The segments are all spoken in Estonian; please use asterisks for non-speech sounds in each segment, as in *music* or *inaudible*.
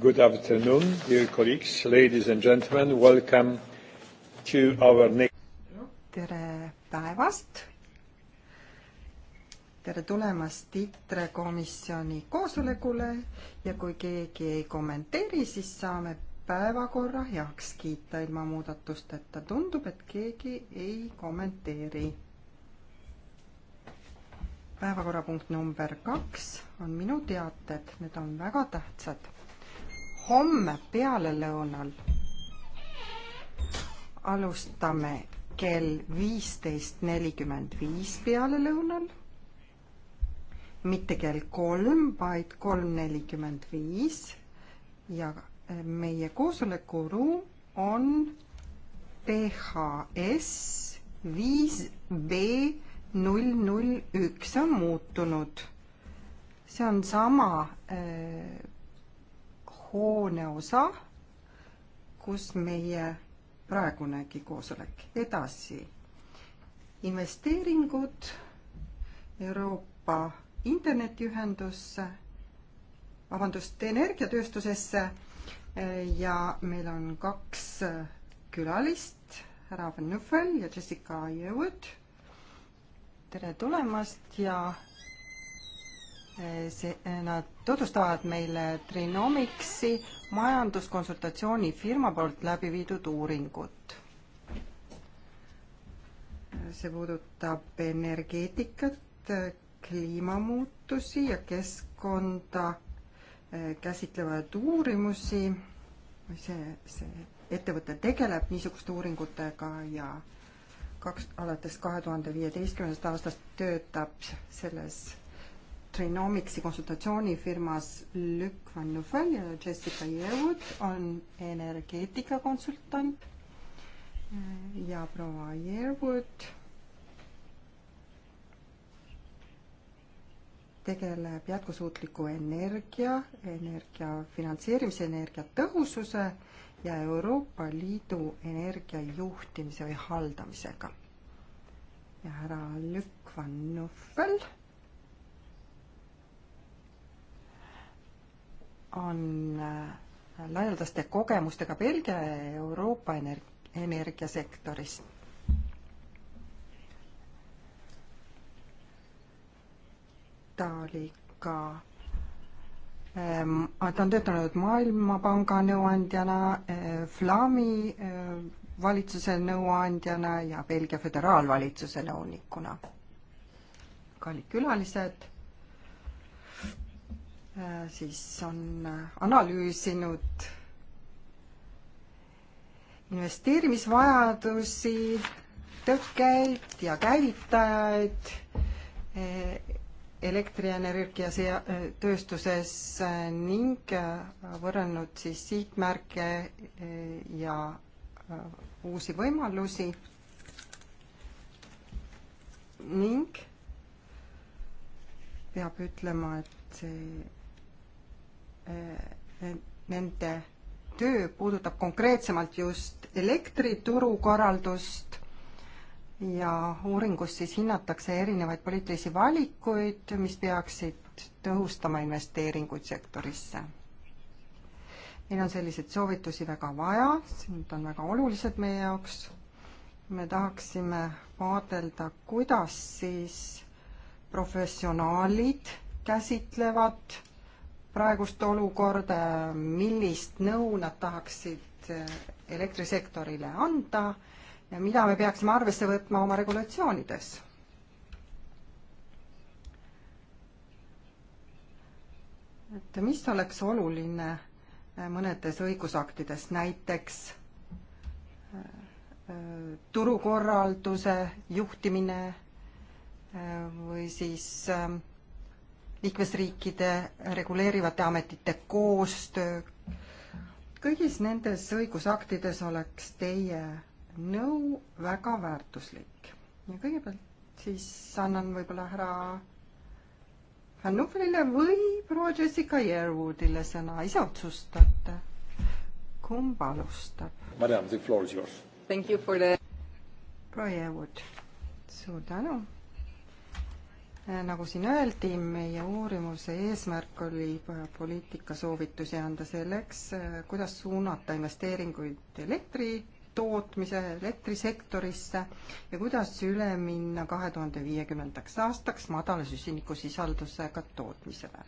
Good afternoon, dear colleagues, ladies and gentlemen. Welcome to our next- Tere päevast! Tere tulemast ITRE komisjoni koosolekule ja kui keegi ei kommenteeri, siis saame päevakorra heaks kiita ilma muudatusteta. Tundub, et keegi ei kommenteeri päevakorrapunkt number kaks on minu teated, need on väga tähtsad. homme pealelõunal alustame kell viisteist nelikümmend viis pealelõunal, mitte kell kolm, vaid kolm nelikümmend viis ja eh, meie koosolekuruum on PHS viis B null null üks on muutunud. see on sama äh, hoone osa, kus meie praegunegi koosolek. edasi, investeeringud Euroopa internetiühendusse, vabandust, energiatööstusesse äh, ja meil on kaks äh, külalist, härra Van Nuffel ja Jessica Jõud tere tulemast ja eh, see, eh, nad tutvustavad meile Trinomicsi majanduskonsultatsioonifirma poolt läbi viidud uuringut. see puudutab energeetikat, kliimamuutusi ja keskkonda eh, käsitlevaid uurimusi. see, see ettevõte tegeleb niisuguste uuringutega ja äh, kaks, alates kahe tuhande viieteistkümnendast aastast töötab selles Trinomicsi konsultatsioonifirmas Luc Van Nuffel ja Jessica Yewood on energeetikakonsultant ja proua Yearwood tegeleb jätkusuutliku energia, energia finantseerimise, energia tõhususe ja Euroopa Liidu energiajuhtimise või haldamisega. ja härra Lükk van Nuffel on äh, laialdaste kogemustega Belgia ja Euroopa energ-, energiasektoris. ta oli ka Ehm, ta on töötanud Maailmapanga nõuandjana, ehm, Flami ehm, valitsuse nõuandjana ja Belgia föderaalvalitsuse nõunikuna. kallid külalised, siis on analüüsinud investeerimisvajadusi, tõkkeid ja käivitajaid elektrienergia tööstuses ning äh, võrrelnud siis sihtmärke äh, ja äh, uusi võimalusi ning peab ütlema, et see, nende töö puudutab konkreetsemalt just elektrituru korraldust ja uuringus siis hinnatakse erinevaid poliitilisi valikuid, mis peaksid tõhustama investeeringuid sektorisse. meil on selliseid soovitusi väga vaja, need on väga olulised meie jaoks. me tahaksime vaadelda, kuidas siis professionaalid käsitlevad praegust olukorda, millist nõu nad tahaksid eh, elektrisektorile anda ja mida me peaksime arvesse võtma oma regulatsioonides. et mis oleks oluline äh, mõnedes õigusaktides, näiteks äh, äh, turukorralduse juhtimine või siis ähm, liikmesriikide reguleerivate ametite koostöö. kõigis nendes õigusaktides oleks teie nõu väga väärtuslik. ja kõigepealt siis annan võib-olla härra Hannoverile või proua Jessica Yearwoodile sõna, ise otsustate, kumb alustab. Madam, the floor is yours. Thank you for the. proua Yearwood, suur tänu. Äh, nagu siin öeldi, meie uurimuse eesmärk oli poliitika soovitusi anda selleks, äh, kuidas suunata investeeringuid elektri tootmise, elektrisektorisse ja kuidas üle minna kahe tuhande viiekümnendaks aastaks madala süsinikusisaldusega tootmisele.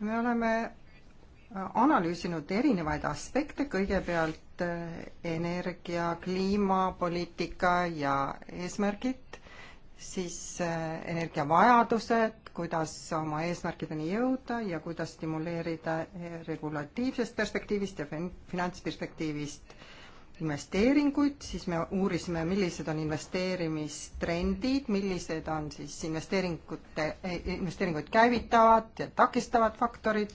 me oleme äh, analüüsinud erinevaid aspekte, kõigepealt äh, energia, kliimapoliitika ja eesmärgid, siis äh, energiavajadused, kuidas oma eesmärkideni jõuda ja kuidas stimuleerida regulatiivsest perspektiivist ja finantsperspektiivist investeeringuid, siis me uurisime, millised on investeerimistrendid, millised on siis investeeringute, investeeringuid käivitavad ja takistavad faktorid,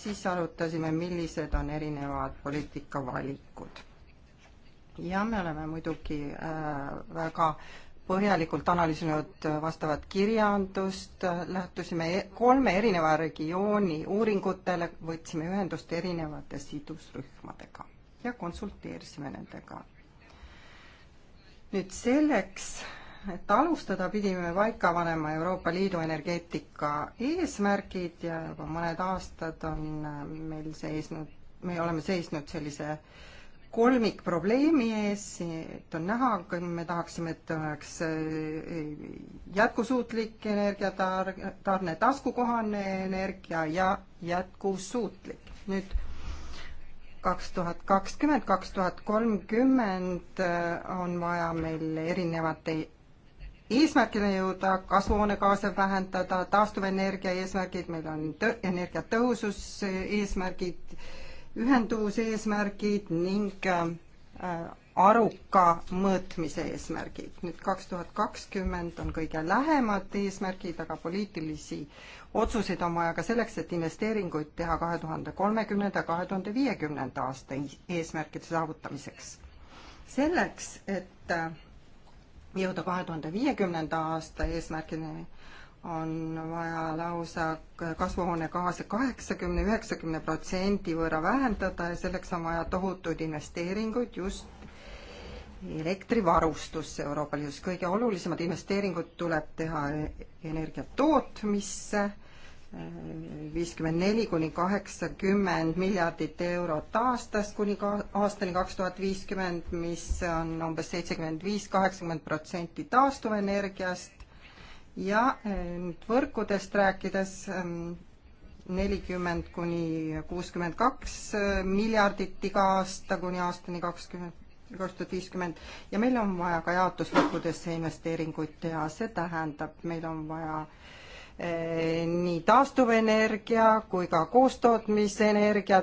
siis arutasime, millised on erinevad poliitikavalikud. ja me oleme muidugi äh, väga põhjalikult analüüsinud vastavat kirjandust, lähtusime e-, kolme erineva regiooni uuringutele, võtsime ühendust erinevate sidusrühmadega ja konsulteerisime nendega. nüüd selleks, et alustada, pidime paika panema Euroopa Liidu energeetika eesmärgid ja juba mõned aastad on meil seisnud, me oleme seisnud sellise kolmikprobleemi ees, et on näha, me tahaksime, et oleks jätkusuutlik energiatarne, taskukohane energia ja jätkusuutlik. nüüd kaks tuhat kakskümmend, kaks tuhat kolmkümmend on vaja meil erinevate eesmärgile jõuda, kasvuhoonegaase vähendada, taastuvenergia eesmärgid, meil on tõ-, energiatõhusus eesmärgid, ühenduvuse eesmärgid ning äh, aruka mõõtmise eesmärgid. nüüd kaks tuhat kakskümmend on kõige lähemad eesmärgid, aga poliitilisi otsuseid on vaja ka selleks, et investeeringuid teha kahe tuhande kolmekümnenda, kahe tuhande viiekümnenda aasta eesmärkide saavutamiseks. selleks, et äh, jõuda kahe tuhande viiekümnenda aasta eesmärgini, on vaja lausa kasvuhoonegaase kaheksakümne, üheksakümne protsendi võrra vähendada ja selleks on vaja tohutuid investeeringuid just elektrivarustusse Euroopa Liidus. kõige olulisemad investeeringud tuleb teha energia tootmisse, viiskümmend neli kuni kaheksakümmend miljardit eurot aastas kuni ka aastani kaks tuhat viiskümmend, mis on umbes seitsekümmend viis, kaheksakümmend protsenti taastuvenergiast ja eh, nüüd võrkudest rääkides eh, nelikümmend kuni kuuskümmend kaks eh, miljardit iga aasta kuni aastani kakskümmend kaks tuhat viiskümmend ja meil on vaja ka jaotusvõrkudesse investeeringuid teha, see tähendab, meil on vaja eh, nii taastuvenergia kui ka koostootmisenergia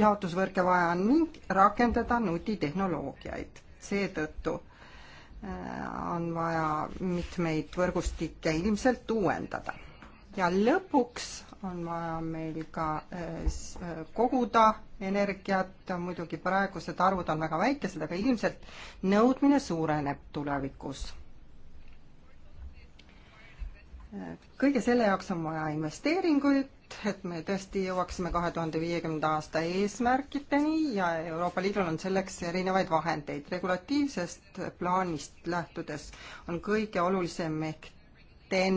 jaotusvõrke vaja ning rakendada nutitehnoloogiaid. seetõttu eh, on vaja mitmeid võrgustikke ilmselt uuendada ja lõpuks on vaja meil ka eh, eh, koguda energiat, muidugi praegused arvud on väga väikesed, aga ilmselt nõudmine suureneb tulevikus. Eh, kõige selle jaoks on vaja investeeringuid, et me tõesti jõuaksime kahe tuhande viiekümnenda aasta eesmärkideni ja Euroopa Liidul on selleks erinevaid vahendeid. regulatiivsest plaanist lähtudes on kõige olulisem ehk TEN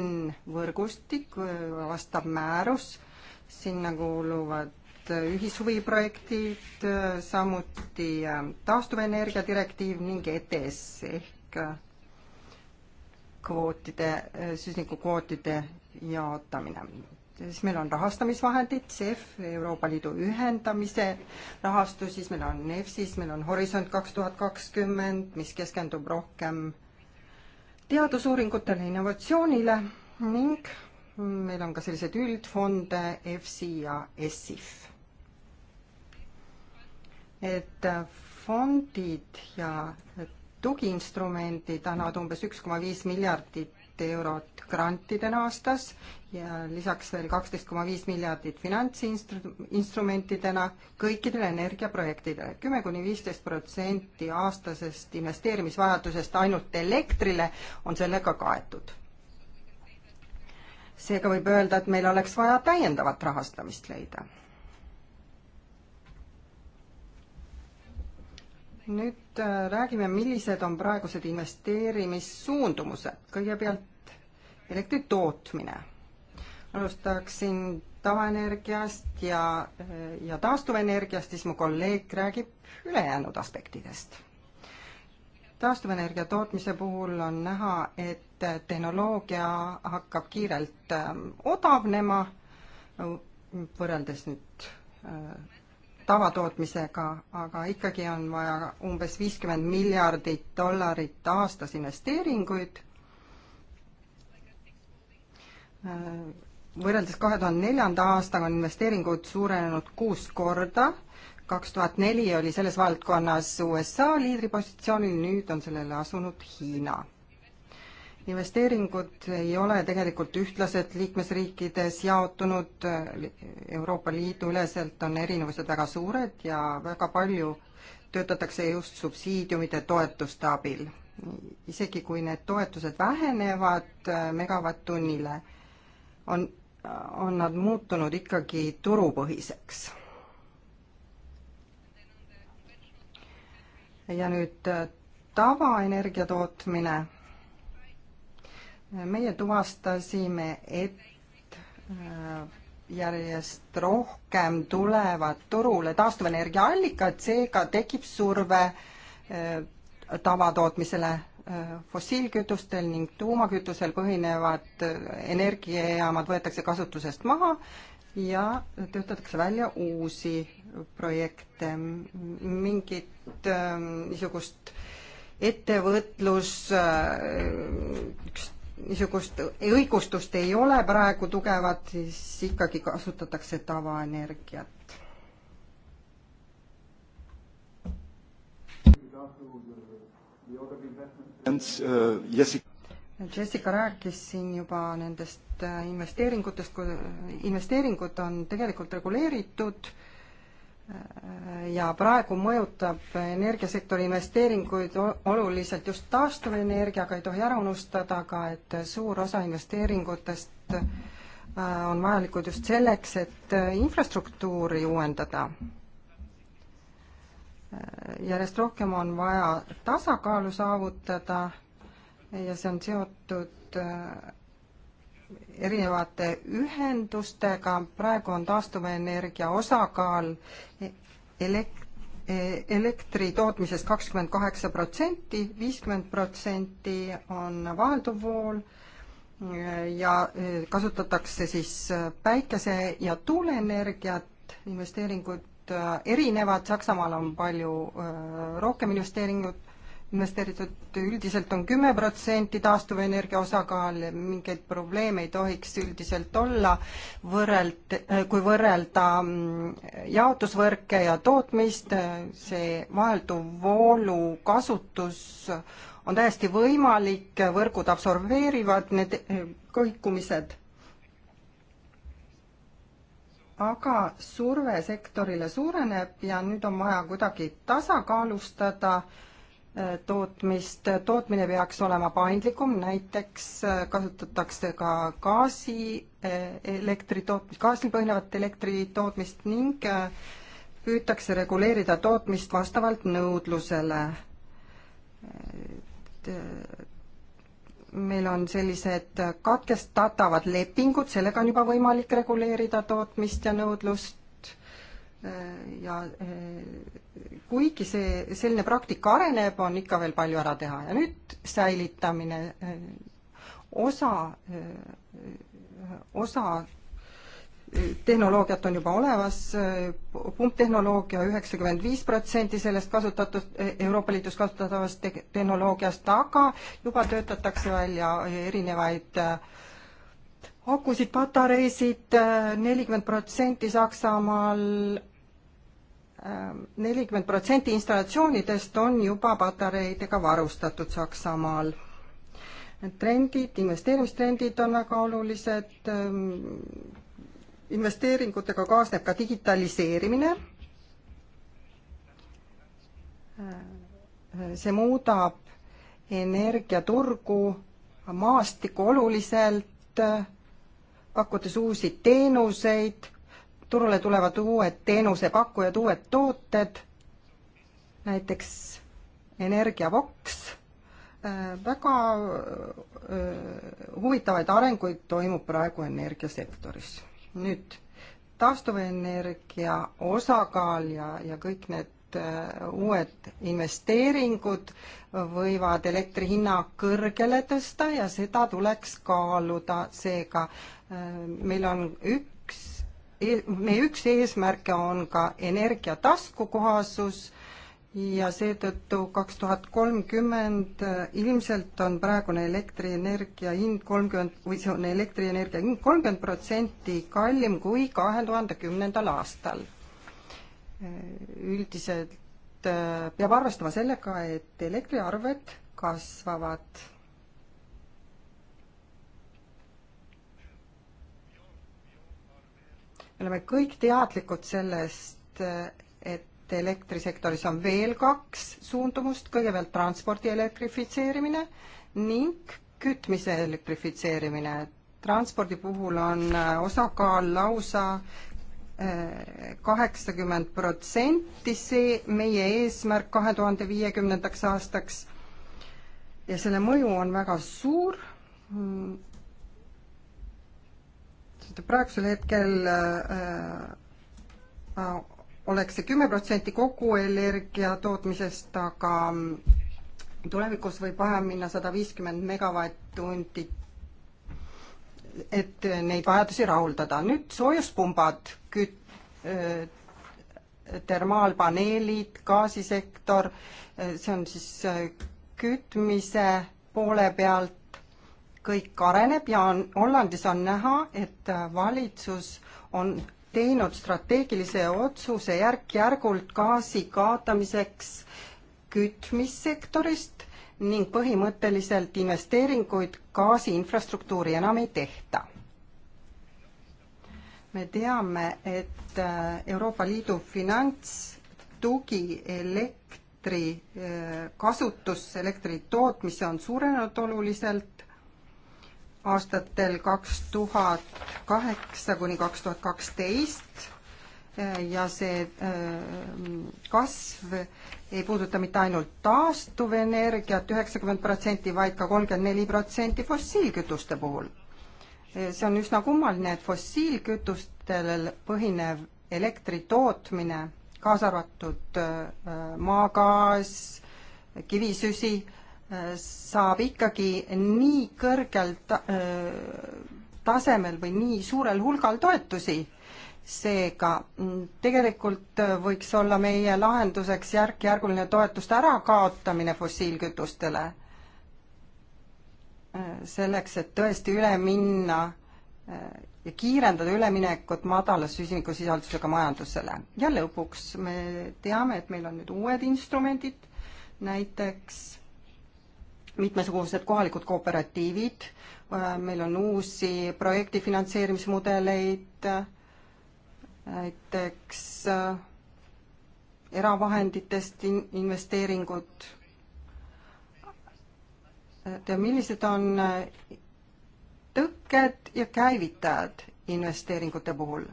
võrgustik, äh, vastav määrus, sinna kuuluvad äh, ühishuviprojektid, äh, samuti taastuvenergia direktiiv ning ETS ehk kvootide, süsinikukvootide jaotamine. siis meil on rahastamisvahendid, CEF, Euroopa Liidu ühendamise rahastu, siis meil on EFSIS, meil on Horisont kaks tuhat kakskümmend, mis keskendub rohkem äh, teadusuuringutele, innovatsioonile ning meil on ka selliseid üldfonde EFSI ja ESIF. et fondid ja tugiinstrumendid annavad umbes üks koma viis miljardit miljardit eurot grantidena aastas ja lisaks veel kaksteist koma viis miljardit finantsinstrumentidena kõikidele energiaprojektidele. kümme kuni viisteist protsenti aastasest investeerimisvajadusest ainult elektrile on sellega kaetud. seega võib öelda, et meil oleks vaja täiendavat rahastamist leida nüüd äh, räägime, millised on praegused investeerimissuundumused. kõigepealt elektri tootmine. alustaksin tavaenergiast ja, äh, ja taastuvenergiast, siis mu kolleeg räägib ülejäänud aspektidest. taastuvenergia tootmise puhul on näha, et äh, tehnoloogia hakkab kiirelt odavnema, võrreldes nüüd tavatootmisega, aga ikkagi on vaja umbes viiskümmend miljardit dollarit aastas investeeringuid. võrreldes kahe tuhande neljanda aastaga on investeeringud suurenenud kuus korda, kaks tuhat neli oli selles valdkonnas USA liidripositsioonil, nüüd on sellele asunud Hiina investeeringud ei ole tegelikult ühtlaselt liikmesriikides jaotunud, Euroopa Liidu üleselt on erinevused väga suured ja väga palju töötatakse just subsiidiumide toetuste abil. isegi kui need toetused vähenevad äh, megavatt-tunnile, on, on nad muutunud ikkagi turupõhiseks ja nüüd äh, tavaenergia tootmine meie tuvastasime, et äh, järjest rohkem tulevad turule taastuvenergia allikad, seega tekib surve äh, tavatootmisele. Äh, fossiilkütustel ning tuumakütusel põhinevad energiajaamad võetakse kasutusest maha ja töötatakse välja uusi projekte, mingit niisugust ettevõtlus, üks niisugust õigustust ei ole praegu tugevat, siis ikkagi kasutatakse tavaenergiat. Jessica rääkis siin juba nendest investeeringutest, investeeringud on tegelikult reguleeritud ja praegu mõjutab energiasektori investeeringuid oluliselt just taastuvenergia, aga ei tohi ära unustada ka, et suur osa investeeringutest äh, on vajalikud just selleks, et äh, infrastruktuuri uuendada. Äh, järjest rohkem on vaja tasakaalu saavutada ja see on seotud erinevate ühendustega, praegu on taastuvenergia osakaal elek-, elektri tootmises kakskümmend kaheksa protsenti, viiskümmend protsenti on vahelduv vool ja eh, kasutatakse siis eh, päikese- ja tuuleenergiat, investeeringud eh, erinevad, Saksamaal on palju rohkem investeeringuid, investeeritud üldiselt on kümme protsenti taastuvenergia osakaal, mingeid probleeme ei tohiks üldiselt olla, võrreld, kui võrrelda mm, jaotusvõrke ja tootmist, see vahelduv voolu kasutus on täiesti võimalik, võrgud absorbeerivad need eh, kõikumised. aga surve sektorile suureneb ja nüüd on vaja kuidagi tasakaalustada äh, tootmist, tootmine peaks olema paindlikum, näiteks äh, kasutatakse ka gaasi, äh, elektri tootmist, gaasil põhinevat elektri tootmist ning äh, püütakse reguleerida tootmist vastavalt nõudlusele. meil on sellised katkestatavad lepingud, sellega on juba võimalik reguleerida tootmist ja nõudlust ja eh, kuigi see, selline praktika areneb, on ikka veel palju ära teha ja nüüd säilitamine, eh, osa, eh, osa tehnoloogiat on juba olemas, pumptehnoloogia üheksakümmend viis protsenti sellest kasutatud, Euroopa Liidus kasutatavast tehnoloogiast, aga juba töötatakse välja erinevaid äh, akusid, patareisid, nelikümmend protsenti Saksamaal, ähm, nelikümmend protsenti installatsioonidest on juba patareidega varustatud Saksamaal. trendid, investeerimistrendid on väga olulised, ähm, investeeringutega kaasneb ka digitaliseerimine, äh, see muudab energiaturgu maastikku oluliselt äh, pakkudes uusi teenuseid, turule tulevad uued teenusepakkujad, uued tooted, näiteks energiavoks, äh, väga äh, huvitavaid arenguid toimub praegu energiasektoris. nüüd taastuvenergia osakaal ja, ja kõik need Äh, uued investeeringud võivad elektri hinna kõrgele tõsta ja seda tuleks kaaluda, seega äh, meil on üks, e-, meie üks eesmärke on ka energia taskukohasus ja seetõttu kaks tuhat kolmkümmend äh, ilmselt on praegune elektrienergia hind kolmkümmend või see on elektrienergia hind kolmkümmend protsenti kallim kui kahe tuhande kümnendal aastal üldiselt äh, peab arvestama sellega, et elektriarved kasvavad. me oleme kõik teadlikud sellest, et elektrisektoris on veel kaks suundumust, kõigepealt transpordi elektrifitseerimine ning kütmise elektrifitseerimine. transpordi puhul on äh, osakaal lausa kaheksakümmend protsenti, see meie eesmärk kahe tuhande viiekümnendaks aastaks. ja selle mõju on väga suur. praegusel hetkel äh, äh, oleks see kümme protsenti kogu energia tootmisest, aga tulevikus võib vaja minna sada viiskümmend megavatt-tundi et neid vajadusi rahuldada. nüüd soojuspumbad, küt-, äh, termaalpaneelid, gaasisektor, äh, see on siis äh, kütmise poole pealt kõik areneb ja on, Hollandis on näha, et valitsus on teinud strateegilise otsuse järk-järgult gaasi kaotamiseks kütmissektorist ning põhimõtteliselt investeeringuid gaasi infrastruktuuri enam ei tehta. me teame, et äh, Euroopa Liidu finantstugi elektri äh, kasutusse, elektri tootmisse on suurenenud oluliselt aastatel kaks tuhat kaheksa kuni kaks tuhat kaksteist ja see äh, kasv ei puuduta mitte ainult taastuvenergiat üheksakümmend protsenti, vaid ka kolmkümmend neli protsenti fossiilkütuste puhul. Äh, see on üsna kummaline, et fossiilkütustel põhinev elektri tootmine, kaasa arvatud äh, maagaas, kivisüsi, saab ikkagi nii kõrgel ta-, tasemel või nii suurel hulgal toetusi seega mm, tegelikult äh, võiks olla meie lahenduseks järk-järguline toetuste ärakaotamine fossiilkütustele, äh, selleks, et tõesti üle minna äh, ja kiirendada üleminekut madala süsinikusisaldusega majandusele. ja lõpuks me teame, et meil on nüüd uued instrumendid, näiteks mitmesugused kohalikud kooperatiivid, meil on uusi projekti finantseerimismudeleid, näiteks äh, eravahenditest investeeringud. et millised on äh, tõkked ja käivitajad investeeringute puhul?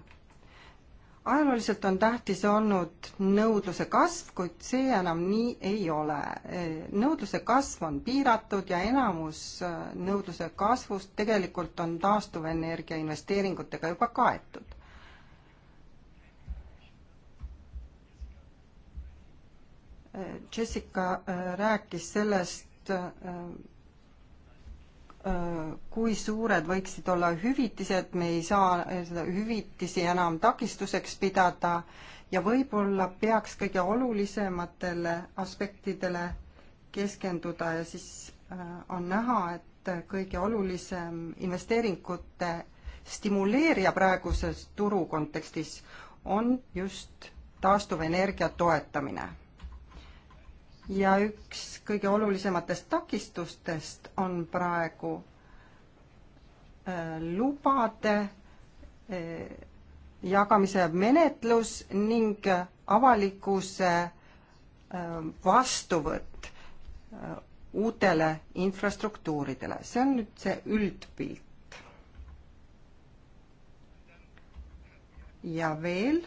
ajalooliselt on tähtis olnud nõudluse kasv, kuid see enam nii ei ole. Äh, nõudluse kasv on piiratud ja enamus nõudluse kasvust tegelikult on taastuvenergia investeeringutega juba kaetud. Jessica äh, rääkis sellest, äh, äh, kui suured võiksid olla hüvitised, me ei saa seda hüvitisi enam takistuseks pidada ja võib-olla peaks kõige olulisematele aspektidele keskenduda ja siis on näha, et kõige olulisem investeeringute stimuleerija praeguses turu kontekstis on just taastuvenergia toetamine ja üks kõige olulisematest takistustest on praegu äh, lubade äh, jagamise menetlus ning avalikkuse äh, vastuvõtt uutele infrastruktuuridele. see on nüüd see üldpilt. ja veel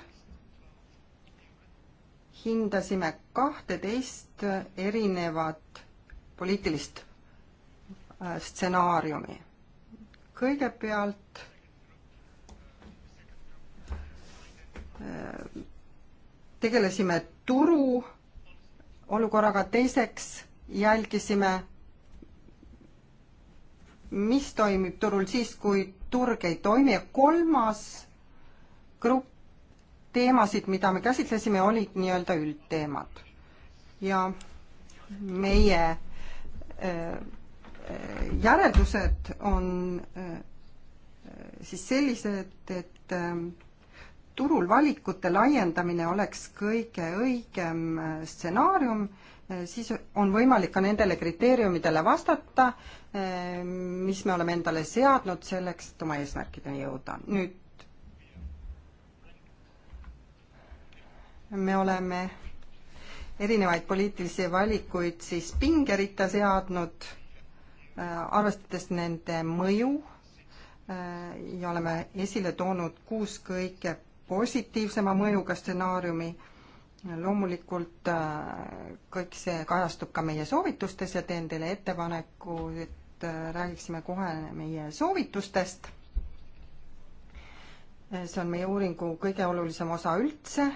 hindasime kahteteist erinevat poliitilist äh, stsenaariumi. kõigepealt äh, tegelesime turu olukorraga, teiseks jälgisime, mis toimib turul siis, kui turg ei toimi ja kolmas grupp teemasid, mida me käsitlesime, olid nii-öelda üldteemad. ja meie äh, äh, järeldused on äh, siis sellised, et turul valikute laiendamine oleks kõige õigem stsenaarium, siis on võimalik ka nendele kriteeriumidele vastata, mis me oleme endale seadnud selleks, et oma eesmärkideni jõuda. nüüd me oleme erinevaid poliitilisi valikuid siis pingeritta seadnud, äh, arvestades nende mõju äh, ja oleme esile toonud kuus kõige positiivsema mõjuga stsenaariumi. loomulikult äh, kõik see kajastub ka meie soovitustes ja teen teile ettepaneku, et räägiksime kohe meie soovitustest. see on meie uuringu kõige olulisem osa üldse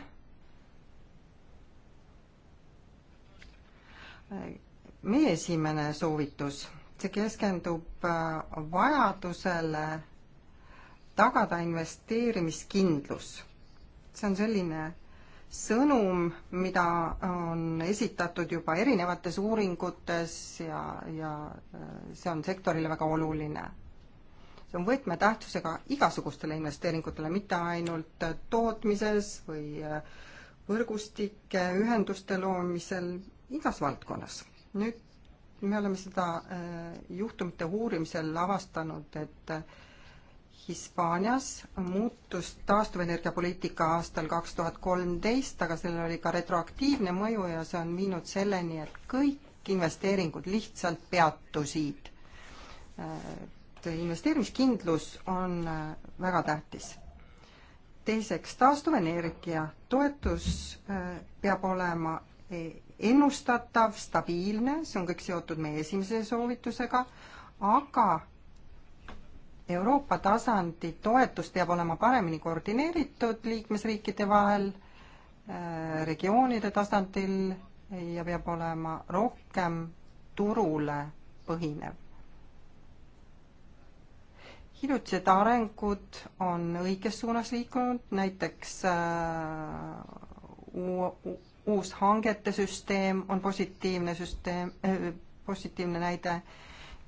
meie esimene soovitus, see keskendub äh, vajadusele tagada investeerimiskindlus. see on selline sõnum, mida on esitatud juba erinevates uuringutes ja, ja äh, see on sektorile väga oluline. see on võtmetähtsusega igasugustele investeeringutele, mitte ainult äh, tootmises või võrgustike, ühenduste loomisel, igas valdkonnas. nüüd me oleme seda äh, juhtumite uurimisel avastanud, et äh, Hispaanias muutus taastuvenergia poliitika aastal kaks tuhat kolmteist, aga sellel oli ka retroaktiivne mõju ja see on viinud selleni, et kõik investeeringud lihtsalt peatusid. Äh, et investeerimiskindlus on väga tähtis. teiseks, taastuvenergia toetus peab olema ennustatav, stabiilne, see on kõik seotud meie esimese soovitusega, aga Euroopa tasandi toetus peab olema paremini koordineeritud liikmesriikide vahel, äh, regioonide tasandil ja peab olema rohkem turule põhinev. hiljutised arengud on õiges suunas liikunud, näiteks äh, uus hangete süsteem on positiivne süsteem äh,, positiivne näide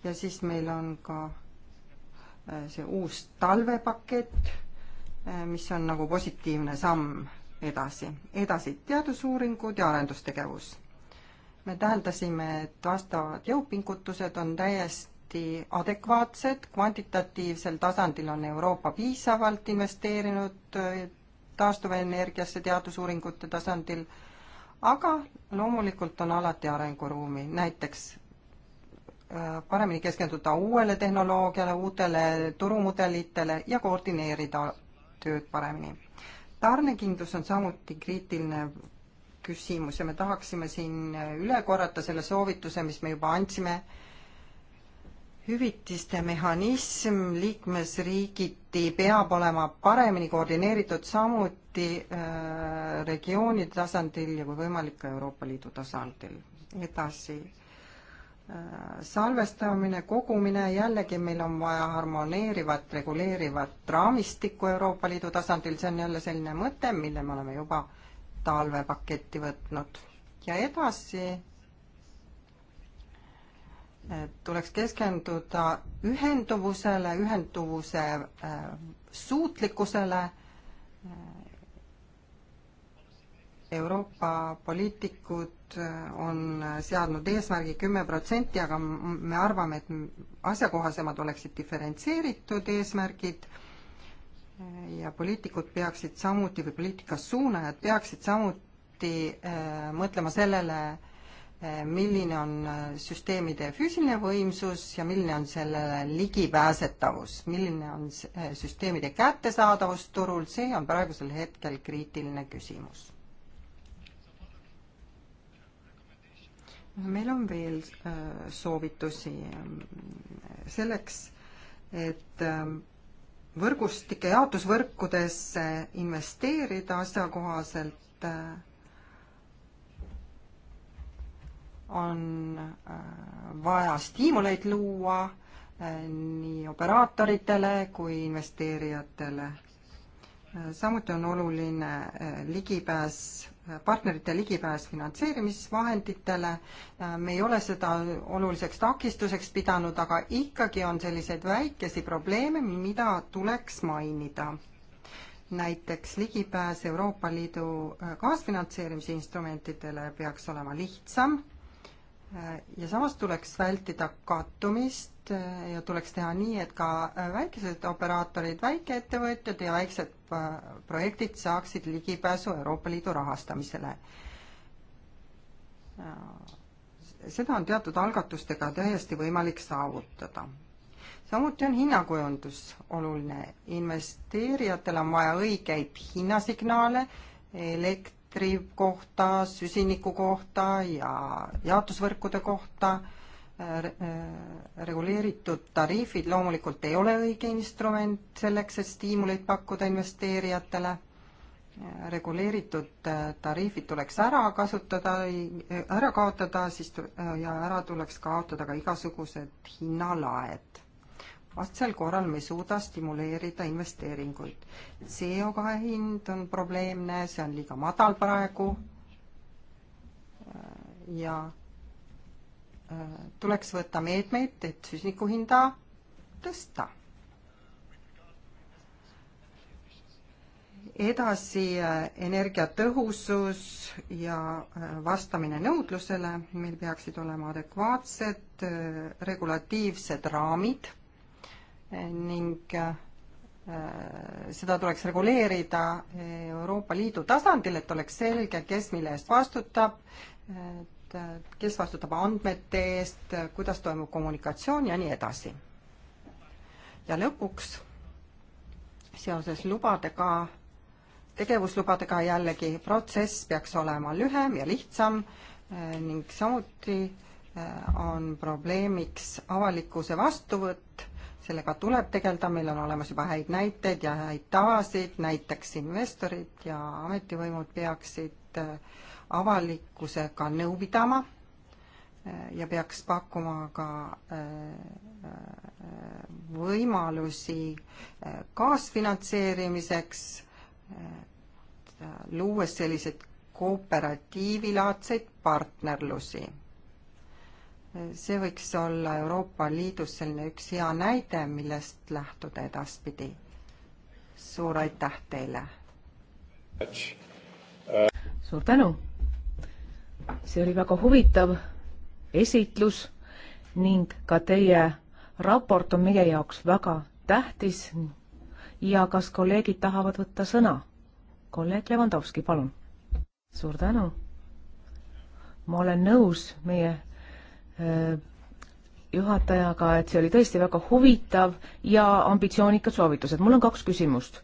ja siis meil on ka äh, see uus talvepakett, äh, mis on nagu positiivne samm edasi. edasi teadusuuringud ja arendustegevus. me täheldasime, et vastavad jõupingutused on täiesti adekvaatsed, kvantitatiivsel tasandil on Euroopa piisavalt investeerinud äh, taastuvenergiasse teadusuuringute tasandil aga loomulikult on alati arenguruumi, näiteks äh, paremini keskenduda uuele tehnoloogiale, uutele turumudelitele ja koordineerida tööd paremini. tarnekindlus on samuti kriitiline küsimus ja me tahaksime siin üle korrata selle soovituse, mis me juba andsime hüvitiste mehhanism liikmesriigiti peab olema paremini koordineeritud samuti äh, regioonide tasandil ja kui võimalik ka Euroopa Liidu tasandil. edasi äh,, salvestamine, kogumine, jällegi meil on vaja harmoneerivat, reguleerivat raamistikku Euroopa Liidu tasandil, see on jälle selline mõte, mille me oleme juba talvepaketti võtnud. ja edasi tuleks keskenduda ühenduvusele, ühenduvuse äh, suutlikkusele. Euroopa poliitikud äh, on seadnud eesmärgi kümme protsenti, aga me arvame, et asjakohasemad oleksid diferentseeritud eesmärgid ja poliitikud peaksid samuti või poliitikasuunajad peaksid samuti äh, mõtlema sellele, milline on äh, süsteemide füüsiline võimsus ja milline on sellele ligipääsetavus, milline on äh, süsteemide kättesaadavus turul, see on praegusel hetkel kriitiline küsimus. meil on veel äh, soovitusi ähm, selleks, et ähm, võrgustike jaotusvõrkudesse investeerida asjakohaselt on äh, vaja stiimuleid luua äh, nii operaatoritele kui investeerijatele. Äh, samuti on oluline ligipääs, partnerite ligipääs finantseerimisvahenditele. me ei ole seda oluliseks takistuseks pidanud, aga ikkagi on selliseid väikesi probleeme, mida tuleks mainida näiteks ligipääs Euroopa Liidu kaasfinantseerimise instrumentidele peaks olema lihtsam Äh, ja samas tuleks vältida kattumist äh, ja tuleks teha nii, et ka äh, väikesed operaatorid, väikeettevõtjad ja väiksed projektid saaksid ligipääsu Euroopa Liidu rahastamisele. seda on teatud algatustega täiesti võimalik saavutada. samuti on hinnakujundus oluline, investeerijatel on vaja õigeid hinnasignaale, elekt-, elektri kohta, süsiniku kohta ja jaotusvõrkude kohta äh, reguleeritud tariifid loomulikult ei ole õige instrument selleks, et stiimuleid pakkuda investeerijatele. Äh, reguleeritud äh, tariifid tuleks ära kasutada, ära kaotada, siis ja ära tuleks kaotada ka igasugused hinnalaed vastasel korral me ei suuda stimuleerida investeeringuid. CO2 hind on probleemne, see on liiga madal praegu äh, ja äh, tuleks võtta meetmeid, et süsniku hinda tõsta. edasi äh, energiatõhusus ja vastamine nõudlusele, meil peaksid olema adekvaatsed regulatiivsed raamid ning äh, seda tuleks reguleerida Euroopa Liidu tasandil, et oleks selge, kes mille eest vastutab, et kes vastutab andmete eest, kuidas toimub kommunikatsioon ja nii edasi. ja lõpuks seoses lubadega, tegevuslubadega jällegi protsess peaks olema lühem ja lihtsam äh, ning samuti äh, on probleemiks avalikkuse vastuvõtt sellega tuleb tegeleda, meil on olemas juba häid näiteid ja häid tavasid, näiteks investorid ja ametivõimud peaksid äh, avalikkusega nõu pidama äh, ja peaks pakkuma ka äh, võimalusi kaasfinantseerimiseks, luues selliseid kooperatiivilaadseid partnerlusi see võiks olla Euroopa Liidus selline üks hea näide, millest lähtuda edaspidi. suur aitäh teile! suur tänu! see oli väga huvitav esitlus ning ka teie raport on meie jaoks väga tähtis. ja kas kolleegid tahavad võtta sõna? kolleeg Levandovski, palun! suur tänu! ma olen nõus meie Äh, juhatajaga, et see oli tõesti väga huvitav ja ambitsioonikad soovitused. mul on kaks küsimust.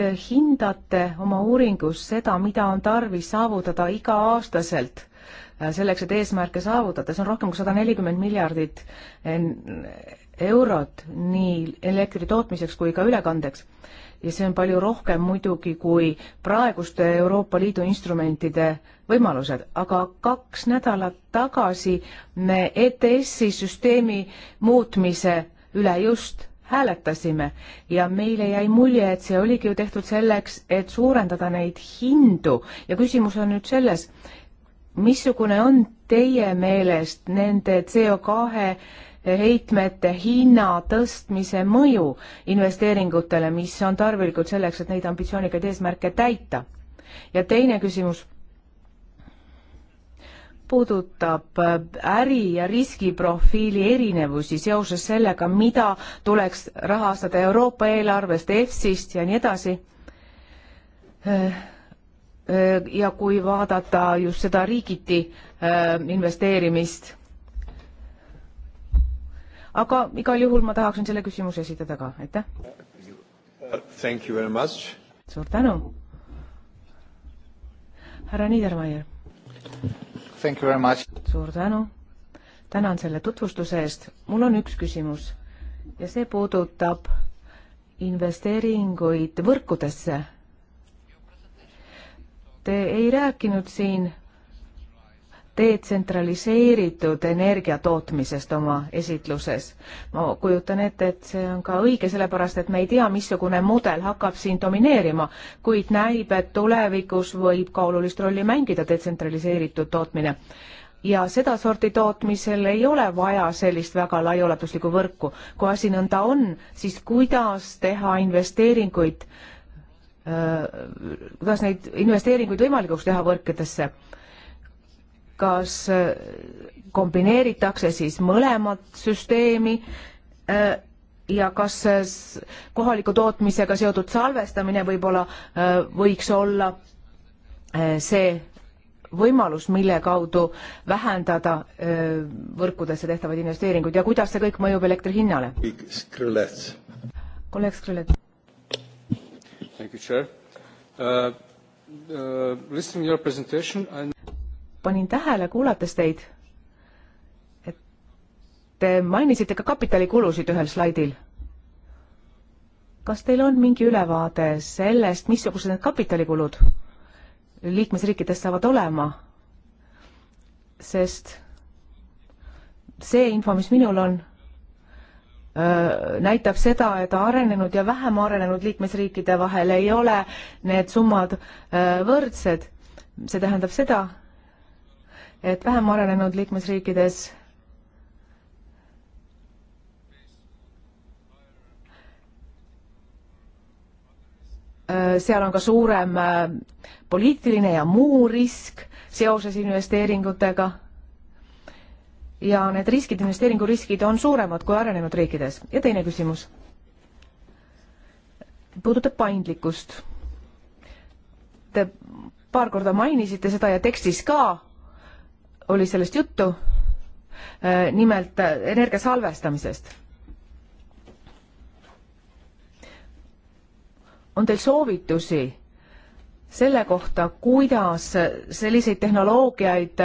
Te hindate oma uuringus seda, mida on tarvis saavutada iga-aastaselt äh, selleks, et eesmärke saavutada, see on rohkem kui sada nelikümmend miljardit äh, eurot nii elektri tootmiseks kui ka ülekandeks ja see on palju rohkem muidugi kui praeguste Euroopa Liidu instrumentide võimalused, aga kaks nädalat tagasi me ETS-i süsteemi muutmise üle just hääletasime ja meile jäi mulje, et see oligi ju tehtud selleks, et suurendada neid hindu ja küsimus on nüüd selles, missugune on teie meelest nende CO kahe heitmete hinna tõstmise mõju investeeringutele, mis on tarvilikud selleks, et neid ambitsioonikaid eesmärke täita. ja teine küsimus puudutab äh, äri- ja riskiprofiili erinevusi seoses sellega, mida tuleks rahastada Euroopa eelarvest, EFSist ja nii edasi äh, äh, ja kui vaadata just seda riigiti investeerimist, aga igal juhul ma tahaksin selle küsimuse esitada ka, aitäh. Thank you very much. suur tänu. härra Niedermeier. Thank you very much. suur tänu. tänan selle tutvustuse eest. mul on üks küsimus ja see puudutab investeeringuid võrkudesse. Te ei rääkinud siin detsentraliseeritud energia tootmisest oma esitluses. ma kujutan ette, et see on ka õige, sellepärast et me ei tea, missugune mudel hakkab siin domineerima, kuid näib, et tulevikus võib ka olulist rolli mängida detsentraliseeritud tootmine ja sedasorti tootmisel ei ole vaja sellist väga laiaulatuslikku võrku. kui asi nõnda on, siis kuidas teha investeeringuid, äh, kuidas neid investeeringuid võimalikuks teha võrkidesse? kas äh, kombineeritakse siis mõlemat süsteemi äh, ja kas äh, kohaliku tootmisega seotud salvestamine võib-olla võiks olla see võimalus, mille kaudu vähendada võrkudesse tehtavaid investeeringuid ja kuidas see kõik mõjub elektri hinnale? kolleeg Skrõlet. Thank you, Chair. Uh, uh, listening to your presentation, I panin tähele, kuulates teid, et te mainisite ka kapitalikulusid ühel slaidil. kas teil on mingi ülevaade sellest, missugused need kapitalikulud liikmesriikides saavad olema? sest see info, mis minul on, näitab seda, et arenenud ja vähem arenenud liikmesriikide vahel ei ole need summad võrdsed. see tähendab seda, et vähem arenenud liikmesriikides äh, seal on ka suurem äh, poliitiline ja muu risk seoses investeeringutega. ja need riskid, investeeringuriskid on suuremad kui arenenud riikides. ja teine küsimus puudutab paindlikkust. Te paar korda mainisite seda ja tekstis ka oli sellest juttu, äh, nimelt äh, energia salvestamisest. on teil soovitusi selle kohta, kuidas äh, selliseid tehnoloogiaid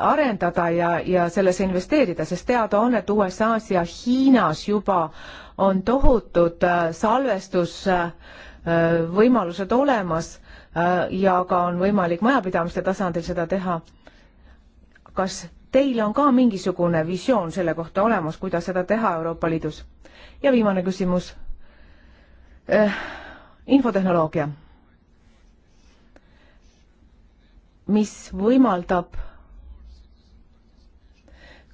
arendada ja, ja sellesse investeerida, sest teada on, et USA-s ja Hiinas juba on tohutud salvestusvõimalused olemas ja ka on võimalik majapidamiste tasandil seda teha kas teil on ka mingisugune visioon selle kohta olemas, kuidas seda teha Euroopa Liidus? ja viimane küsimus äh,. infotehnoloogia, mis võimaldab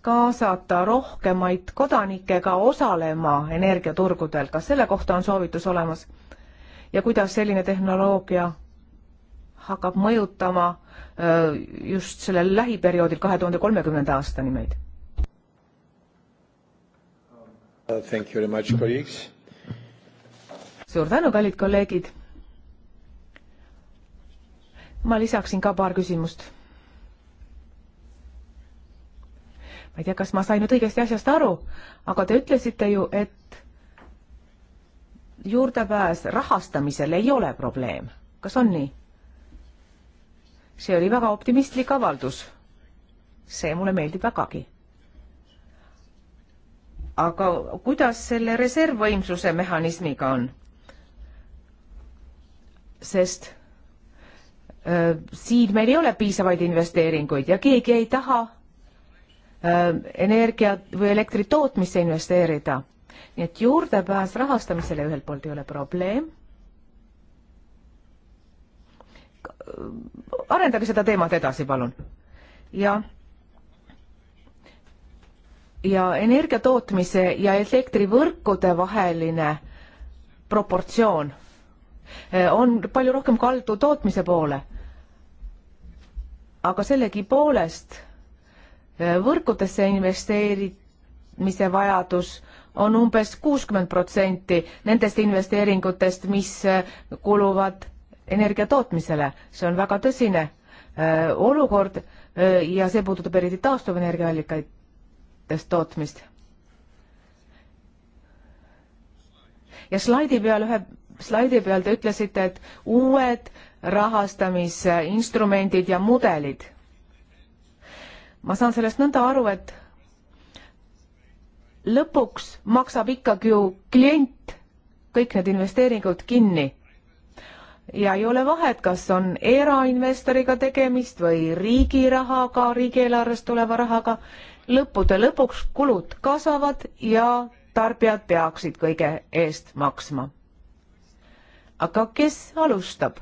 kaasata rohkemaid kodanikke ka osalema energiaturgudel, kas selle kohta on soovitus olemas? ja kuidas selline tehnoloogia hakkab mõjutama äh, just sellel lähiperioodil kahe tuhande kolmekümnenda aastani meid. Uh, thank you very much, colleagues. suur tänu, kallid kolleegid. ma lisaksin ka paar küsimust. ma ei tea, kas ma sain nüüd õigesti asjast aru, aga te ütlesite ju, et juurdepääs rahastamisele ei ole probleem. kas on nii? see oli väga optimistlik avaldus. see mulle meeldib vägagi. aga kuidas selle reservvõimsuse mehhanismiga on? sest äh, siin meil ei ole piisavaid investeeringuid ja keegi ei taha äh, energiat või elektri tootmisse investeerida. nii et juurdepääs rahastamisele ühelt poolt ei ole probleem arendage seda teemat edasi, palun. ja ja energia tootmise ja elektrivõrkude vaheline proportsioon eh, on palju rohkem kaldu tootmise poole. aga sellegipoolest eh, võrkudesse investeerimise vajadus on umbes kuuskümmend protsenti nendest investeeringutest, mis eh, kuluvad energia tootmisele. see on väga tõsine öö, äh, olukord öö, äh, ja see puudutab eriti taastuvenergiaallikatest tootmist. ja slaidi peal, ühe slaidi peal te ütlesite, et uued rahastamisinstrumendid ja mudelid. ma saan sellest nõnda aru, et lõpuks maksab ikkagi ju klient kõik need investeeringud kinni ja ei ole vahet, kas on erainvestoriga tegemist või riigi rahaga, riigieelarvest tuleva rahaga, lõppude lõpuks kulud kasvavad ja tarbijad peaksid kõige eest maksma. aga kes alustab?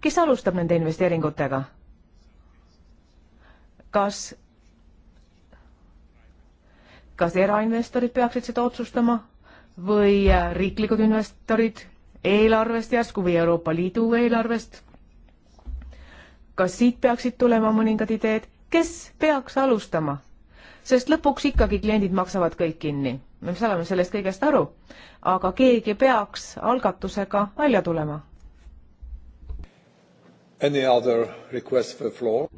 kes alustab nende investeeringutega? kas, kas erainvestorid peaksid seda otsustama või riiklikud investorid eelarvest järsku või Euroopa Liidu eelarvest. kas siit peaksid tulema mõningad ideed, kes peaks alustama? sest lõpuks ikkagi kliendid maksavad kõik kinni, me saame sellest kõigest aru, aga keegi peaks algatusega välja tulema.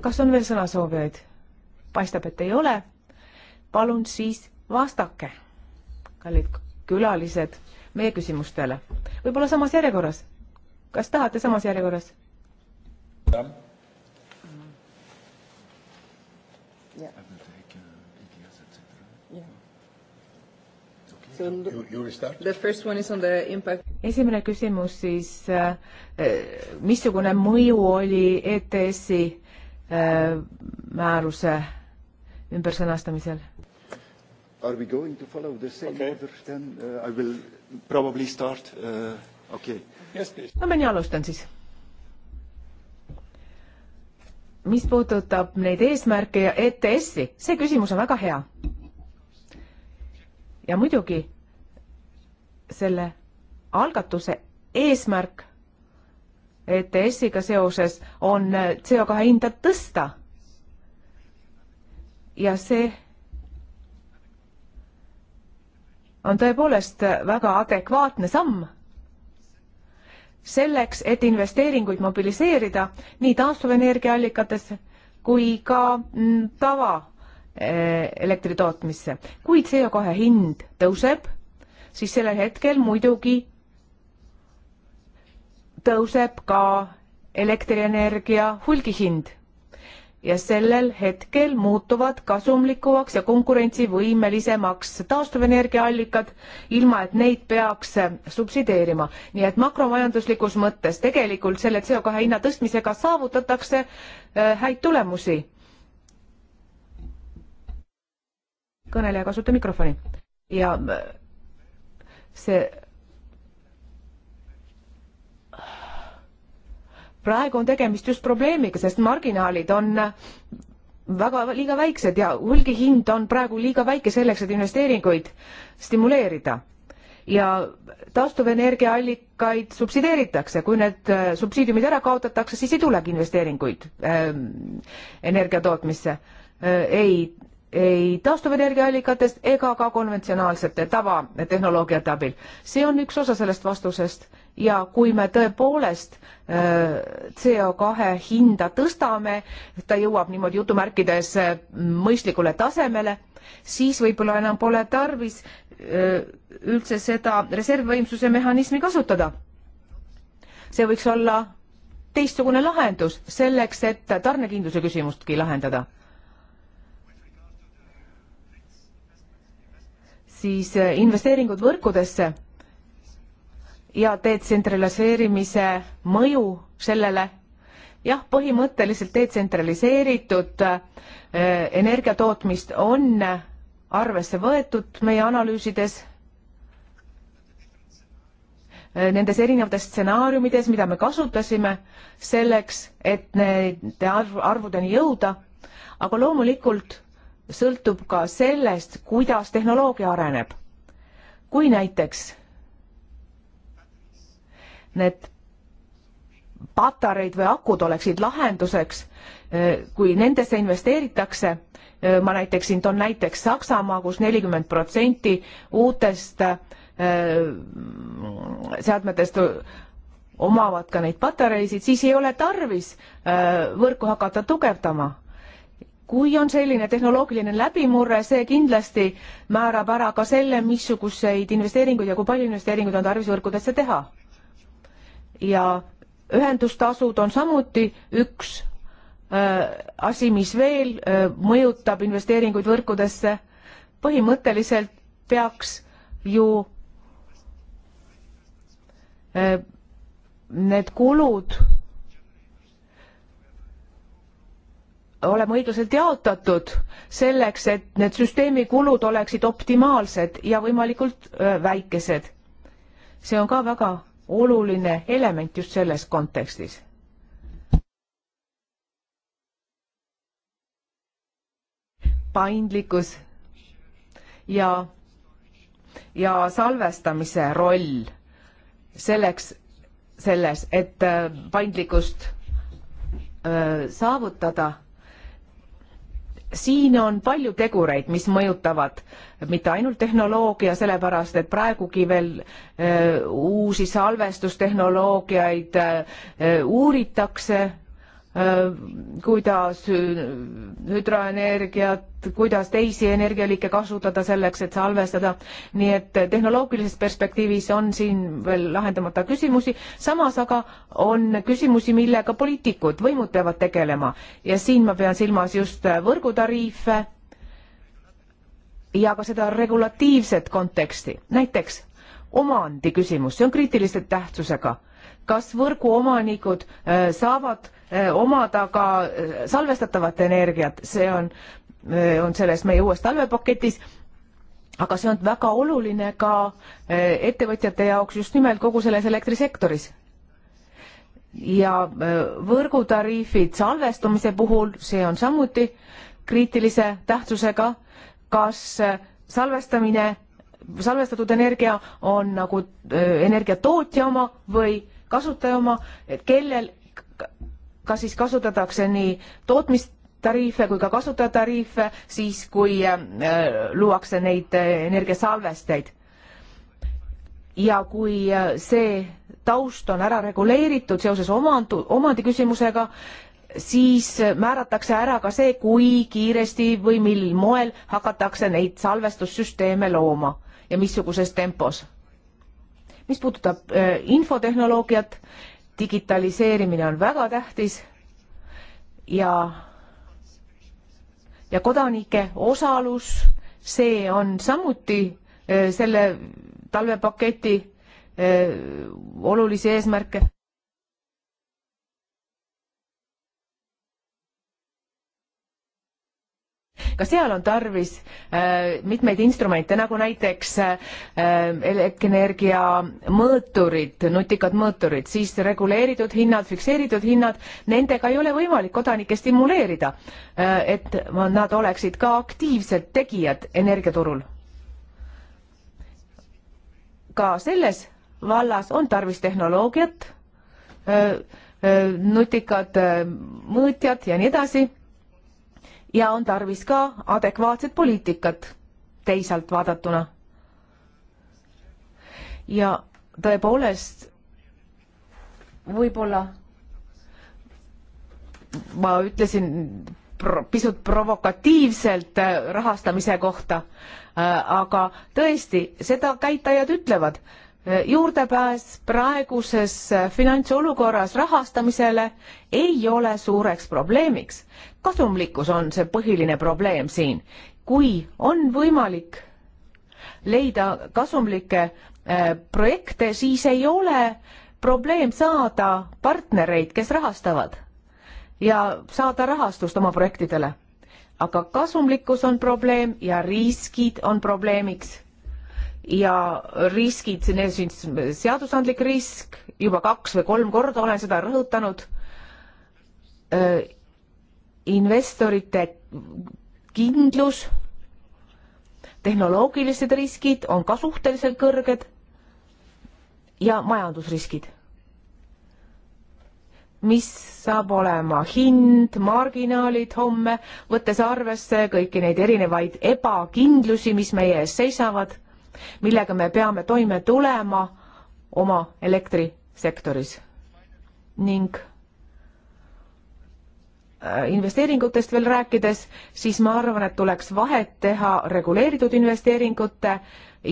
kas on veel sõnasoovijaid? paistab, et ei ole. palun siis vastake, kallid külalised meie küsimustele. võib-olla samas järjekorras. kas tahate samas järjekorras? esimene küsimus siis, äh, äh, missugune mõju oli ETS-i äh, määruse ümbersõnastamisel? Are we going to follow the same okay. order then? Uh, I will probably start? Uh, okay. Yes, please. no mina alustan siis. mis puudutab neid eesmärke ja ETS-i, see küsimus on väga hea. ja muidugi selle algatuse eesmärk ETS-iga seoses on CO2 hinda tõsta. ja see on tõepoolest väga adekvaatne samm selleks, et investeeringuid mobiliseerida nii taastuvenergiaallikatesse kui ka mm, tava eh, elektritootmisse. kui CO2 hind tõuseb, siis sellel hetkel muidugi tõuseb ka elektrienergia hulgihind ja sellel hetkel muutuvad kasumlikumaks ja konkurentsivõimelisemaks taastuvenergiaallikad, ilma et neid peaks äh, subsideerima. nii et makromajanduslikus mõttes tegelikult selle CO2 hinna tõstmisega saavutatakse äh, häid tulemusi. kõneleja, kasuta mikrofoni. ja äh, see praegu on tegemist just probleemiga, sest marginaalid on väga liiga väiksed ja hulgihind on praegu liiga väike selleks, et investeeringuid stimuleerida. ja taastuvenergiaallikaid subsideeritakse, kui need äh, subsiidiumid ära kaotatakse, siis ei tulegi investeeringuid äh, energia tootmisse äh,. ei, ei taastuvenergiaallikatest ega ka konventsionaalsete tavatehnoloogiate abil. see on üks osa sellest vastusest ja kui me tõepoolest äh, CO2 hinda tõstame, ta jõuab niimoodi jutumärkides äh, mõistlikule tasemele, siis võib-olla enam pole tarvis äh, üldse seda reservvõimsuse mehhanismi kasutada. see võiks olla teistsugune lahendus selleks, et tarnekindluse küsimustki lahendada. siis investeeringud võrkudesse ja detsentraliseerimise mõju sellele? jah, põhimõtteliselt detsentraliseeritud äh, energiatootmist on arvesse võetud meie analüüsides, äh, nendes erinevates stsenaariumides, mida me kasutasime selleks, et nende arv, arvudeni jõuda, aga loomulikult sõltub ka sellest, kuidas tehnoloogia areneb. kui näiteks need patareid või akud oleksid lahenduseks, eh, kui nendesse investeeritakse, eh, ma näiteks siin toon näiteks Saksamaa kus, kus nelikümmend protsenti uutest eh, seadmetest omavad ka neid patareisid, siis ei ole tarvis võrku hakata tugevdama. kui on selline tehnoloogiline läbimurre, see kindlasti määrab ära ka selle, missuguseid investeeringuid ja kui palju investeeringuid on tarvis võrkudesse teha ja ühendustasud on samuti üks äh, asi, mis veel äh, mõjutab investeeringuid võrkudesse. põhimõtteliselt peaks ju äh, need kulud olema õiglaselt jaotatud selleks, et need süsteemi kulud oleksid optimaalsed ja võimalikult öö, äh, väikesed. see on ka väga oluline element just selles kontekstis. paindlikkus ja, ja salvestamise roll selleks, selles, et äh, paindlikkust äh, saavutada siin on palju tegureid, mis mõjutavad mitte ainult tehnoloogia, sellepärast et praegugi veel äh, uusi salvestustehnoloogiaid äh, äh uuritakse kuidas hüdroenergiat, kuidas teisi energialiike kasutada selleks, et salvestada. nii et tehnoloogilises perspektiivis on siin veel lahendamata küsimusi, samas aga on küsimusi, millega poliitikud, võimud peavad tegelema ja siin ma pean silmas just võrgutariife ja ka seda regulatiivset konteksti, näiteks omandiküsimus, see on kriitilise tähtsusega kas võrguomanikud äh, saavad äh, omada ka äh, salvestatavat energiat, see on, on selles meie uues talvepaketis, aga see on väga oluline ka ettevõtjate jaoks just nimelt kogu selles elektrisektoris. ja võrgutariifid salvestumise puhul, see on samuti kriitilise tähtsusega, kas salvestamine salvestatud energia on nagu energiatootja oma või kasutaja oma, et kellel, kas siis kasutatakse nii tootmistariife kui ka kasutajatariife siis, kui äh, luuakse neid äh, energiasalvesteid. ja kui äh, see taust on ära reguleeritud seoses omandu, omandi küsimusega, siis määratakse ära ka see, kui kiiresti või mil moel hakatakse neid salvestussüsteeme looma ja missuguses tempos mis puudutab äh, infotehnoloogiat, digitaliseerimine on väga tähtis ja, ja kodanike osalus, see on samuti äh, selle talvepaketi äh, olulisi eesmärke ka seal on tarvis äh, mitmeid instrumente, nagu näiteks äh, elektrienergia mõõturid, nutikad mõõturid, siis reguleeritud hinnad, fikseeritud hinnad, nendega ei ole võimalik kodanikke stimuleerida, äh, et nad oleksid ka aktiivsed tegijad energiaturul. ka selles vallas on tarvis tehnoloogiat nutikad mõõtjad ja nii edasi ja on tarvis ka adekvaatset poliitikat teisalt vaadatuna. ja tõepoolest võib-olla ma ütlesin pro pisut provokatiivselt äh, rahastamise kohta, äh, aga tõesti, seda käitajad ütlevad Äh, juurdepääs praeguses äh, finantsolukorras rahastamisele ei ole suureks probleemiks. kasumlikkus on see põhiline probleem siin. kui on võimalik leida kasumlikke äh, projekte, siis ei ole probleem saada partnereid, kes rahastavad ja saada rahastust oma projektidele. aga kasumlikkus on probleem ja riskid on probleemiks ja riskid, seadusandlik risk, juba kaks või kolm korda olen seda rõhutanud, äh, investorite kindlus, tehnoloogilised riskid on ka suhteliselt kõrged ja majandusriskid. mis saab olema hind, marginaalid homme, võttes arvesse kõiki neid erinevaid ebakindlusi, mis meie ees seisavad millega me peame toime tulema oma elektrisektoris ning äh, investeeringutest veel rääkides, siis ma arvan, et tuleks vahet teha reguleeritud investeeringute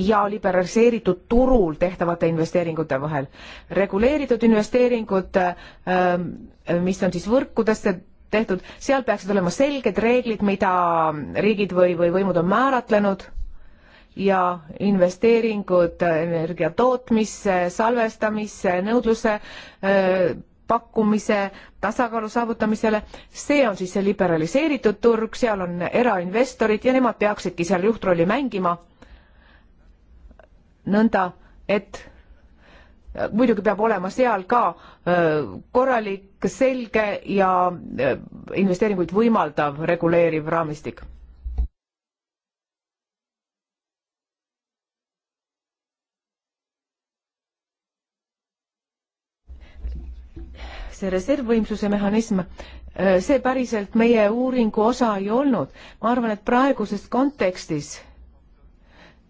ja liberaliseeritud turul tehtavate investeeringute vahel. reguleeritud investeeringud, ähm, mis on siis võrkudesse tehtud, seal peaksid olema selged reeglid, mida riigid või, või võimud on määratlenud ja investeeringud energia tootmisse, salvestamisse, nõudluse äh, pakkumise, tasakaalu saavutamisele, see on siis see liberaliseeritud turg, seal on erainvestorid ja nemad peaksidki seal juhtrolli mängima. nõnda, et muidugi peab olema seal ka äh, korralik, selge ja äh, investeeringuid võimaldav reguleeriv raamistik see reservvõimsuse mehhanism, äh, see päriselt meie uuringu osa ei olnud. ma arvan, et praeguses kontekstis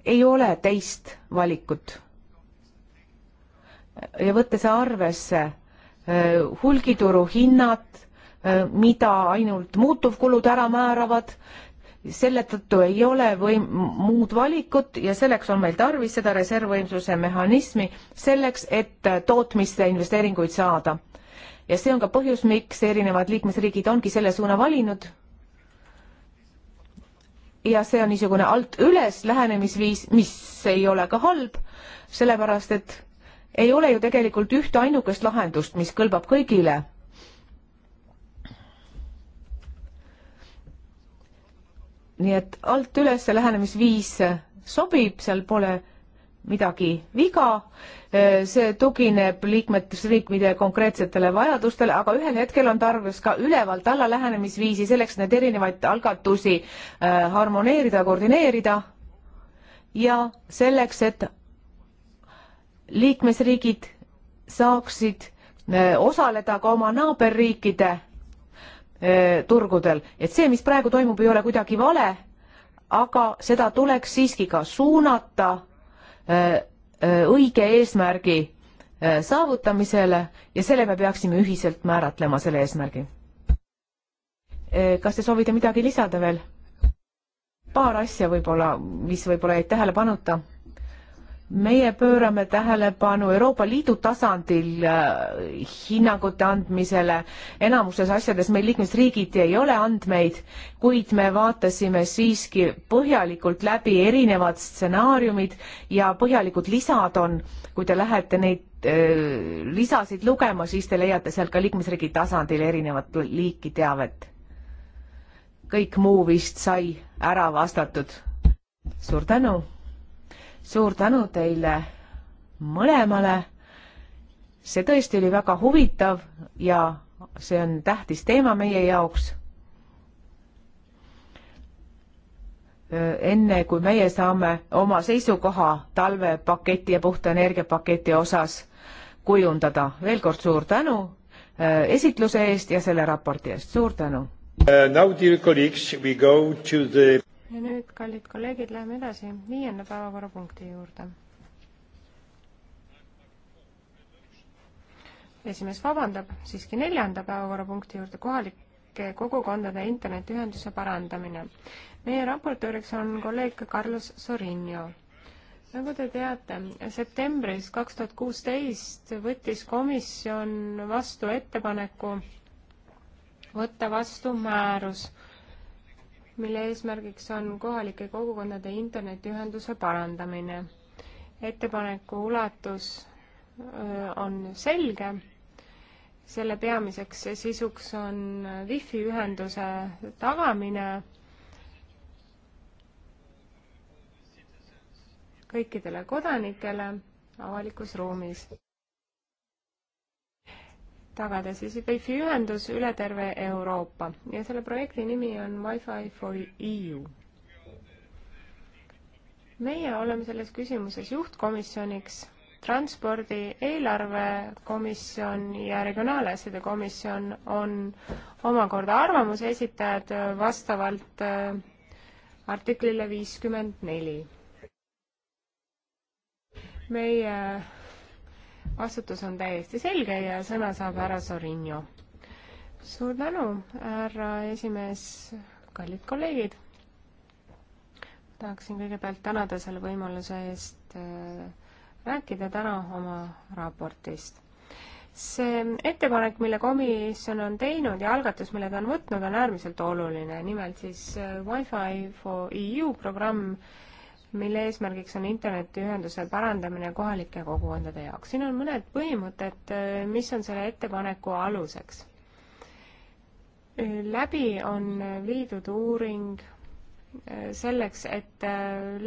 ei ole teist valikut. ja võttes arvesse äh, hulgituru hinnad, äh, mida ainult muutuvkulud ära määravad, selle tõttu ei ole või muud valikut ja selleks on meil tarvis seda reservvõimsuse mehhanismi selleks, et tootmisse investeeringuid saada ja see on ka põhjus, miks erinevad liikmesriigid ongi selle suuna valinud. ja see on niisugune alt üles lähenemisviis, mis ei ole ka halb, sellepärast et ei ole ju tegelikult ühte ainukest lahendust, mis kõlbab kõigile. nii et alt üles lähenemisviis sobib, seal pole midagi viga, äh, see tugineb liikmesriikide konkreetsetele vajadustele, aga ühel hetkel on tarvis ka ülevalt alla lähenemisviisi selleks, et neid erinevaid algatusi äh, harmoneerida, koordineerida ja selleks, et liikmesriigid saaksid äh, osaleda ka oma naaberriikide äh, turgudel, et see, mis praegu toimub, ei ole kuidagi vale, aga seda tuleks siiski ka suunata Äh, äh, õige eesmärgi äh, saavutamisele ja selle me peaksime ühiselt määratlema, selle eesmärgi. kas te soovite midagi lisada veel? paar asja võib-olla, mis võib-olla jäid tähelepanuta meie pöörame tähelepanu Euroopa Liidu tasandil äh, hinnangute andmisele, enamuses asjades meil liikmesriigid ei ole andmeid, kuid me vaatasime siiski põhjalikult läbi erinevad stsenaariumid ja põhjalikud lisad on, kui te lähete neid öö, äh, lisasid lugema, siis te leiate sealt ka liikmesriigi tasandil erinevat liiki teavet. kõik muu vist sai ära vastatud. suur tänu! suur tänu teile mõlemale. see tõesti oli väga huvitav ja see on tähtis teema meie jaoks. enne kui meie saame oma seisukoha talvepaketi ja puhta energiapaketi osas kujundada. veel kord suur tänu esitluse eest ja selle raporti eest, suur tänu! Uh, now, dear colleagues, we go to the ja nüüd, kallid kolleegid, läheme edasi viienda päevakorrapunkti juurde. esimees vabandab, siiski neljanda päevakorrapunkti juurde, kohalike kogukondade internetiühenduse parandamine. meie raportööriks on kolleeg Carlos Sorinio nagu te teate, septembris kaks tuhat kuusteist võttis komisjon vastu ettepaneku võtta vastu määrus mille eesmärgiks on kohalike kogukondade internetiühenduse parandamine. ettepaneku ulatus on selge, selle peamiseks sisuks on wifi ühenduse tagamine kõikidele kodanikele avalikus ruumis tagada siis Wi-Fi ühendus üle terve Euroopa ja selle projekti nimi on Wi-Fi for EU. meie oleme selles küsimuses juhtkomisjoniks, transpordi, eelarvekomisjon ja regionaalasjade komisjon on omakorda arvamuse esitajad vastavalt äh, artiklile viiskümmend neli. meie vastutus on täiesti selge ja sõna saab härra Sorinio. suur tänu, härra esimees, kallid kolleegid. tahaksin kõigepealt tänada selle võimaluse eest äh, rääkida täna oma raportist see ettepanek, mille komisjon on teinud ja algatus, mille ta on võtnud, on äärmiselt oluline, nimelt siis äh, Wi-Fi for EU programm mille eesmärgiks on internetiühenduse parandamine kohalike kogukondade jaoks. siin on mõned põhimõtted, äh, mis on selle ettepaneku aluseks. Äh, läbi on viidud uuring äh, selleks, et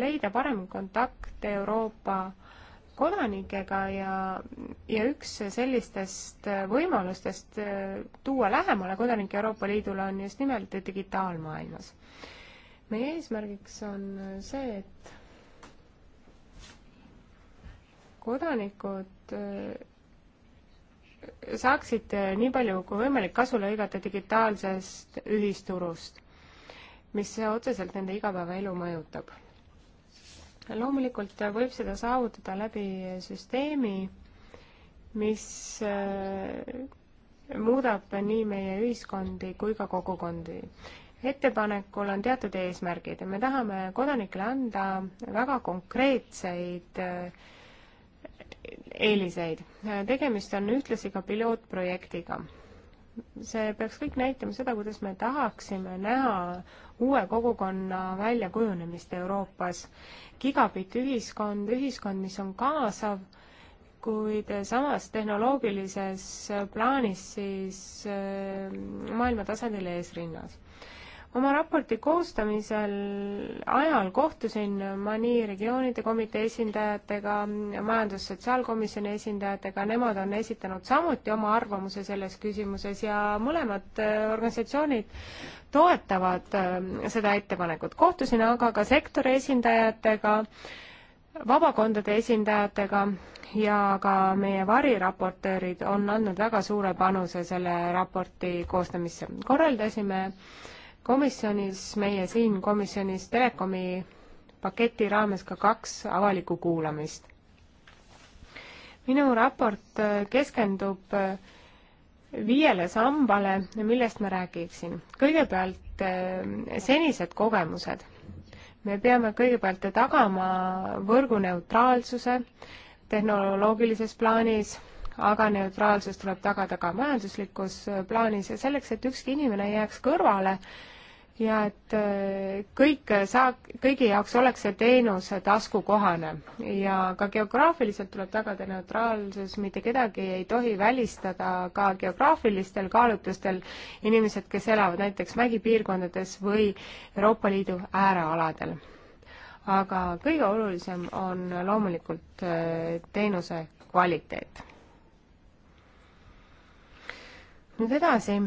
leida parem kontakt Euroopa kodanikega ja, ja üks sellistest võimalustest tuua lähemale kodanikke Euroopa Liidule on just nimelt digitaalmaailmas meie eesmärgiks on äh, see, et kodanikud äh, saaksid äh, nii palju kui võimalik kasu lõigata digitaalsest ühisturust, mis otseselt nende igapäevaelu mõjutab. loomulikult võib seda saavutada läbi süsteemi, mis muudab nii meie ühiskondi kui ka kogukondi ettepanekul on teatud eesmärgid ja me tahame kodanikele anda väga konkreetseid äh, eeliseid. tegemist on ühtlasi ka pilootprojektiga. see peaks kõik näitama seda, kuidas me tahaksime näha uue kogukonna väljakujunemist Euroopas. gigabitt-ühiskond, ühiskond, mis on kaasav, kuid samas tehnoloogilises plaanis siis äh, maailma tasandil eesrinnas oma raporti koostamisel ajal kohtusin ma nii regioonide komitee esindajatega, majandus-sotsiaalkomisjoni esindajatega, nemad on esitanud samuti oma arvamuse selles küsimuses ja mõlemad äh, organisatsioonid toetavad äh, seda ettepanekut. kohtusin aga ka sektori esindajatega, vabakondade esindajatega ja ka meie variraportöörid on andnud väga suure panuse selle raporti koostamisse. korraldasime äh, komisjonis, meie siin komisjonis Telekomi paketi raames ka kaks avalikku kuulamist. minu raport äh, keskendub äh, viiele sambale, millest ma räägiksin. kõigepealt äh, senised kogemused. me peame kõigepealt tagama võrgu neutraalsuse tehnoloogilises plaanis, aga neutraalsus tuleb tagada ka majanduslikus plaanis ja selleks, et ükski inimene ei jääks kõrvale, ja et äh, kõik saa-, kõigi jaoks oleks see teenus taskukohane ja ka geograafiliselt tuleb tagada neutraalsus, mitte kedagi ei tohi välistada ka geograafilistel kaalutlustel inimesed, kes elavad näiteks mägipiirkondades või Euroopa Liidu äärealadel. aga kõige olulisem on loomulikult äh, teenuse kvaliteet. nüüd edasi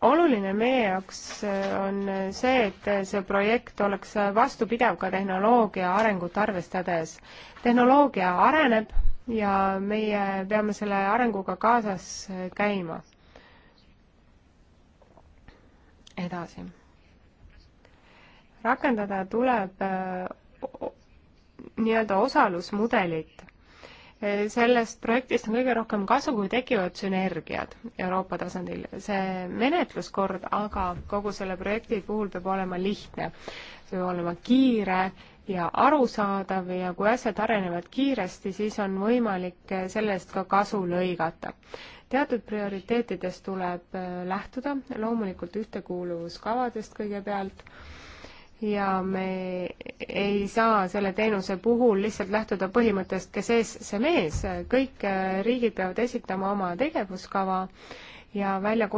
oluline meie jaoks äh, on see, et see projekt oleks vastupidav ka tehnoloogia arengut arvestades. tehnoloogia areneb ja meie peame selle arenguga kaasas äh, käima. edasi. rakendada tuleb äh, nii-öelda osalusmudelit sellest projektist on kõige rohkem kasu, kui tekivad sünergiad Euroopa tasandil. see menetluskord aga kogu selle projekti puhul peab olema lihtne, see peab olema kiire ja arusaadav ja kui asjad arenevad kiiresti, siis on võimalik sellest ka kasu lõigata. teatud prioriteetidest tuleb lähtuda, loomulikult ühtekuuluvuskavadest kõigepealt ja me ei saa selle teenuse puhul lihtsalt lähtuda põhimõttest, kes ees, see mees, kõik äh, riigid peavad esitama oma tegevuskava ja välja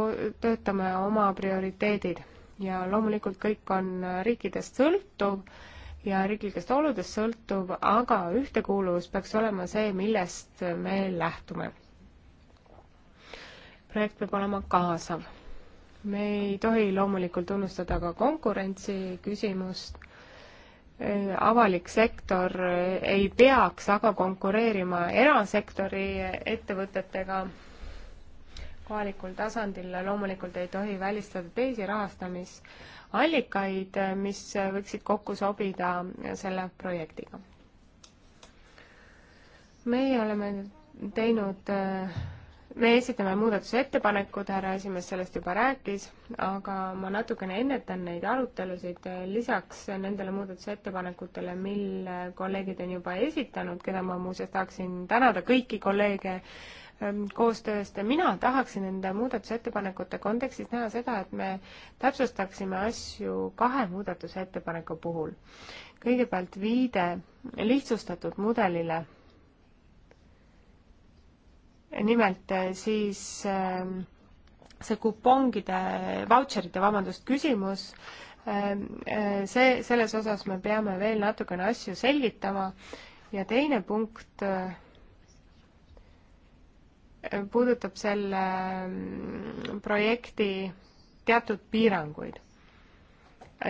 töötame oma prioriteedid. ja loomulikult kõik on riikidest sõltuv ja riiklikest oludest sõltuv, aga ühtekuuluvus peaks olema see, millest me lähtume. projekt peab olema kaasav me ei tohi loomulikult unustada ka konkurentsi küsimust. Äh, avalik sektor ei peaks aga konkureerima erasektori ettevõtetega kohalikul tasandil. loomulikult ei tohi välistada teisi rahastamisallikaid, mis võiksid kokku sobida selle projektiga. meie oleme teinud äh, me esitame muudatusettepanekud, härra esimees sellest juba rääkis, aga ma natukene ennetan neid arutelusid eh, lisaks nendele muudatusettepanekutele, mille kolleegid on juba esitanud, keda ma muuseas tahaksin tänada kõiki kolleege ehm, koostööst. mina tahaksin nende muudatusettepanekute kontekstis näha seda, et me täpsustaksime asju kahe muudatusettepaneku puhul. kõigepealt viide lihtsustatud mudelile nimelt eh, siis eh, see kupongide, vautšerite, vabandust, küsimus, eh, see, selles osas me peame veel natukene asju selgitama ja teine punkt puudutab selle mm, projekti teatud piiranguid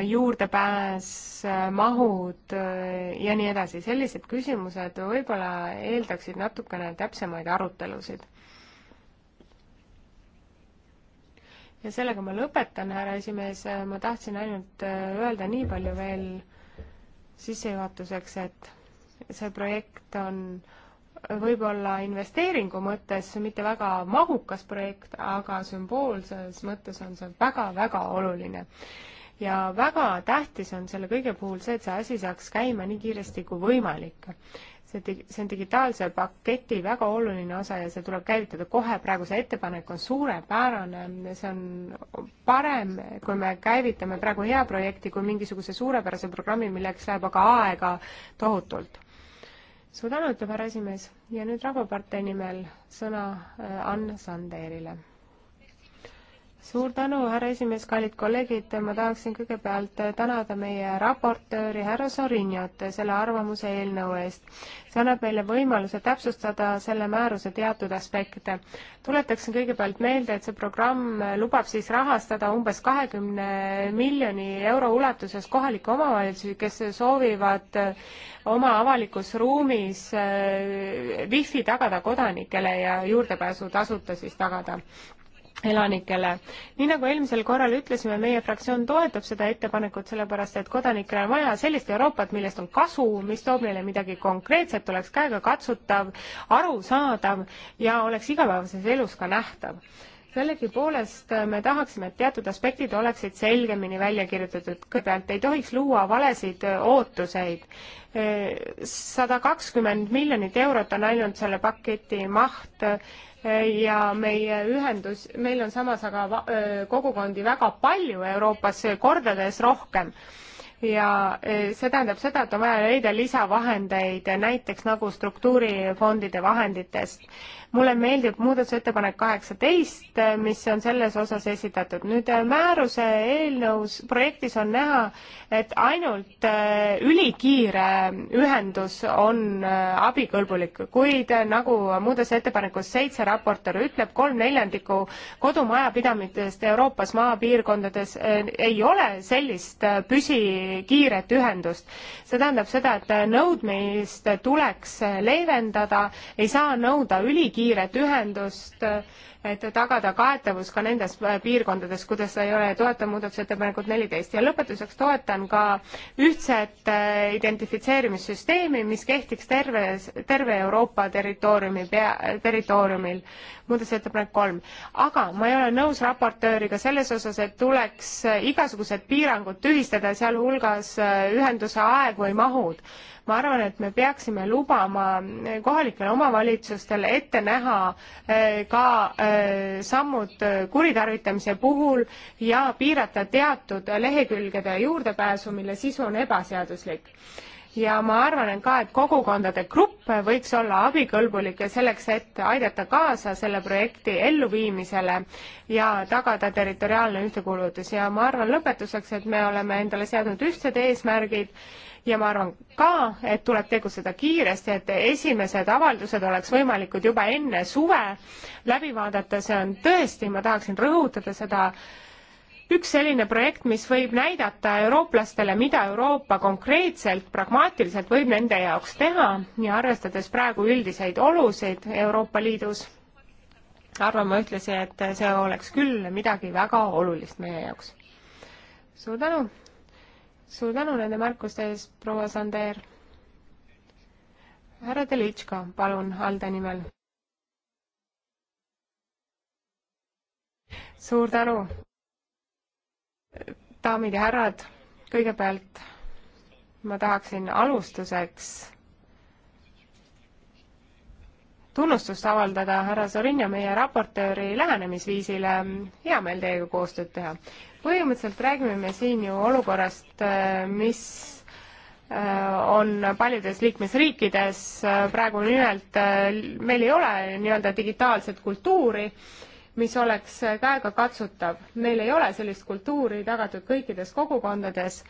juurdepääs, mahud äh, ja nii edasi, sellised küsimused võib-olla eeldaksid natukene täpsemaid arutelusid. ja sellega ma lõpetan, härra esimees, ma tahtsin ainult äh, öelda nii palju veel sissejuhatuseks, et see projekt on võib-olla investeeringu mõttes mitte väga mahukas projekt, aga sümboolses mõttes on see väga-väga oluline ja väga tähtis on selle kõige puhul see, et see asi saaks käima nii kiiresti kui võimalik. see, see on digitaalse paketi väga oluline osa ja see tuleb käivitada kohe, praegu see ettepanek on suurepärane, see on parem, kui me käivitame praegu hea projekti, kui mingisuguse suurepärase programmi, milleks läheb aga aega tohutult suur tänu, ütleb härra esimees ja nüüd Rahvapartei nimel sõna äh, Ann Sanderile suur tänu, härra esimees, kallid kolleegid, ma tahaksin kõigepealt tänada meie raportööri härra Sorinjat selle arvamuse eelnõu eest. see annab meile võimaluse täpsustada selle määruse teatud aspekte. tuletaksin kõigepealt meelde, et see programm lubab siis rahastada umbes kahekümne miljoni euro ulatuses kohalikke omavalitsusi, kes soovivad oma avalikus ruumis eh, wifi tagada kodanikele ja juurdepääsu tasuta siis tagada elanikele. nii nagu eelmisel korral ütlesime, meie fraktsioon toetab seda ettepanekut, sellepärast et kodanikele on vaja sellist Euroopat, millest on kasu, mis toob neile midagi konkreetset, oleks käegakatsutav, arusaadav ja oleks igapäevases elus ka nähtav sellegipoolest äh, me tahaksime, et teatud aspektid oleksid selgemini välja kirjutatud, kõigepealt ei tohiks luua valesid äh, ootuseid. Äh, sada kakskümmend miljonit eurot on ainult selle paketi maht ja meie ühendus, meil on samas aga kogukondi väga palju Euroopas, kordades rohkem ja see tähendab seda, et on vaja leida lisavahendeid, näiteks nagu struktuurifondide vahenditest mulle meeldib muudatusettepanek kaheksateist, mis on selles osas esitatud. nüüd äh, määruse eelnõus, projektis on näha, et ainult äh, ülikiire ühendus on äh, abikõlbulik, kuid nagu muudatusettepanekus seitse raportöör ütleb, kolm neljandikku kodumajapidamistest Euroopas maapiirkondades ei ole sellist püsikiiret ühendust. see tähendab seda, et nõudmist tuleks leevendada, ei saa nõuda ülikiiret kiiret ühendust et tagada kaetavus ka nendes äh, piirkondades, kuidas seda ei ole ja toetan muudatusettepanekut neliteist. ja lõpetuseks toetan ka ühtset äh, identifitseerimissüsteemi, mis kehtiks terves, terve Euroopa territooriumi pea, territooriumil, muudatusettepanek kolm. aga ma ei ole nõus raportööriga selles osas, et tuleks äh, igasugused piirangud tühistada, sealhulgas ühenduse aeg või mahud ma arvan, et me peaksime lubama kohalikel omavalitsustel ette näha ka sammud äh, kuritarvitamise puhul ja piirata teatud lehekülgede juurdepääsu, mille sisu on ebaseaduslik ja ma arvan et ka, et kogukondade grupp võiks olla abikõlbulik ja selleks, et aidata kaasa selle projekti elluviimisele ja tagada territoriaalne ühtekuulutus ja ma arvan lõpetuseks, et me oleme endale seadnud ühtsed eesmärgid ja ma arvan ka, et tuleb tegutseda kiiresti, et esimesed avaldused oleks võimalikud juba enne suve läbi vaadata, see on tõesti, ma tahaksin rõhutada seda, üks selline projekt, mis võib näidata eurooplastele, mida Euroopa konkreetselt, pragmaatiliselt võib nende jaoks teha ja arvestades praegu üldiseid olusid Euroopa Liidus, arvan ma ühtlasi, et see oleks küll midagi väga olulist meie jaoks. suur tänu! suur tänu nende märkuste eest, proua Sander. härra Delitška, palun, ALDE nimel. suur tänu. daamid ja härrad, kõigepealt ma tahaksin alustuseks tunnustust avaldada härra Sorin ja meie raportööri lähenemisviisile, hea meel teiega koostööd teha. põhimõtteliselt räägime me siin ju olukorrast, äh, mis äh, on paljudes liikmesriikides, praegu nimelt äh, meil ei ole nii-öelda digitaalset kultuuri, mis oleks käegakatsutav. meil ei ole sellist kultuuri tagatud kõikides kogukondades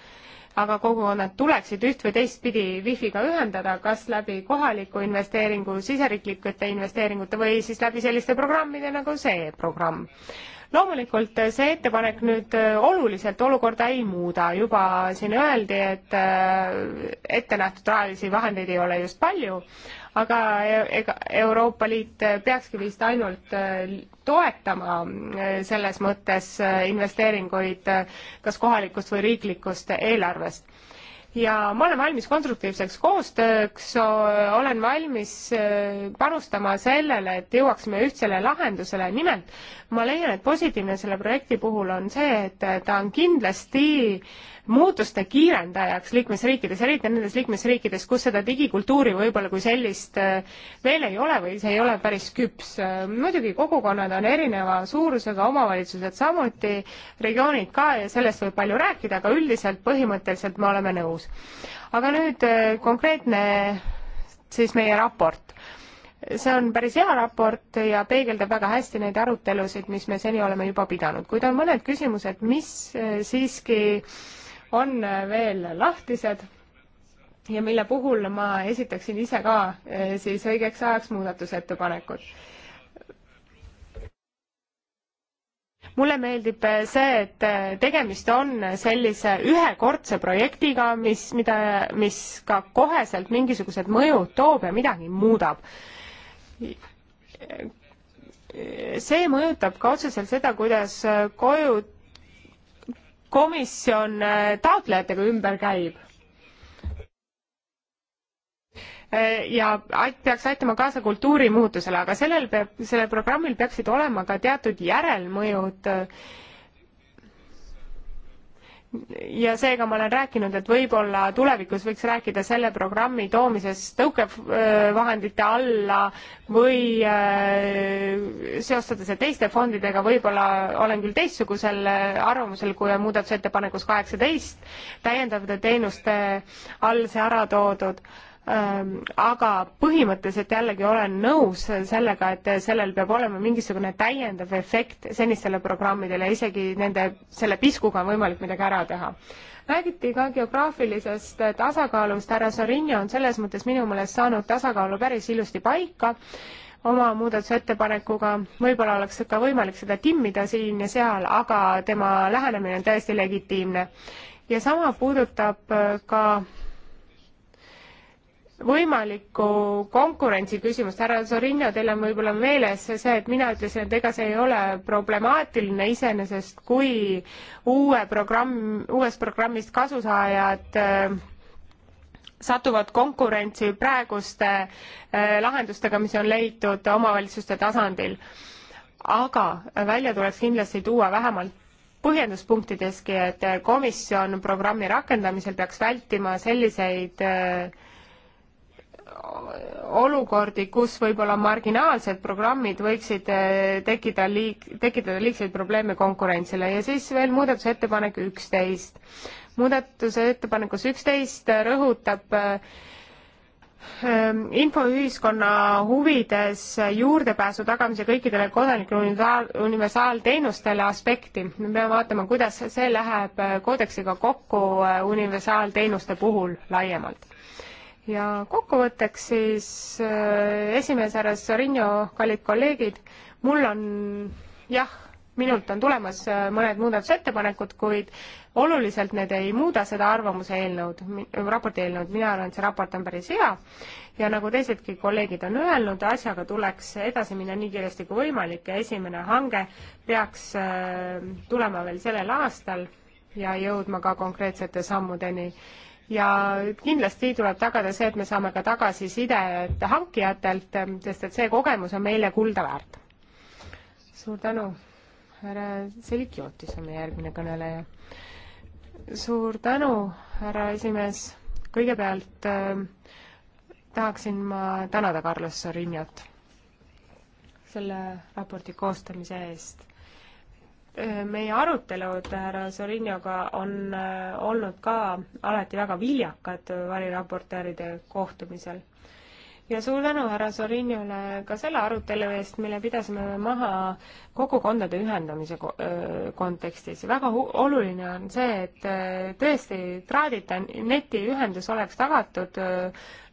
aga kogukonnad tuleksid üht või teistpidi wifi'ga ühendada, kas läbi kohaliku investeeringu, siseriiklikute investeeringute või siis läbi selliste programmide nagu see programm loomulikult see ettepanek nüüd äh, oluliselt olukorda ei muuda, juba siin öeldi, et äh, ette nähtud rahalisi vahendeid ei ole just palju, aga e-, ega Euroopa Liit peakski vist ainult e, toetama e, selles mõttes investeeringuid kas kohalikust või riiklikust eelarvest ja ma olen valmis konstruktiivseks koostööks, olen valmis panustama sellele, et jõuaksime ühtsele lahendusele, nimelt ma leian, et positiivne selle projekti puhul on see, et ta on kindlasti muutuste kiirendajaks liikmesriikides, eriti nendes liikmesriikides, kus seda digikultuuri võib-olla kui sellist äh, veel ei ole või see ei ole päris küps. Äh, muidugi kogukonnad on erineva suurusega, omavalitsused samuti, regioonid ka ja sellest võib palju rääkida, aga üldiselt põhimõtteliselt me oleme nõus. aga nüüd äh, konkreetne siis meie raport see on päris hea raport ja peegeldab väga hästi neid arutelusid, mis me seni oleme juba pidanud, kuid on mõned küsimused, mis siiski äh, on veel lahtised ja mille puhul ma esitaksin ise ka eh, siis õigeks ajaks muudatusettepanekud. mulle meeldib eh, see, et eh, tegemist on sellise ühekordse projektiga, mis, mida, mis ka koheselt mingisugused mõjud toob ja midagi muudab see mõjutab ka otseselt seda, kuidas koju komisjon äh, taotlejatega ümber käib äh, ja peaks aitama kaasa kultuurimuutusele, aga sellel peab, sellel programmil peaksid olema ka teatud järelmõjud äh, ja seega ma olen rääkinud, et võib-olla tulevikus võiks rääkida selle programmi toomisest tõukevahendite alla või äh, seostada see teiste fondidega, võib-olla olen küll teistsugusel äh, arvamusel, kui on muudatusettepanekus kaheksateist, täiendavate teenuste all see ära toodud Ehm, aga põhimõtteliselt jällegi olen nõus sellega, et sellel peab olema mingisugune täiendav efekt senistele programmidele, isegi nende, selle piskuga on võimalik midagi ära teha. räägiti ka geograafilisest tasakaalust, härra Sorinja on selles mõttes minu meelest saanud tasakaalu päris ilusti paika oma muudatusettepanekuga, võib-olla oleks ka võimalik seda timmida siin ja seal, aga tema lähenemine on täiesti legitiimne. ja sama puudutab ka võimalikku konkurentsi küsimust, härra Zorinno, teil on võib-olla meeles see, et mina ütlesin, et ega see ei ole problemaatiline iseenesest, kui uue programm, uuest programmist kasusaajad äh, satuvad konkurentsi praeguste äh, lahendustega, mis on leitud omavalitsuste tasandil. aga välja tuleks kindlasti tuua vähemalt põhjenduspunktideski, et komisjon programmi rakendamisel peaks vältima selliseid äh, olukordi, kus võib-olla marginaalsed programmid võiksid eh, tekkida liig-, tekitada liigseid probleeme konkurentsile ja siis veel muudatusettepanek üksteist. muudatusettepanekus üksteist rõhutab eh, infoühiskonna huvides juurdepääsu tagamise kõikidele kodanike universaalteenustele aspekti. me peame vaatama, kuidas see läheb eh, koodeksiga kokku universaalteenuste puhul laiemalt ja kokkuvõtteks siis äh, esimees härra Sorinio, kallid kolleegid, mul on jah, minult on tulemas äh, mõned muudatusettepanekud, kuid oluliselt need ei muuda seda arvamuse eelnõud, raporti eelnõud, mina arvan, et see raport on päris hea ja nagu teisedki kolleegid on öelnud, asjaga tuleks edasi minna nii kiiresti kui võimalik ja esimene hange peaks äh, tulema veel sellel aastal ja jõudma ka konkreetsete sammudeni ja kindlasti tuleb tagada see, et me saame ka tagasisidet hankijatelt, sest et see kogemus on meile kulda väärt. suur tänu, härra Selikiotis on meie järgmine kõneleja. suur tänu, härra esimees, kõigepealt äh, tahaksin ma tänada Carlos Sorinjat selle raporti koostamise eest meie arutelud härra Sorinjoga on äh, olnud ka alati väga viljakad variraportööride kohtumisel. ja suur tänu härra Sorinjole ka selle arutelu eest, mille pidasime maha kogukondade ühendamise äh, kontekstis. väga oluline on see, et äh, tõesti traadita netiühendus oleks tagatud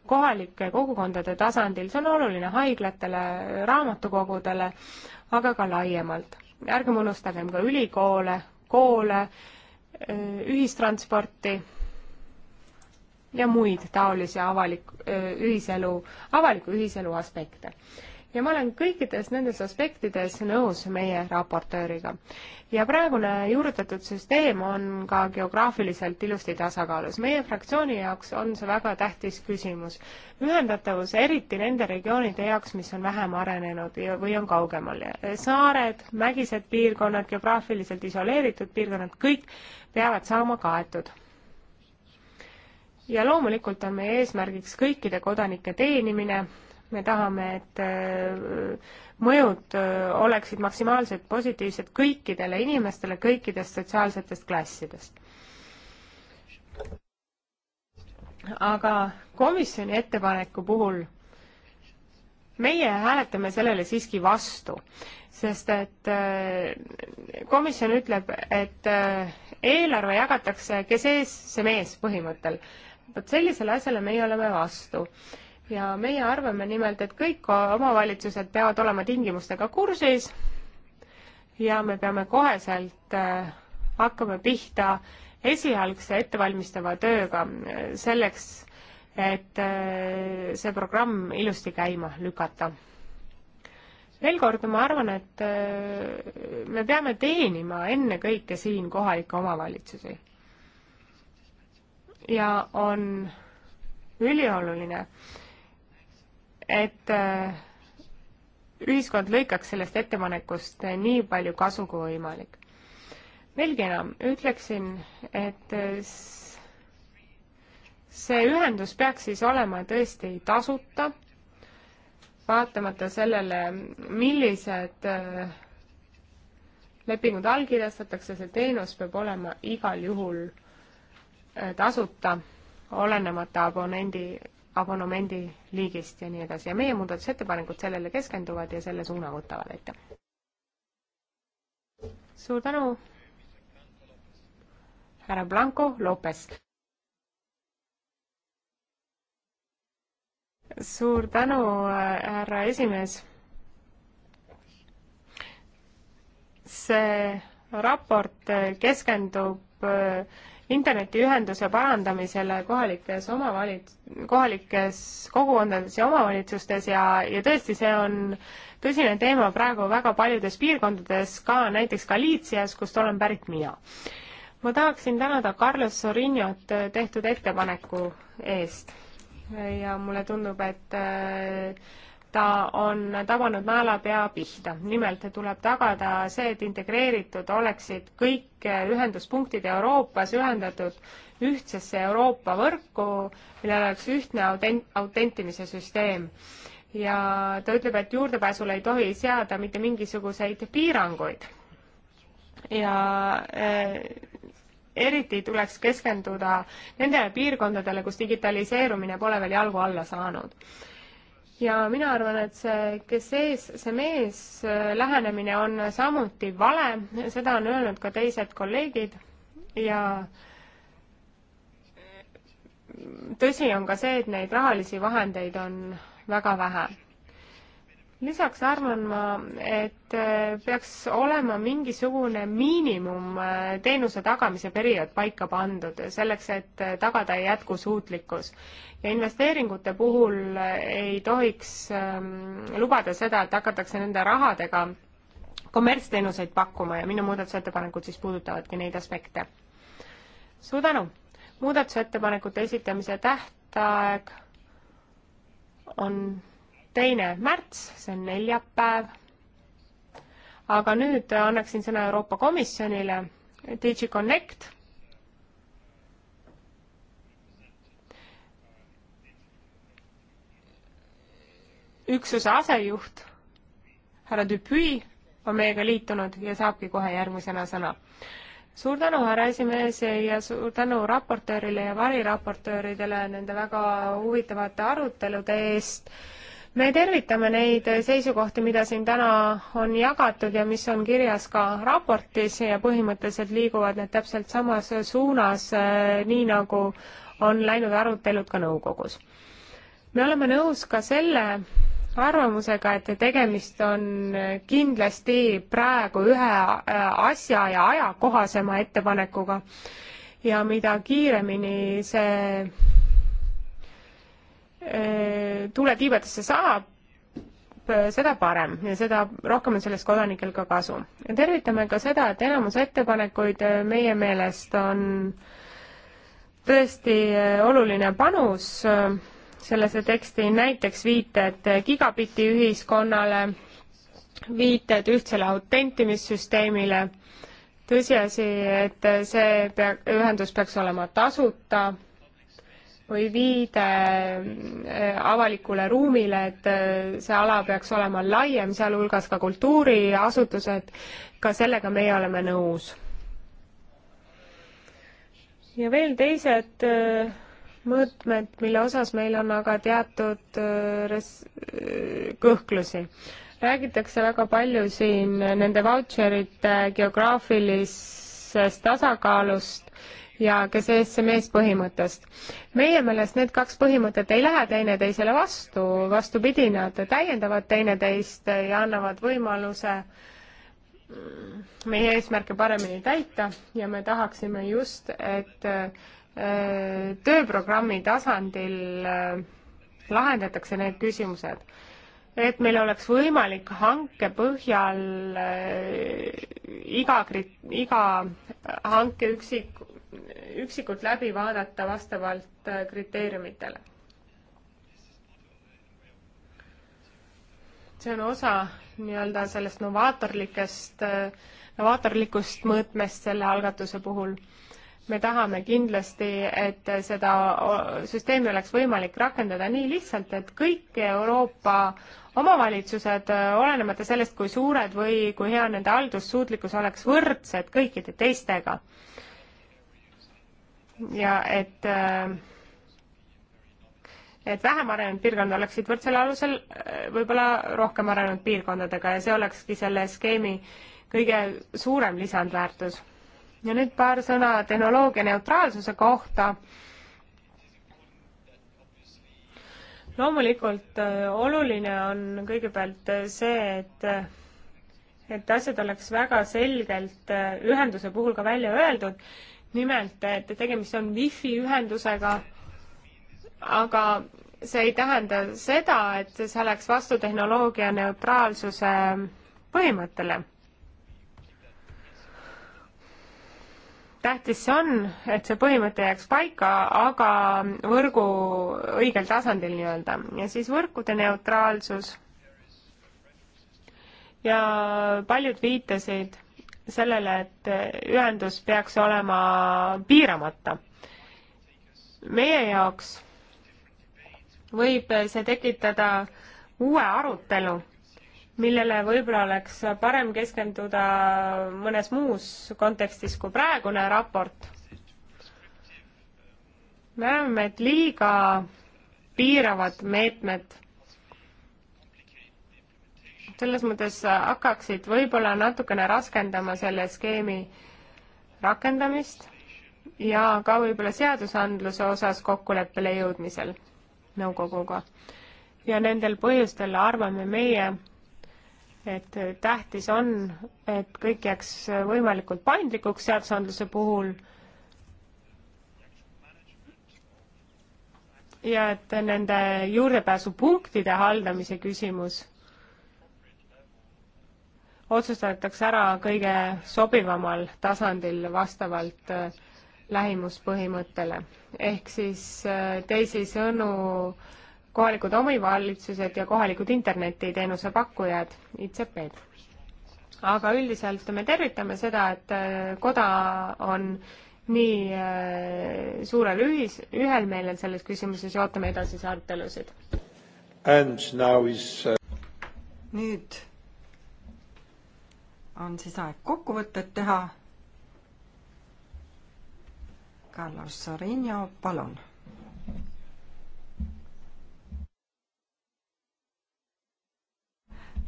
kohalike kogukondade tasandil, see on oluline haiglatele, raamatukogudele, aga ka laiemalt ärgem unustagem ka ülikoole, koole, ühistransporti ja muid taolisi avalik, ühiselu, avaliku ühiselu aspekte ja ma olen kõikides nendes aspektides nõus meie raportööriga. ja praegune juurutatud süsteem on ka geograafiliselt ilusti tasakaalus. meie fraktsiooni jaoks on see väga tähtis küsimus. ühendatavus eriti nende regioonide jaoks, mis on vähem arenenud ja, või on kaugemal. saared, mägised piirkonnad, geograafiliselt isoleeritud piirkonnad, kõik peavad saama kaetud ja loomulikult on meie eesmärgiks kõikide kodanike teenimine me tahame, et äh, mõjud äh, oleksid maksimaalselt positiivsed kõikidele inimestele kõikidest sotsiaalsetest klassidest. aga komisjoni ettepaneku puhul meie hääletame sellele siiski vastu, sest et äh, komisjon ütleb, et eelarve jagatakse, kes ees, see mees põhimõttel. vot sellisele asjale meie oleme vastu ja meie arvame nimelt, et kõik omavalitsused peavad olema tingimustega kursis ja me peame koheselt äh, hakkama pihta esialgse ettevalmistava tööga äh, selleks, et äh, see programm ilusti käima lükata. veel kord, ma arvan, et me peame teenima ennekõike siin kohalikke omavalitsusi. ja on ülioluline, et äh, ühiskond lõikaks sellest ettepanekust äh, nii palju kasu kui võimalik. veelgi enam, ütleksin, et äh, see ühendus peaks siis olema tõesti tasuta, vaatamata sellele, millised lepingud allkirjastatakse, see teenus peab olema igal juhul tasuta, olenemata abonendi abonemendi liigist ja nii edasi ja meie muudatusettepanekud sellele keskenduvad ja selle suuna võtavad, aitäh. suur tänu, härra Blanco Lopes. suur tänu, härra esimees. see raport keskendub internetiühenduse parandamisele kohalikes omavalits-, kohalikes kogukondades ja omavalitsustes ja, ja tõesti, see on tõsine teema praegu väga paljudes piirkondades, ka näiteks Galiitsias, kust olen pärit mina. ma tahaksin tänada Carlos Sorinot tehtud ettepaneku eest ja mulle tundub, et äh, ta on tabanud naelapea pihta. nimelt tuleb tagada see, et integreeritud oleksid kõik ühenduspunktid Euroopas ühendatud ühtsesse Euroopa võrku, millel oleks ühtne autent-, autentimise süsteem. ja ta ütleb, et juurdepääsule ei tohi seada mitte mingisuguseid piiranguid. ja äh, eriti tuleks keskenduda nendele piirkondadele, kus digitaliseerumine pole veel jalgu alla saanud ja mina arvan, et see, kes ees, see mees äh, lähenemine on samuti vale, seda on öelnud ka teised kolleegid ja tõsi on ka see, et neid rahalisi vahendeid on väga vähe lisaks arvan ma, et äh, peaks olema mingisugune miinimum äh, teenuse tagamise periood paika pandud, selleks et äh, tagada jätkusuutlikkus. ja investeeringute puhul ei tohiks ähm, lubada seda, et hakatakse nende rahadega kommertsteenuseid pakkuma ja minu muudatusettepanekud siis puudutavadki neid aspekte. suur tänu! muudatusettepanekute esitamise tähtaeg on teine märts, see on neljapäev. aga nüüd annaksin sõna Euroopa Komisjonile, DigiConnect. üksuse asejuht härra Dupuy on meiega liitunud ja saabki kohe järgmisena sõna suur tänu, härra esimees ja suur tänu raportöörile ja variraportööridele nende väga huvitavate arutelude eest me tervitame neid seisukohti, mida siin täna on jagatud ja mis on kirjas ka raportis ja põhimõtteliselt liiguvad need täpselt samas suunas, eh, nii nagu on läinud arutelud ka nõukogus. me oleme nõus ka selle arvamusega, et tegemist on kindlasti praegu ühe eh, asja ja ajakohasema ettepanekuga ja mida kiiremini see tuule Tiibetisse saab, seda parem ja seda rohkem on sellest kodanikel ka kasu. tervitame ka seda, et enamus ettepanekuid meie meelest on tõesti oluline panus sellesse teksti, näiteks viited gigabitti ühiskonnale, viited ühtsele autentimissüsteemile, tõsiasi, et see pea, ühendus peaks olema tasuta või viide äh, avalikule ruumile, et äh, see ala peaks olema laiem, sealhulgas ka kultuuriasutused, ka sellega meie oleme nõus. ja veel teised äh, mõõtmed, mille osas meil on aga teatud res-, kõhklusi. räägitakse väga palju siin nende vautšerite geograafilisest tasakaalust ja kes ESM-is põhimõttest. meie meelest need kaks põhimõtet ei lähe teineteisele vastu, vastupidi, nad täiendavad teineteist ja annavad võimaluse meie eesmärke paremini täita ja me tahaksime just, et äh, tööprogrammi tasandil äh, lahendatakse need küsimused. et meil oleks võimalik hanke põhjal äh, iga, iga hanke üksik üksikult läbi vaadata vastavalt äh, kriteeriumitele. see on osa nii-öelda sellest novaatorlikest, äh, novaatorlikust mõõtmest selle algatuse puhul. me tahame kindlasti, et seda süsteemi oleks võimalik rakendada nii lihtsalt, et kõik Euroopa omavalitsused, äh, olenemata sellest, kui suured või kui hea nende haldussuutlikkus oleks, võrdsed kõikide teistega ja et äh, et vähem arenenud piirkonnad oleksid võrdsel alusel äh, võib-olla rohkem arenenud piirkondadega ja see olekski selle skeemi kõige suurem lisandväärtus. ja nüüd paar sõna tehnoloogia neutraalsuse kohta loomulikult äh, oluline on kõigepealt see, et et asjad oleks väga selgelt ühenduse puhul ka välja öeldud nimelt, et tegemist on wifi ühendusega, aga see ei tähenda seda, et see läheks vastu tehnoloogia neutraalsuse põhimõttele. tähtis see on, et see põhimõte jääks paika, aga võrgu õigel tasandil nii-öelda ja siis võrkude neutraalsus ja paljud viitasid sellele, et ühendus peaks olema piiramata. meie jaoks võib see tekitada uue arutelu, millele võib-olla oleks parem keskenduda mõnes muus kontekstis kui praegune raport. me näeme, et liiga piiravad meetmed selles mõttes hakkaksid võib-olla natukene raskendama selle skeemi rakendamist ja ka võib-olla seadusandluse osas kokkuleppele jõudmisel nõukoguga. ja nendel põhjustel arvame meie, et tähtis on, et kõik jääks võimalikult paindlikuks seadusandluse puhul ja et nende juurdepääsupunktide haldamise küsimus otsustatakse ära kõige sobivamal tasandil vastavalt äh, lähimuspõhimõttele. ehk siis äh, teisisõnu, kohalikud omavalitsused ja kohalikud internetiteenuse pakkujad, ICP-d. aga üldiselt me tervitame seda, et äh, koda on nii suurel ühis, ühel meelel selles küsimuses ja ootame edasisi arutelusid. Is... Uh, nüüd on siis aeg kokkuvõtted teha. Carlos Sorinio, palun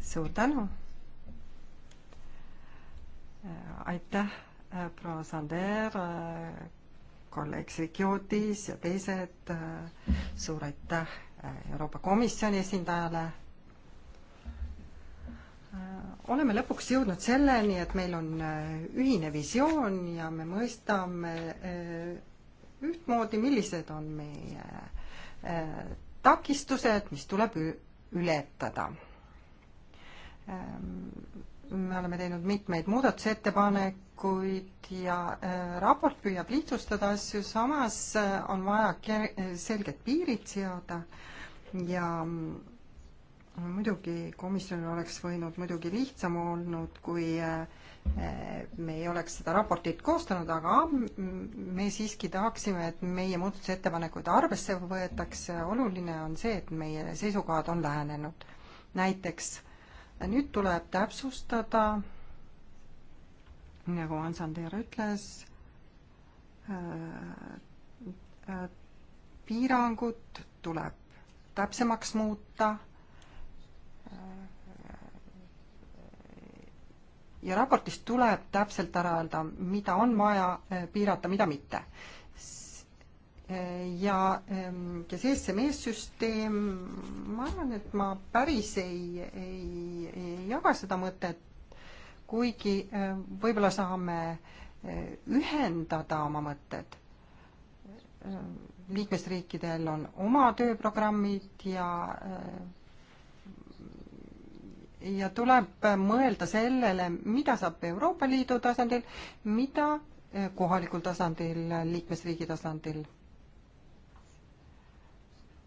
suur tänu. Äh, aitäh, äh, proua Sander, äh, kolleeg Sikiotis ja teised. suur aitäh Euroopa Komisjoni esindajale Äh, oleme lõpuks jõudnud selleni, et meil on äh, ühine visioon ja me mõistame äh, ühtmoodi, millised on meie takistused, mis tuleb ületada. me oleme teinud mitmeid muudatusettepanekuid ja raport püüab lihtsustada asju, samas on vaja selged piirid seada ja mm, muidugi komisjonil oleks võinud muidugi lihtsam olnud, kui eh, me ei oleks seda raportit koostanud, aga me siiski tahaksime, et meie muudatusettepanekuid arvesse võetakse. oluline on see, et meie seisukohad on lähenenud. näiteks nüüd tuleb täpsustada, nagu Ansander ütles, eh, eh, piirangut tuleb täpsemaks muuta ja raportis tuleb täpselt ära öelda, mida on vaja eh, piirata, mida mitte. ja ehm, ja see SMS-süsteem, ma arvan, et ma päris ei, ei, ei jaga seda mõtet, kuigi ehm, võib-olla saame eh, ühendada oma mõtted. Ehm, liikmesriikidel on oma tööprogrammid ja eh, ja tuleb mõelda sellele, mida saab Euroopa Liidu tasandil, mida eh, kohalikul tasandil, liikmesriigi tasandil.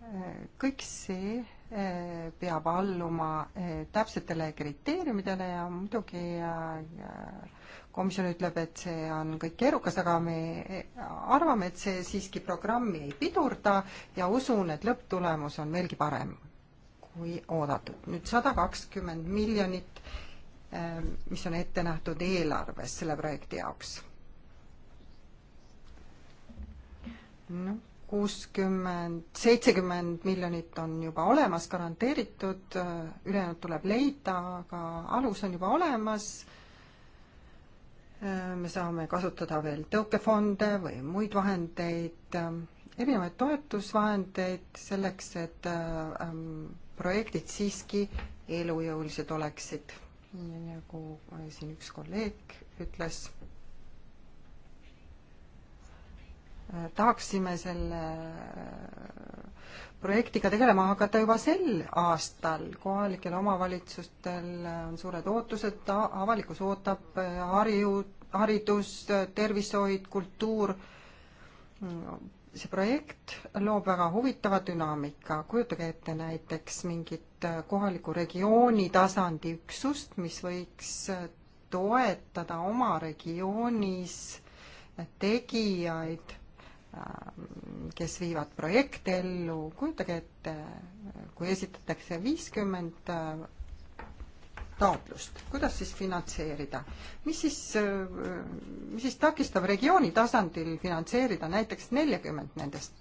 Eh, kõik see eh, peab alluma täpsetele kriteeriumidele ja muidugi komisjon ütleb, et see on kõik keerukas, aga me arvame, et see siiski programmi ei pidurda ja usun, et lõpptulemus on veelgi parem kui oodatud. nüüd sada kakskümmend miljonit, ähm, mis on ette nähtud eelarves selle projekti jaoks. noh, kuuskümmend, seitsekümmend miljonit on juba olemas, garanteeritud, äh, ülejäänud tuleb leida, aga alus on juba olemas äh, me saame kasutada veel tõukefonde või muid vahendeid, äh, erinevaid toetusvahendeid selleks, et ähm, projektid siiski elujõulised oleksid. nagu siin üks kolleeg ütles, tahaksime selle projektiga tegelema hakata juba sel aastal. kohalikel omavalitsustel on suured ootused, avalikkus ootab eh, harju, haridus, tervishoid, kultuur, see projekt loob väga huvitava dünaamika, kujutage ette näiteks mingit äh, kohaliku regiooni tasandi üksust, mis võiks äh, toetada oma regioonis äh, tegijaid, kes viivad projekte ellu, kujutage ette, kui esitatakse viiskümmend taotlust, kuidas siis finantseerida, mis siis, äh, mis siis takistab regiooni tasandil finantseerida näiteks neljakümmet nendest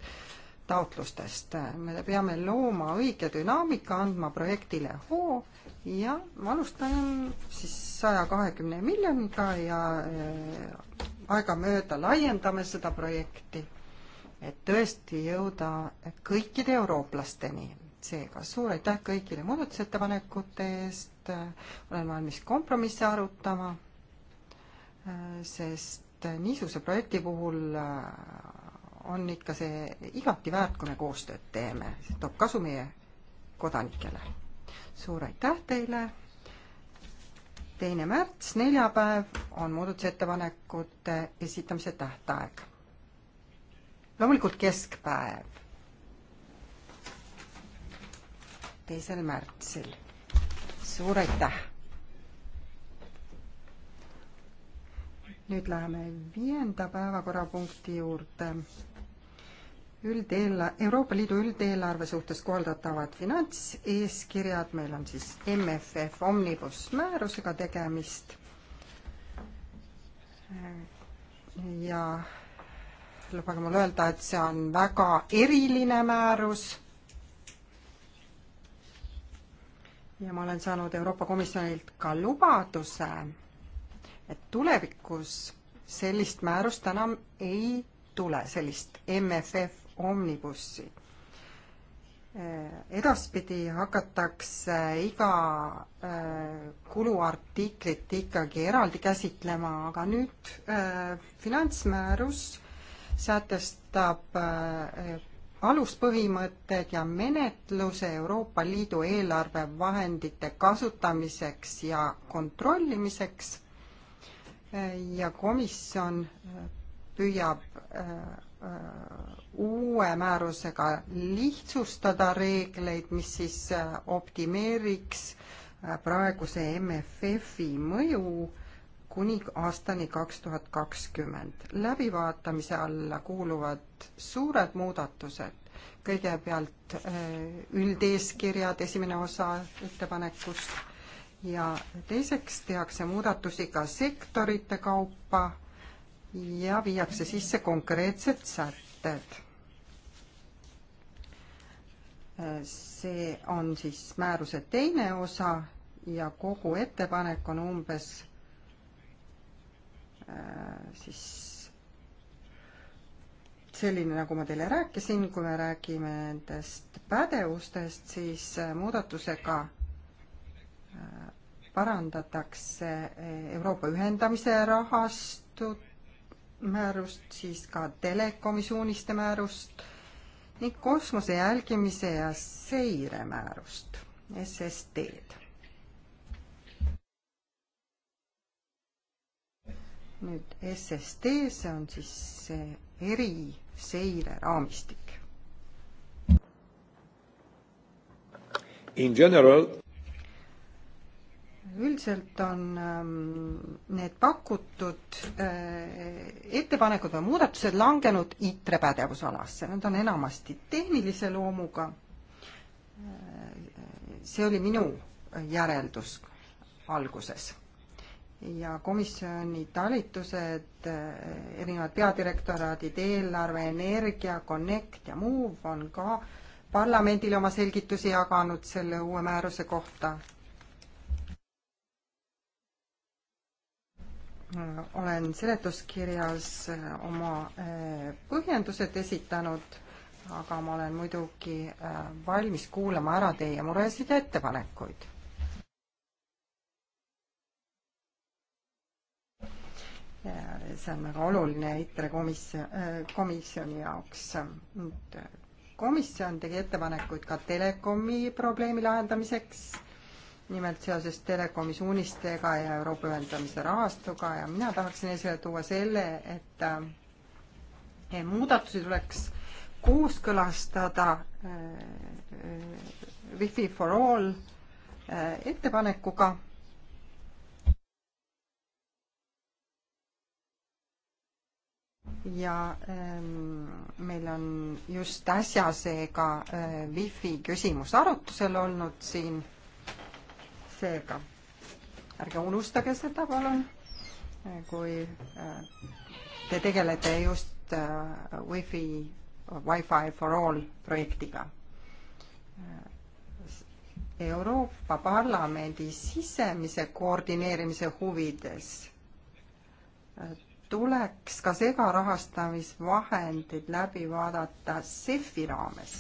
taotlustest, me peame looma õige dünaamika, andma projektile hoo ja alustame siis saja kahekümne miljoniga ja äh, aegamööda laiendame seda projekti, et tõesti jõuda kõikide eurooplasteni seega suur aitäh kõigile muudatusettepanekute eest, olen valmis kompromisse arutama, sest niisuguse projekti puhul äh, on ikka see igati väärt, kui me koostööd teeme, see toob kasu meie kodanikele. suur aitäh teile, teine märts, neljapäev on muudatusettepanekute esitamise tähtaeg. loomulikult keskpäev teisel märtsil. suur aitäh! nüüd läheme viienda päevakorrapunkti juurde. Üldeel-, Euroopa Liidu üldeelarve suhtes kohaldatavad finantseeskirjad, meil on siis MFF Omnibus määrusega tegemist ja lubage mul öelda, et see on väga eriline määrus ja ma olen saanud Euroopa Komisjonilt ka lubaduse, et tulevikus sellist määrust enam ei tule, sellist MFF omnibussi. Äh, edaspidi hakatakse iga äh, kuluartiklit ikkagi eraldi käsitlema, aga nüüd äh, finantsmäärus sätestab aluspõhimõtted ja menetluse Euroopa Liidu eelarvevahendite kasutamiseks ja kontrollimiseks ja komisjon püüab äh, äh, uue määrusega lihtsustada reegleid, mis siis äh, optimeeriks praeguse MFF-i mõju äh, kuni aastani kaks tuhat kakskümmend. läbivaatamise alla kuuluvad suured muudatused, kõigepealt äh, üldeeskirjad, esimene osa ettepanekust ja teiseks tehakse muudatusi ka sektorite kaupa ja viiakse sisse konkreetsed sätted. Äh, see on siis määruse teine osa ja kogu ettepanek on umbes Äh, siis selline, nagu ma teile rääkisin, kui me räägime nendest pädevustest, siis äh, muudatusega äh, parandatakse Euroopa ühendamise rahastut, määrust, siis ka telekomi suuniste määrust ning kosmose jälgimise ja seire määrust, SST-d nüüd SST, see on siis see eriseireraamistik. In general üldiselt on ähm, need pakutud äh, ettepanekud või muudatused langenud ITRE pädevusalasse, need on enamasti tehnilise loomuga. Äh, see oli minu järeldus alguses ja komisjoni talitused, erinevad peadirektoraadid, eelarve, energia, Connect ja Move on ka parlamendile oma selgitusi jaganud selle uue määruse kohta. olen seletuskirjas oma eh, põhjendused esitanud, aga ma olen muidugi eh, valmis kuulama ära teie muresid ja ettepanekuid see on väga oluline ITRE komisjon, äh, komisjoni jaoks. Äh, komisjon tegi ettepanekuid ka telekomi probleemi lahendamiseks, nimelt seoses telekomi suunistega ja Euroopa ühendamise rahastuga ja mina tahaksin esile tuua selle, et äh, e muudatusi tuleks kooskõlastada Wi-Fi for all ettepanekuga ja ähm, meil on just äsja seega äh, wifi küsimus arutusel olnud siin. seega ärge unustage seda, palun, äh, kui äh, te tegelete just äh, wifi, Wi-Fi for all projektiga äh,. Euroopa Parlamendi sisemise koordineerimise huvides äh, tuleks ka segarahastamisvahendid läbi vaadata SEF-i raames.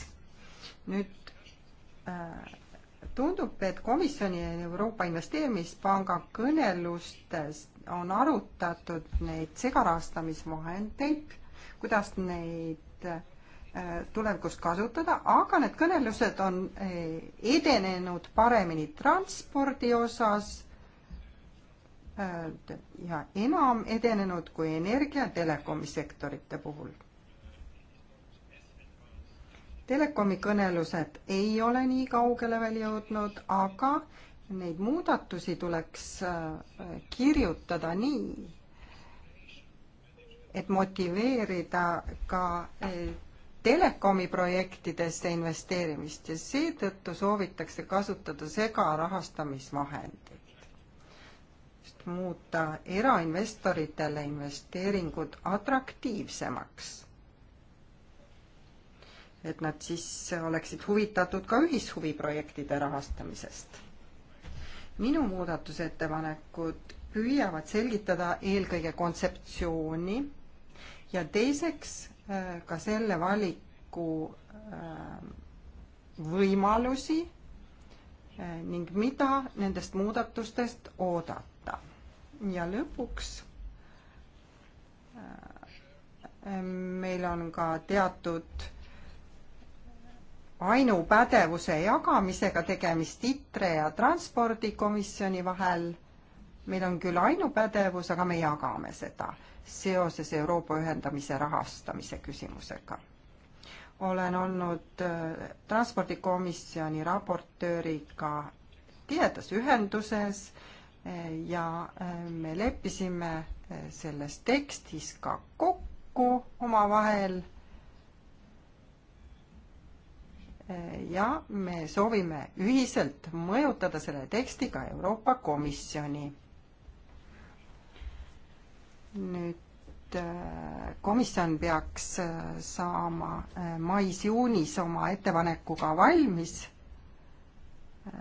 nüüd äh, tundub, et komisjoni ja Euroopa Investeerimispanga kõnelustes on arutatud neid segarahastamisvahendeid, kuidas neid äh, tulevikus kasutada, aga need kõnelused on äh, edenenud paremini transpordi osas, Äh, ja enam edenenud kui energia- ja telekomi sektorite puhul. telekomi kõnelused ei ole nii kaugele veel jõudnud, aga neid muudatusi tuleks äh, kirjutada nii, et motiveerida ka äh, telekomi projektidesse investeerimist ja seetõttu soovitakse kasutada segarahastamisvahendeid et muuta erainvestoritele investeeringud atraktiivsemaks. et nad siis oleksid huvitatud ka ühishuviprojektide rahastamisest. minu muudatusettepanekud püüavad selgitada eelkõige kontseptsiooni ja teiseks äh, ka selle valiku äh, võimalusi äh, ning mida nendest muudatustest oodata ja lõpuks äh, meil on ka teatud ainupädevuse jagamisega tegemist ITRE ja Transpordikomisjoni vahel. meil on küll ainupädevus, aga me jagame seda seoses Euroopa ühendamise rahastamise küsimusega. olen olnud äh, Transpordikomisjoni raportööriga tihedas ühenduses äh, ja äh, me leppisime äh, selles tekstis ka kokku omavahel. Äh, ja me soovime ühiselt mõjutada selle tekstiga Euroopa Komisjoni. nüüd komisjon peaks saama mais-juunis oma ettepanekuga valmis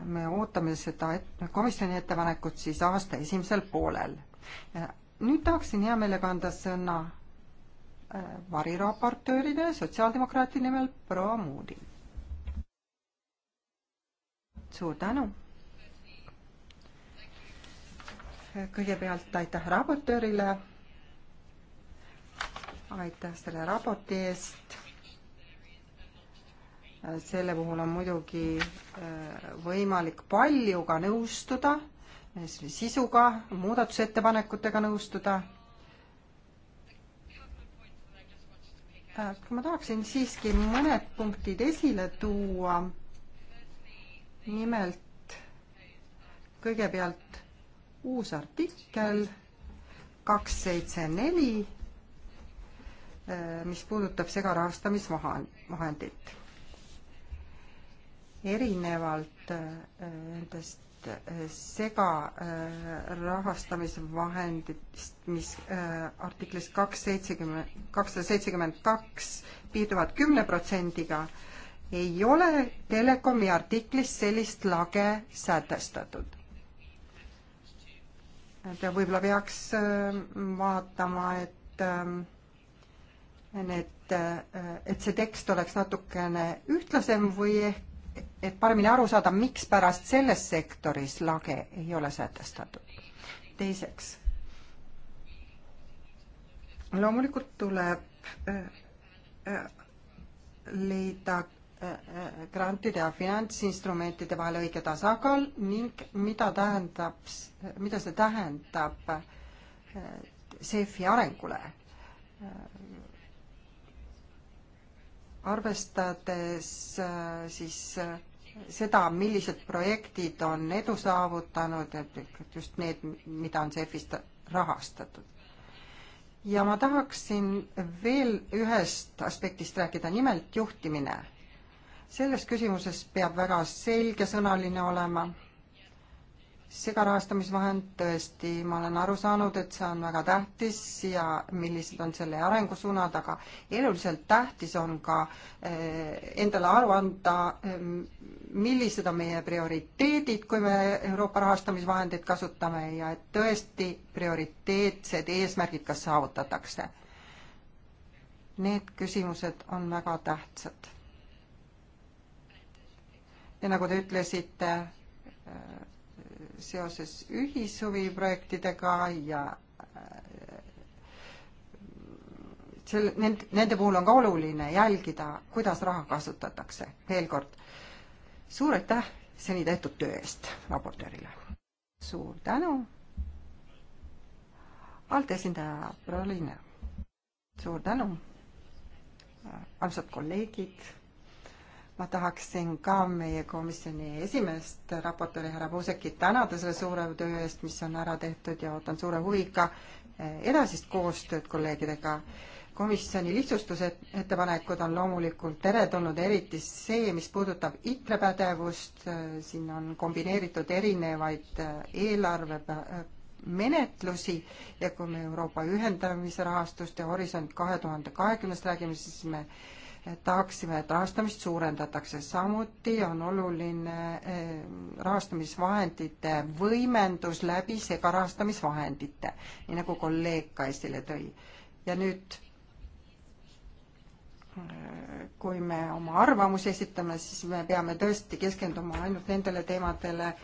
me ootame seda et-, komisjoni ettepanekut siis aasta esimesel poolel. nüüd tahaksin hea meelega anda sõna äh, variraportöörile sotsiaaldemokraati nimel proua Moodi. suur tänu! kõigepealt aitäh raportöörile, aitäh selle raporti eest, selle puhul on muidugi äh, võimalik paljuga nõustuda, selle sisuga, muudatusettepanekutega nõustuda. Äh, ma tahaksin siiski mõned punktid esile tuua. nimelt kõigepealt uus artikkel kaks seitse neli, äh, mis puudutab segarahastamisvahendit erinevalt et äh, nendest äh, segarahastamisvahendist, äh, mis artiklis kaks seitsekümmend, kakssada seitsekümmend kaks piirduvad kümne protsendiga, ei ole Telekomi artiklis sellist lage sätestatud et võib-olla peaks vaatama, et need, ähm, et see tekst oleks natukene ühtlasem või ehk et paremini aru saada, mikspärast selles sektoris lage ei ole sätestatud. teiseks, loomulikult tuleb äh, äh, leida äh, grantide ja finantsinstrumentide vahel õige tasakaal ning mida tähendab, mida see tähendab CEF-i arengule arvestades äh, siis äh, seda, millised projektid on edu saavutanud, et just need, mida on CEF-ist rahastatud. ja ma tahaksin veel ühest aspektist rääkida, nimelt juhtimine. selles küsimuses peab väga selgesõnaline olema segarahastamisvahend, tõesti, ma olen aru saanud, et see on väga tähtis ja millised on selle arengusuunad, aga eluliselt tähtis on ka eh, endale aru anda, eh, millised on meie prioriteedid, kui me Euroopa rahastamisvahendeid kasutame ja et tõesti prioriteetsed eesmärgid ka saavutatakse. Need küsimused on väga tähtsad. ja nagu te ütlesite, eh, seoses ühishuviprojektidega ja äh, sel-, nend-, nende puhul on ka oluline jälgida, kuidas raha kasutatakse. veel kord, suur aitäh seni tehtud töö eest raportöörile! suur tänu! altesindaja Proline, suur tänu! armsad kolleegid! ma tahaksin ka meie komisjoni esimest raportööri härra Puusekit tänada selle suure töö eest, mis on ära tehtud ja ootan suure huviga eh, edasist koostööd kolleegidega. komisjoni lihtsustused, ettepanekud on loomulikult teretulnud, eriti see, mis puudutab ITRE pädevust, siin on kombineeritud erinevaid eh, eelarve eh, menetlusi ja kui me Euroopa ühendamise rahastust ja Horisont kahe tuhande kahekümnest räägime, siis me tahaksime, et rahastamist suurendatakse, samuti on oluline eh, rahastamisvahendite võimendus läbi segarahastamisvahendite, nii nagu kolleeg ka esile tõi. ja nüüd, eh, kui me oma arvamusi esitame, siis me peame tõesti keskenduma ainult nendele teemadele,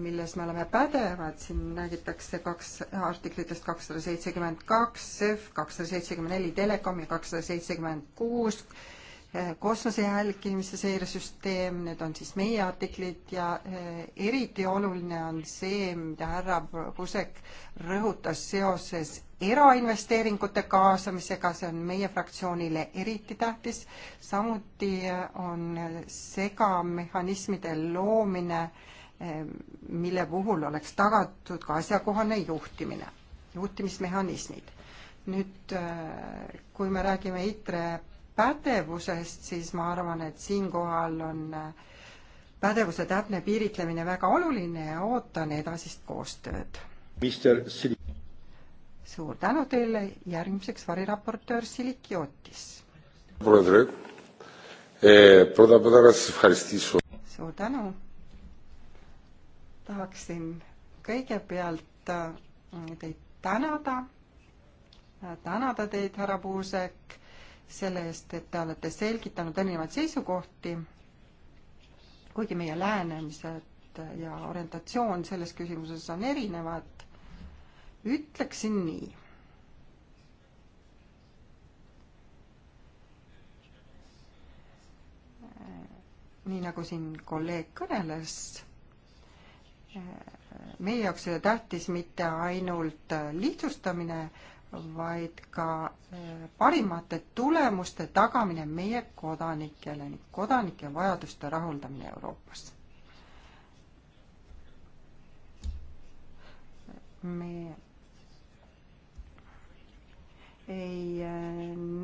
milles me oleme pädevad, siin räägitakse kaks artiklitest kakssada seitsekümmend kaks, CEF kakssada seitsekümmend neli, Telekom ja kakssada seitsekümmend kuus, kosmose jälgimise seiresüsteem, need on siis meie artiklid ja eh, eriti oluline on see, mida härra Pusek rõhutas seoses erainvesteeringute kaasamisega, see on meie fraktsioonile eriti tähtis. samuti eh, on segamehhanismide loomine, eh, mille puhul oleks tagatud ka asjakohane juhtimine, juhtimismehhanismid nüüd kui me räägime ITRE pädevusest, siis ma arvan, et siinkohal on äh, pädevuse täpne piiritlemine väga oluline ja ootan edasist koostööd. suur tänu teile, järgmiseks variraportöör Silik Jootis. E, suur tänu. tahaksin kõigepealt äh, teid tänada, tänada teid, härra Puusek selle eest, et te olete selgitanud erinevaid seisukohti, kuigi meie lähenemised ja orientatsioon selles küsimuses on erinevad, ütleksin nii. nii nagu siin kolleeg kõneles, meie jaoks ei ole tähtis mitte ainult lihtsustamine, vaid ka äh, parimate tulemuste tagamine meie kodanikele ning kodanike vajaduste rahuldamine Euroopas. me ei äh,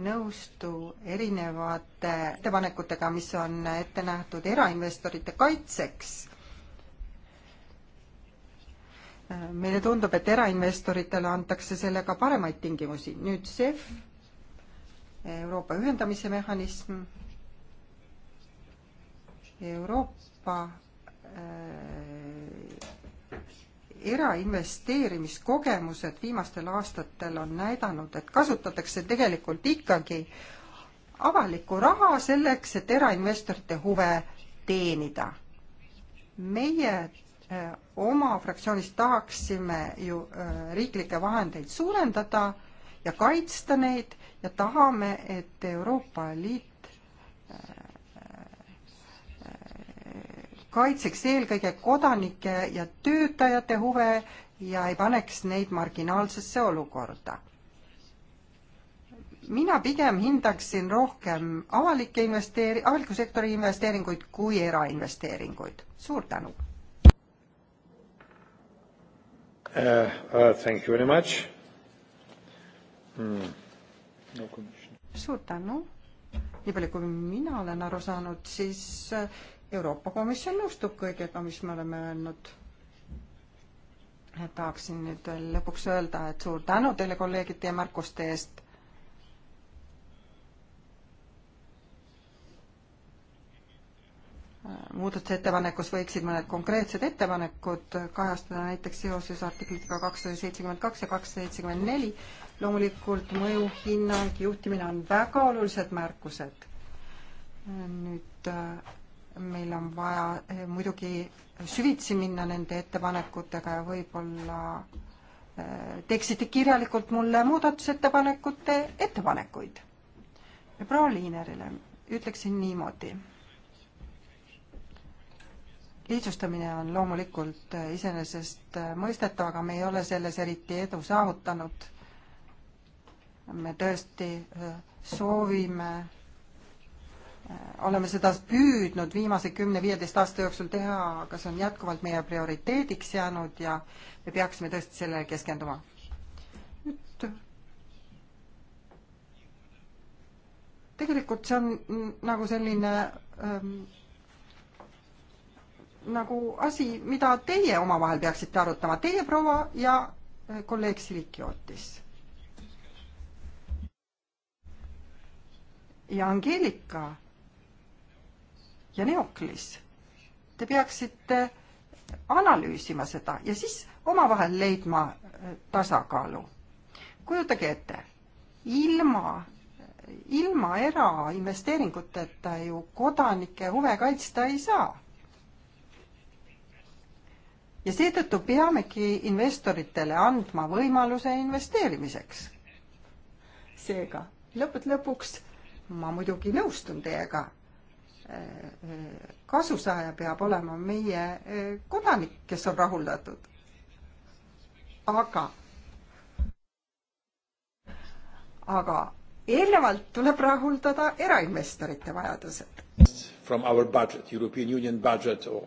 nõustu erinevate ettepanekutega, mis on ette nähtud erainvestorite kaitseks meile tundub, et erainvestoritele antakse sellega paremaid tingimusi. nüüd CEF, Euroopa ühendamise mehhanism, Euroopa äh, erainvesteerimiskogemused viimastel aastatel on näidanud, et kasutatakse tegelikult ikkagi avalikku raha selleks, et erainvestorite huve teenida. meie Äh, oma fraktsioonis tahaksime ju äh, riiklikke vahendeid suurendada ja kaitsta neid ja tahame, et Euroopa Liit äh, kaitseks eelkõige kodanike ja töötajate huve ja ei paneks neid marginaalsesse olukorda mina pigem hindaksin rohkem avalikke investeeri-, avaliku sektori investeeringuid kui erainvesteeringuid. suur tänu! Uh, uh, thank you very much mm.. No suur tänu. nii palju, kui mina olen aru saanud, siis uh, Euroopa Komisjon nõustub kõigega, mis me oleme öelnud. tahaksin nüüd veel lõpuks öelda, et suur tänu teile, kolleegid, teie märkuste eest muudatusettepanekus võiksid mõned konkreetsed ettepanekud kajastada näiteks seoses artiklitega kakssada seitsekümmend kaks ja kakssada seitsekümmend neli. loomulikult mõjuhinnang, juhtimine on väga olulised märkused. nüüd äh, meil on vaja äh, muidugi süvitsi minna nende ettepanekutega ja võib-olla äh, teeksite kirjalikult mulle muudatusettepanekute ettepanekuid. proua Liinerile ütleksin niimoodi lihtsustamine on loomulikult äh, iseenesestmõistetav, äh, aga me ei ole selles eriti edu saavutanud. me tõesti äh, soovime, oleme seda püüdnud viimase kümne-viieteist aasta jooksul teha, aga see on jätkuvalt meie prioriteediks jäänud ja me peaksime tõesti sellele keskenduma. nüüd tegelikult see on nagu selline ähm, nagu asi, mida teie omavahel peaksite arutama, teie proua ja eh, kolleeg Silikiotis. ja Angeelika ja Neoklis. Te peaksite analüüsima seda ja siis omavahel leidma eh, tasakaalu. kujutage ette, ilma, ilma erainvesteeringuteta ju kodanike huve kaitsta ei saa ja seetõttu peamegi investoritele andma võimaluse investeerimiseks. seega lõppude lõpuks ma muidugi nõustun teiega. Äh, äh, kasusaaja peab olema meie äh, kodanik, kes on rahuldatud. aga, aga eelnevalt tuleb rahuldada erainvestorite vajadused. From our budget, European Union budget or...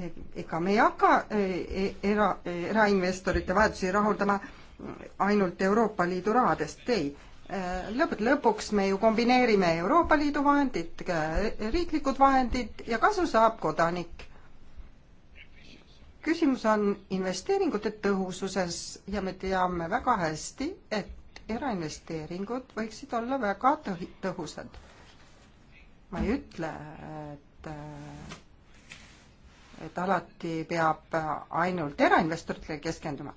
Eh, ega me ei hakka eh, eh, era, erainvestorite vajadusi rahuldama mm, ainult Euroopa Liidu rahadest, ei. lõppude lõpuks me ju kombineerime Euroopa Liidu vahendid, riiklikud vahendid ja kasu saab kodanik küsimus on investeeringute tõhususes ja me teame väga hästi, et erainvesteeringud võiksid olla väga tõhusad ma ei ütle, et et alati peab ainult erainvestoritele keskenduma.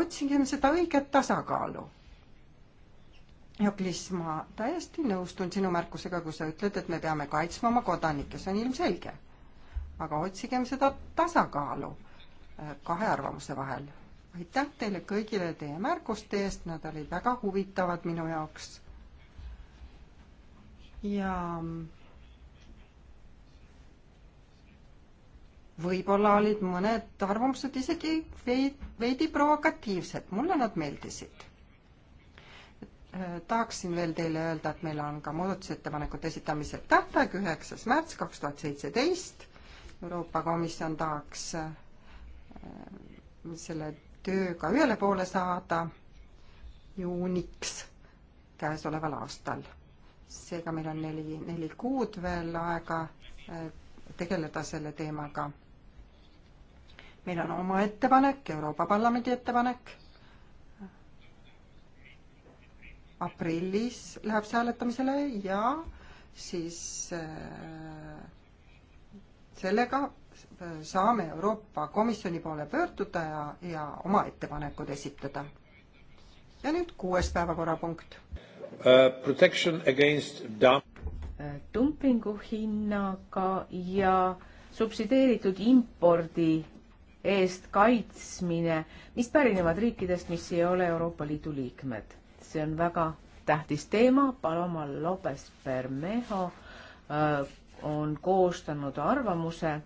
otsigem seda õiget tasakaalu. ja Klis, ma täiesti nõustun sinu märkusega, kui sa ütled, et me peame kaitsma oma kodanikke, see on ilmselge. aga otsigem seda tasakaalu eh, kahe arvamuse vahel. aitäh teile kõigile teie märkuste eest, nad olid väga huvitavad minu jaoks ja võib-olla olid mõned arvamused isegi veidi, veidi provokatiivsed, mulle nad meeldisid. tahaksin veel teile öelda, et meil on ka muudatusettepanekute esitamise tähtaeg, üheksas märts kaks tuhat seitseteist. Euroopa Komisjon tahaks äh, selle tööga ühele poole saada juuniks käesoleval aastal seega meil on neli, neli kuud veel aega äh, tegeleda selle teemaga. meil on oma ettepanek, Euroopa Parlamendi ettepanek. aprillis läheb see hääletamisele ja siis äh, sellega äh, saame Euroopa Komisjoni poole pöörduda ja, ja oma ettepanekud esitada. ja nüüd kuues päevakorrapunkt Uh, protection against uh, dumpinguhinnaga ja subsideeritud impordi eest kaitsmine, mis pärinevad riikidest, mis ei ole Euroopa Liidu liikmed. see on väga tähtis teema, Paloma Lopes Bermejo äh, uh, on koostanud arvamuse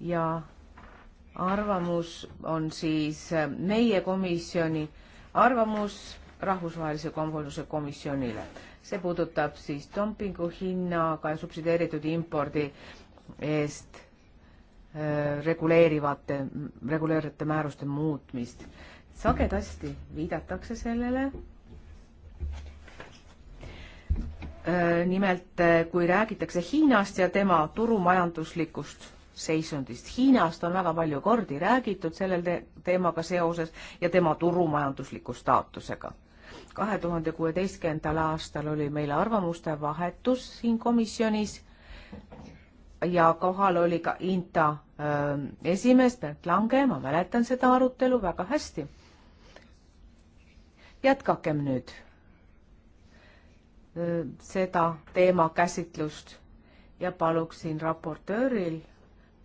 ja arvamus on siis meie komisjoni äh, arvamus rahvusvahelise konvuluse komisjonile. see puudutab siis dumpingu hinnaga ja subsideeritud impordi eest äh, reguleerivate, reguleerivate määruste muutmist. sagedasti viidatakse sellele äh,. nimelt, äh, kui räägitakse Hiinast ja tema turumajanduslikust seisundist. Hiinast on väga palju kordi räägitud sellel te teemaga seoses ja tema turumajandusliku staatusega. kahe tuhande kuueteistkümnendal aastal oli meil arvamuste vahetus siin komisjonis ja kohal oli ka INTA äh, esimees Bert Lange, ma mäletan seda arutelu väga hästi. jätkakem nüüd äh, seda teema käsitlust ja paluksin raportööril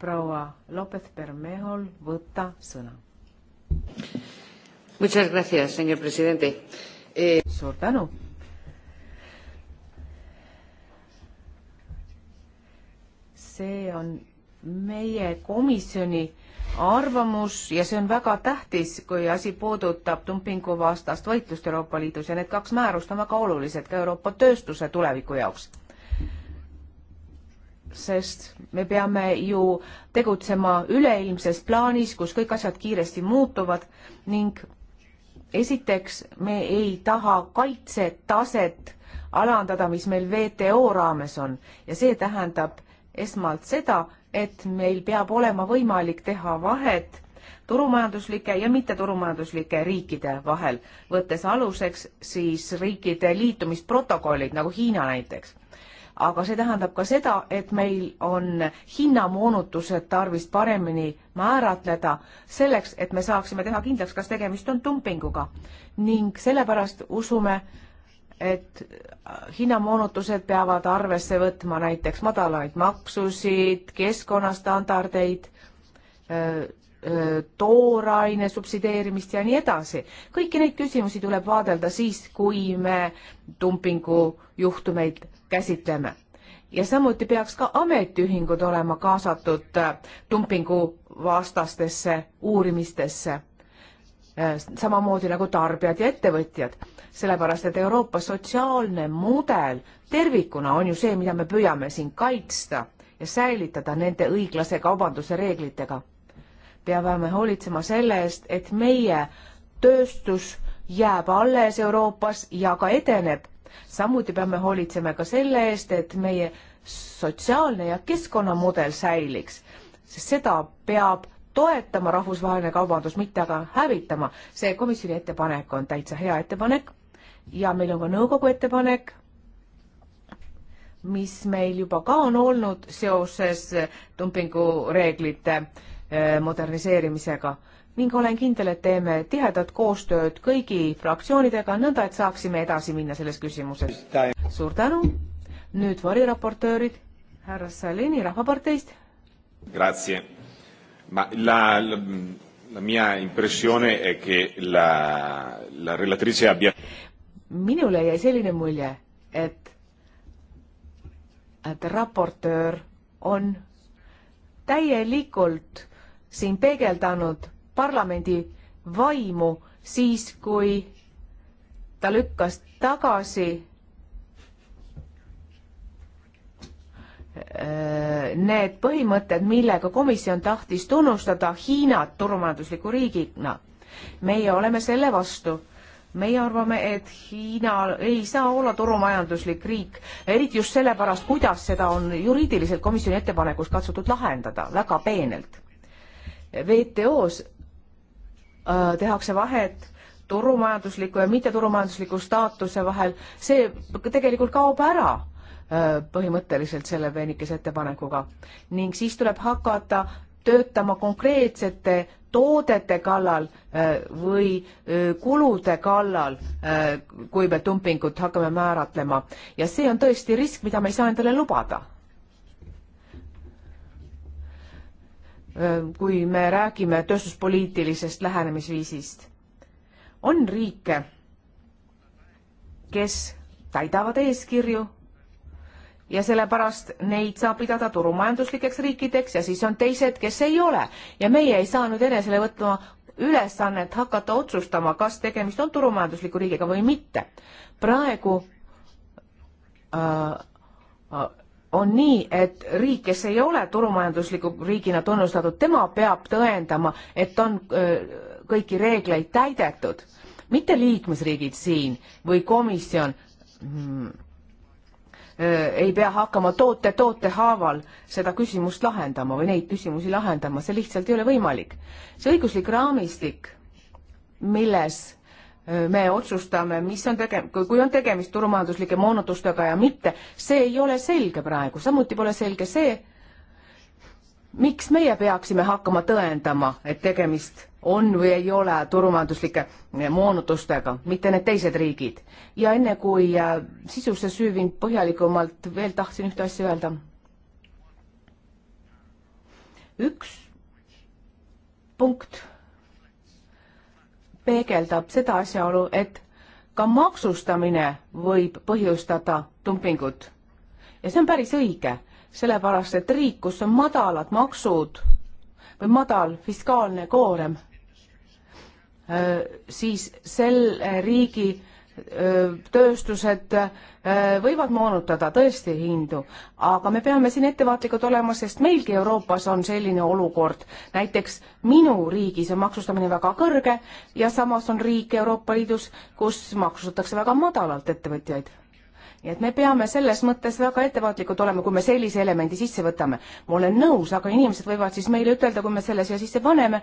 proua Lopez Bermehol võtta sõna. Muchas gracias, señor presidente eh.... suur tänu. see on meie komisjoni arvamus ja see on väga tähtis, kui asi puudutab dumpinguvastast võitlust Euroopa Liidus ja need kaks määrust on väga olulised ka Euroopa tööstuse tuleviku jaoks sest me peame ju tegutsema üleilmses plaanis, kus kõik asjad kiiresti muutuvad ning esiteks me ei taha kaitsetaset alandada, mis meil WTO raames on ja see tähendab esmalt seda, et meil peab olema võimalik teha vahet turumajanduslike ja mitteturumajanduslike riikide vahel, võttes aluseks siis riikide liitumisprotokollid nagu Hiina näiteks aga see tähendab ka seda, et meil on hinnamoonutused tarvis paremini määratleda selleks, et me saaksime teha kindlaks, kas tegemist on dumpinguga ning sellepärast usume, et hinnamoonutused peavad arvesse võtma näiteks madalaid maksusid, keskkonnastandardeid, tooraine subsideerimist ja nii edasi. kõiki neid küsimusi tuleb vaadelda siis, kui me dumpingujuhtumeid käsitleme. ja samuti peaks ka ametiühingud olema kaasatud äh, dumpinguvastastesse uurimistesse, äh, samamoodi nagu tarbijad ja ettevõtjad, sellepärast et Euroopa sotsiaalne mudel tervikuna on ju see, mida me püüame siin kaitsta ja säilitada nende õiglase kaubanduse reeglitega. peame hoolitsema selle eest, et meie tööstus jääb alles Euroopas ja ka edeneb samuti peame hoolitsema ka selle eest, et meie sotsiaalne ja keskkonnamudel säiliks, sest seda peab toetama rahvusvaheline kaubandus, mitte aga hävitama. see komisjoni ettepanek on täitsa hea ettepanek ja meil on ka nõukogu ettepanek, mis meil juba ka on olnud seoses dumpingureeglite eh, moderniseerimisega ning olen kindel, et teeme tihedat koostööd kõigi fraktsioonidega, nõnda et saaksime edasi minna selles küsimuses. suur tänu, nüüd variraportöörid, härra Salini Rahvaparteist. Grazie, ma la, la la mia impressione è che la, la relatrice abbia minule jäi selline mulje, et, et raportöör on täielikult siin peegeldanud parlamendi vaimu siis, kui ta lükkas tagasi äh, need põhimõtted, millega komisjon tahtis tunnustada Hiinat turumajandusliku riigina. meie oleme selle vastu. meie arvame, et Hiina ei saa olla turumajanduslik riik, eriti just sellepärast, kuidas seda on juriidiliselt komisjoni ettepanekus katsutud lahendada, väga peenelt. WTO-s Äh, tehakse vahet turumajandusliku ja mitteturumajandusliku staatuse vahel, see tegelikult kaob ära äh, põhimõtteliselt selle peenikese ettepanekuga ning siis tuleb hakata töötama konkreetsete toodete kallal äh, või kulude kallal, kui me dumpingut hakkame määratlema ja see on tõesti risk, mida me ei saa endale lubada kui me räägime tööstuspoliitilisest lähenemisviisist. on riike, kes täidavad eeskirju ja sellepärast neid saab pidada turumajanduslikeks riikideks ja siis on teised, kes ei ole. ja meie ei saa nüüd enesele võtma ülesannet hakata otsustama, kas tegemist on turumajandusliku riigiga või mitte. praegu äh, on nii, et riik, kes ei ole turumajandusliku riigina tunnustatud, tema peab tõendama, et on kõiki reegleid täidetud, mitte liikmesriigid siin või komisjon mm, ei pea hakkama toote toote haaval seda küsimust lahendama või neid küsimusi lahendama, see lihtsalt ei ole võimalik. see õiguslik raamistik, milles me otsustame, mis on tege-, kui on tegemist turumajanduslike moonutustega ja mitte, see ei ole selge praegu, samuti pole selge see, miks meie peaksime hakkama tõendama, et tegemist on või ei ole turumajanduslike moonutustega, mitte need teised riigid. ja enne kui äh, sisusse süüvin põhjalikumalt, veel tahtsin ühte asja öelda. üks punkt peegeldab seda asjaolu, et ka maksustamine võib põhjustada dumpingut. ja see on päris õige, sellepärast et riik, kus on madalad maksud või madal fiskaalne koorem, äh, siis selle riigi tööstused võivad moonutada tõesti hindu, aga me peame siin ettevaatlikud olema, sest meilgi Euroopas on selline olukord. näiteks minu riigis on maksustamine väga kõrge ja samas on riik Euroopa Liidus, kus maksustatakse väga madalalt ettevõtjaid. nii et me peame selles mõttes väga ettevaatlikud olema, kui me sellise elemendi sisse võtame. ma olen nõus, aga inimesed võivad siis meile ütelda, kui me selle siia sisse paneme,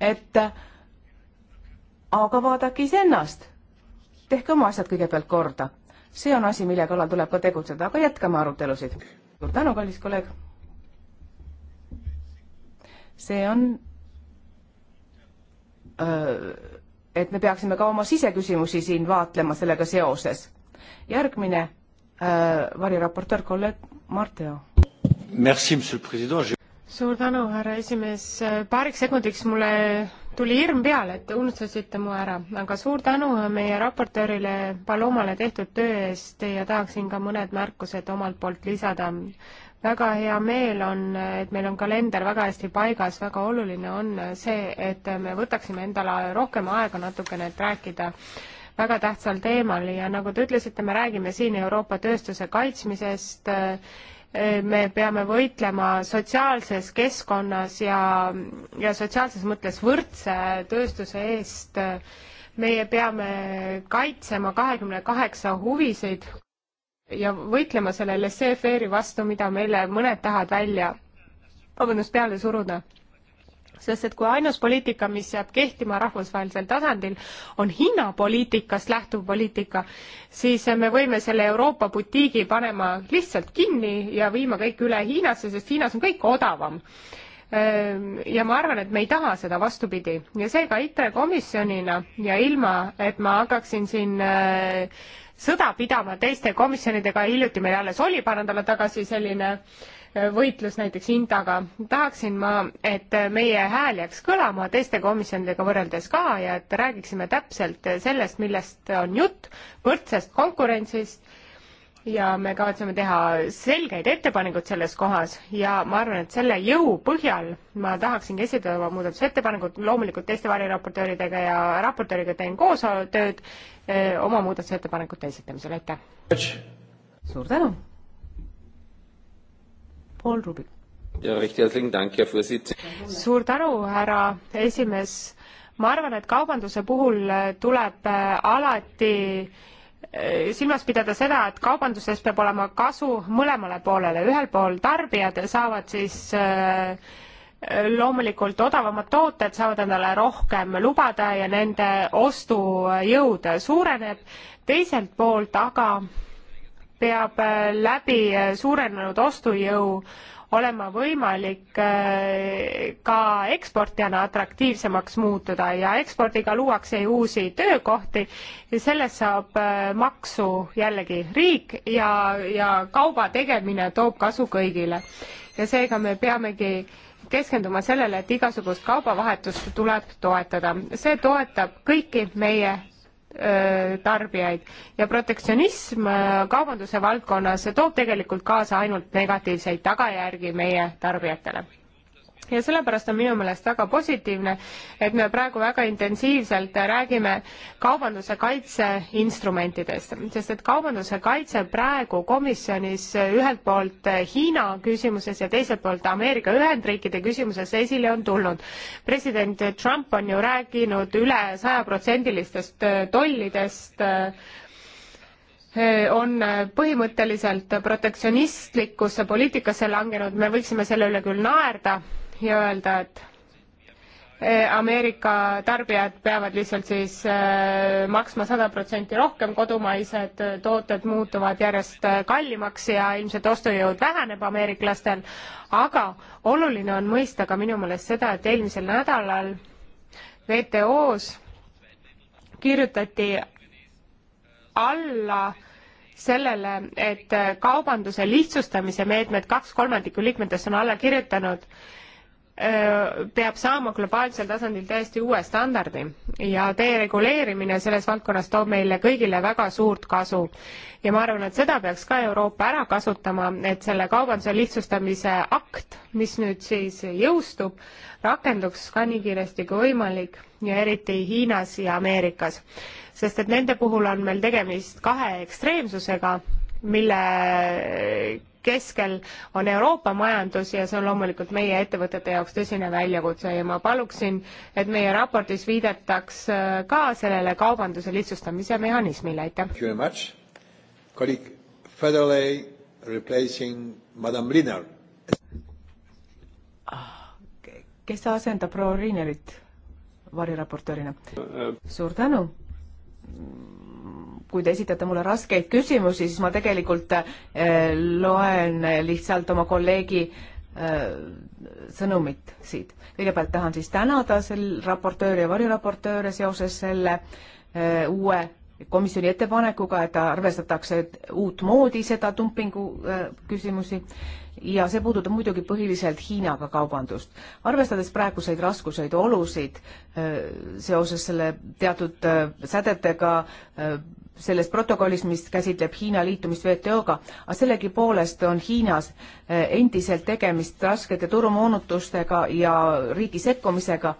et aga vaadake iseennast tehke oma asjad kõigepealt korda. see on asi, mille kallal tuleb ka tegutseda, aga jätkame arutelusid. suur tänu, kallis kolleeg. see on, äh, et me peaksime ka oma siseküsimusi siin vaatlema sellega seoses. järgmine äh, variraportöör, kolleeg Marteo. suur tänu, härra esimees, äh, paariks sekundiks mulle tuli hirm peale, et unustasite mu ära, aga suur tänu meie raportöörile Palomale tehtud töö eest ja tahaksin ka mõned märkused omalt poolt lisada. väga hea meel on, et meil on kalender väga hästi paigas, väga oluline on see, et me võtaksime endale rohkem aega natukene, et rääkida väga tähtsal teemal ja nagu te ütlesite, me räägime siin Euroopa tööstuse kaitsmisest äh, Eh, me peame võitlema sotsiaalses keskkonnas ja, ja sotsiaalses mõttes võrdse tööstuse eest. meie peame kaitsema kahekümne kaheksa huvisid ja võitlema selle laissez-faire'i vastu, mida meile mõned tahavad välja, vabandust, peale suruda sest et kui ainus poliitika, mis jääb kehtima rahvusvahelisel tasandil, on Hiina poliitikast lähtuv poliitika, siis me võime selle Euroopa butiigi panema lihtsalt kinni ja viima kõik üle Hiinasse, sest Hiinas on kõik odavam. Ehm, ja ma arvan, et me ei taha seda vastupidi ja seega ITRE komisjonina ja ilma, et ma hakkaksin siin äh, sõda pidama teiste komisjonidega, hiljuti meil alles oli paar nädalat tagasi selline äh, võitlus näiteks Indaga. tahaksin ma, et meie hääl jääks kõlama teiste komisjonidega võrreldes ka ja et räägiksime täpselt sellest, millest on jutt, võrdsest konkurentsist ja me kavatseme teha selgeid ettepanekuid selles kohas ja ma arvan, et selle jõu põhjal ma tahaksingi esitada oma muudatusettepanekud, loomulikult teiste variraportööridega ja raportööriga teen koos tööd öö, eh, oma muudatusettepanekute esitamisel, aitäh! suur tänu! Paul Rubik. suur tänu, härra esimees. ma arvan, et kaubanduse puhul äh, tuleb äh, alati äh, silmas pidada seda, et kaubanduses peab olema kasu mõlemale poolele, ühel pool tarbijad saavad siis loomulikult odavamad tooted saavad endale rohkem lubada ja nende ostujõud suureneb, teiselt poolt aga peab äh, läbi äh, suurenenud ostujõu olema võimalik äh, ka eksportijana atraktiivsemaks muutuda ja ekspordiga luuakse ju uusi töökohti ja sellest saab maksu jällegi riik ja, ja kauba tegemine toob kasu kõigile. ja seega me peamegi keskenduma sellele, et igasugust kaubavahetust tuleb toetada. see toetab kõiki meie Äh, tarbijaid ja protektsionism äh, kaubanduse valdkonnas toob tegelikult kaasa ainult negatiivseid tagajärgi meie tarbijatele ja sellepärast on minu meelest väga positiivne, et me praegu väga intensiivselt räägime kaubanduse kaitse instrumentidest, sest et kaubanduse kaitse praegu komisjonis ühelt poolt Hiina küsimuses ja teiselt poolt Ameerika Ühendriikide küsimuses esile on tulnud. president Trump on ju rääkinud üle sajaprotsendilistest tollidest on põhimõtteliselt protektsionistlikkusse poliitikasse langenud, me võiksime selle üle küll naerda, ja öelda, et eh, Ameerika tarbijad peavad lihtsalt siis eh, maksma sada protsenti rohkem, kodumaised eh, tooted muutuvad järjest kallimaks ja ilmselt ostujõud väheneb ameeriklastel, aga oluline on mõista ka minu meelest seda, et eelmisel nädalal WTO-s kirjutati alla sellele, et kaubanduse lihtsustamise meetmed, kaks kolmandikku liikmetest on alla kirjutanud peab saama globaalsel tasandil täiesti uue standardi ja dereguleerimine selles valdkonnas toob meile kõigile väga suurt kasu. ja ma arvan, et seda peaks ka Euroopa ära kasutama, et selle kaubanduse lihtsustamise akt, mis nüüd siis jõustub, rakenduks ka nii kiiresti kui võimalik ja eriti Hiinas ja Ameerikas. sest et nende puhul on meil tegemist kahe ekstreemsusega, mille keskel on Euroopa majandus ja see on loomulikult meie ettevõtete jaoks tõsine väljakutse ja ma paluksin, et meie raportis viidataks äh, ka sellele kaubanduse lihtsustamise mehhanismile, aitäh. Federley replacing Madame Linnar. Ah, kes asendab proua Riinerit variraportöörina? Äh. suur tänu kui te esitate mulle raskeid küsimusi, siis ma tegelikult äh, loen lihtsalt oma kolleegi äh, sõnumit siit. kõigepealt tahan siis tänada sel raportööri ja variraportööre seoses selle äh, uue komisjoni ettepanekuga, et arvestatakse uutmoodi seda dumpingu küsimusi ja see puudutab muidugi põhiliselt Hiinaga kaubandust. arvestades praeguseid raskuseid, olusid seoses selle teatud sätetega selles protokollis, mis käsitleb Hiina liitumist WTO-ga, aga sellegipoolest on Hiinas eh, endiselt tegemist raskete turumoonutustega ja riigi sekkumisega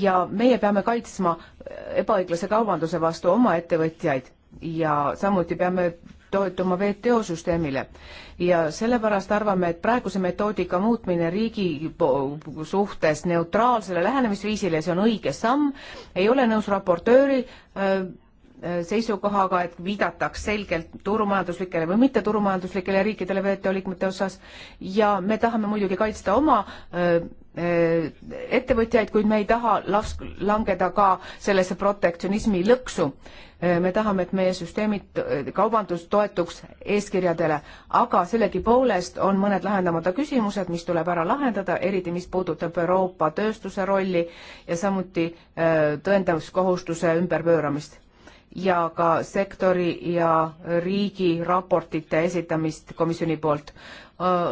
ja meie peame kaitsma eh, ebaõiglase kaubanduse vastu oma ettevõtjaid ja samuti peame toetuma WTO süsteemile ja sellepärast arvame, et praeguse metoodika muutmine riigi suhtes neutraalsele lähenemisviisile, see on õige samm, ei ole nõus raportööri äh, seisukohaga, et viidatakse selgelt turumajanduslikele või mitteturumajanduslikele riikidele WTO liikmete osas ja me tahame muidugi kaitsta oma öö, ettevõtjaid, kuid me ei taha las-, langeda ka sellesse protektsionismi lõksu. me tahame, et meie süsteemid, kaubandus toetuks eeskirjadele, aga sellegipoolest on mõned lahendamata küsimused, mis tuleb ära lahendada, eriti mis puudutab Euroopa tööstuse rolli ja samuti tõendamiskohustuse ümberpööramist ja ka sektori ja riigi raportite esitamist komisjoni poolt.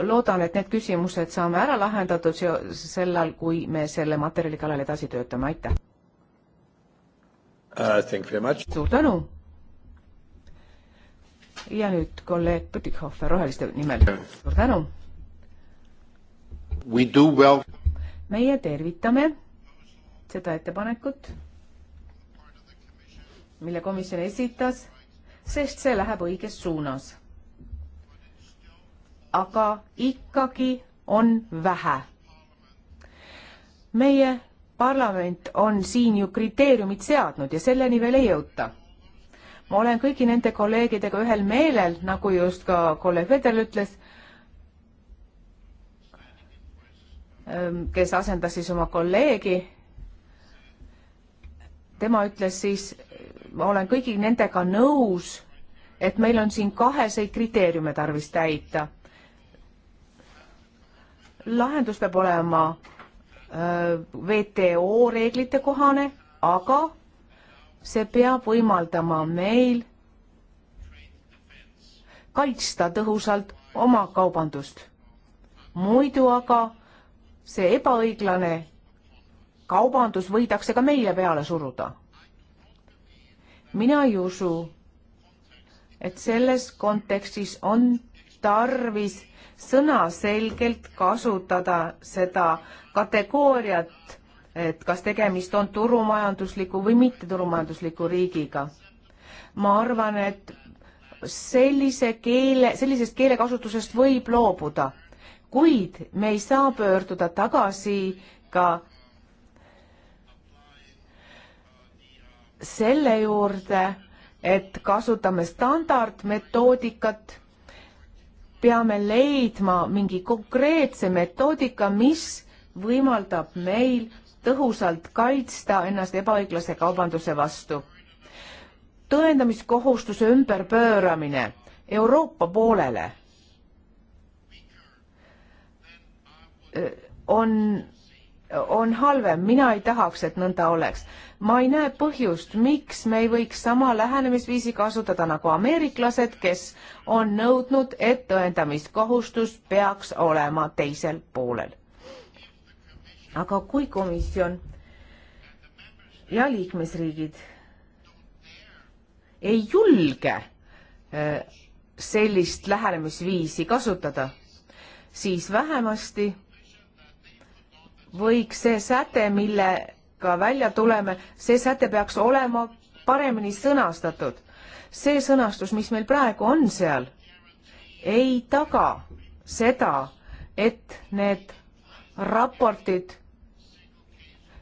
loodan, et need küsimused saame ära lahendatud sellal, kui me selle materjali kallal edasi töötame, aitäh uh,! suur tänu! ja nüüd kolleeg Pütikhofer Roheliste nimel, suur tänu! Well. meie tervitame seda ettepanekut mille komisjon esitas, sest see läheb õiges suunas. aga ikkagi on vähe. meie parlament on siin ju kriteeriumid seadnud ja selleni veel ei jõuta. ma olen kõigi nende kolleegidega ühel meelel, nagu just ka kolleeg Vedel ütles, ähm, kes asendas siis oma kolleegi, tema ütles siis, ma olen kõigi nendega nõus, et meil on siin kaheseid kriteeriume tarvis täita. lahendus peab olema äh, WTO reeglite kohane, aga see peab võimaldama meil kaitsta tõhusalt oma kaubandust. muidu aga see ebaõiglane kaubandus võidakse ka meile peale suruda mina ei usu, et selles kontekstis on tarvis sõnaselgelt kasutada seda kategooriat, et kas tegemist on turumajandusliku või mitteturumajandusliku riigiga. ma arvan, et sellise keele, sellisest keelekasutusest võib loobuda, kuid me ei saa pöörduda tagasi ka selle juurde, et kasutame standardmetoodikat, peame leidma mingi konkreetse metoodika, mis võimaldab meil tõhusalt kaitsta ennast ebaõiglase kaubanduse vastu. tõendamiskohustuse ümberpööramine Euroopa poolele äh, on on halvem, mina ei tahaks, et nõnda oleks. ma ei näe põhjust, miks me ei võiks sama lähenemisviisi kasutada nagu ameeriklased, kes on nõudnud, et tõendamiskohustus peaks olema teisel poolel. aga kui komisjon ja liikmesriigid ei julge äh, sellist lähenemisviisi kasutada, siis vähemasti võiks see säte, millega välja tuleme, see säte peaks olema paremini sõnastatud. see sõnastus, mis meil praegu on seal, ei taga seda, et need raportid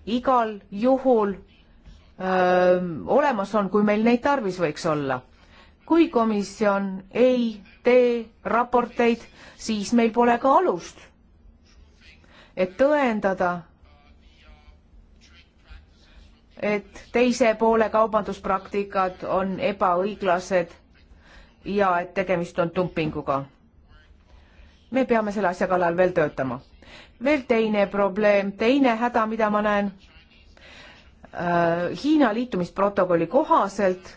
igal juhul öö, ähm, olemas on, kui meil neid tarvis võiks olla kui komisjon ei tee raporteid, siis meil pole ka alust et tõendada, et teise poole kaubanduspraktikad on ebaõiglased ja et tegemist on dumpinguga. me peame selle asja kallal veel töötama. veel teine probleem, teine häda, mida ma näen äh,. Hiina liitumisprotokolli kohaselt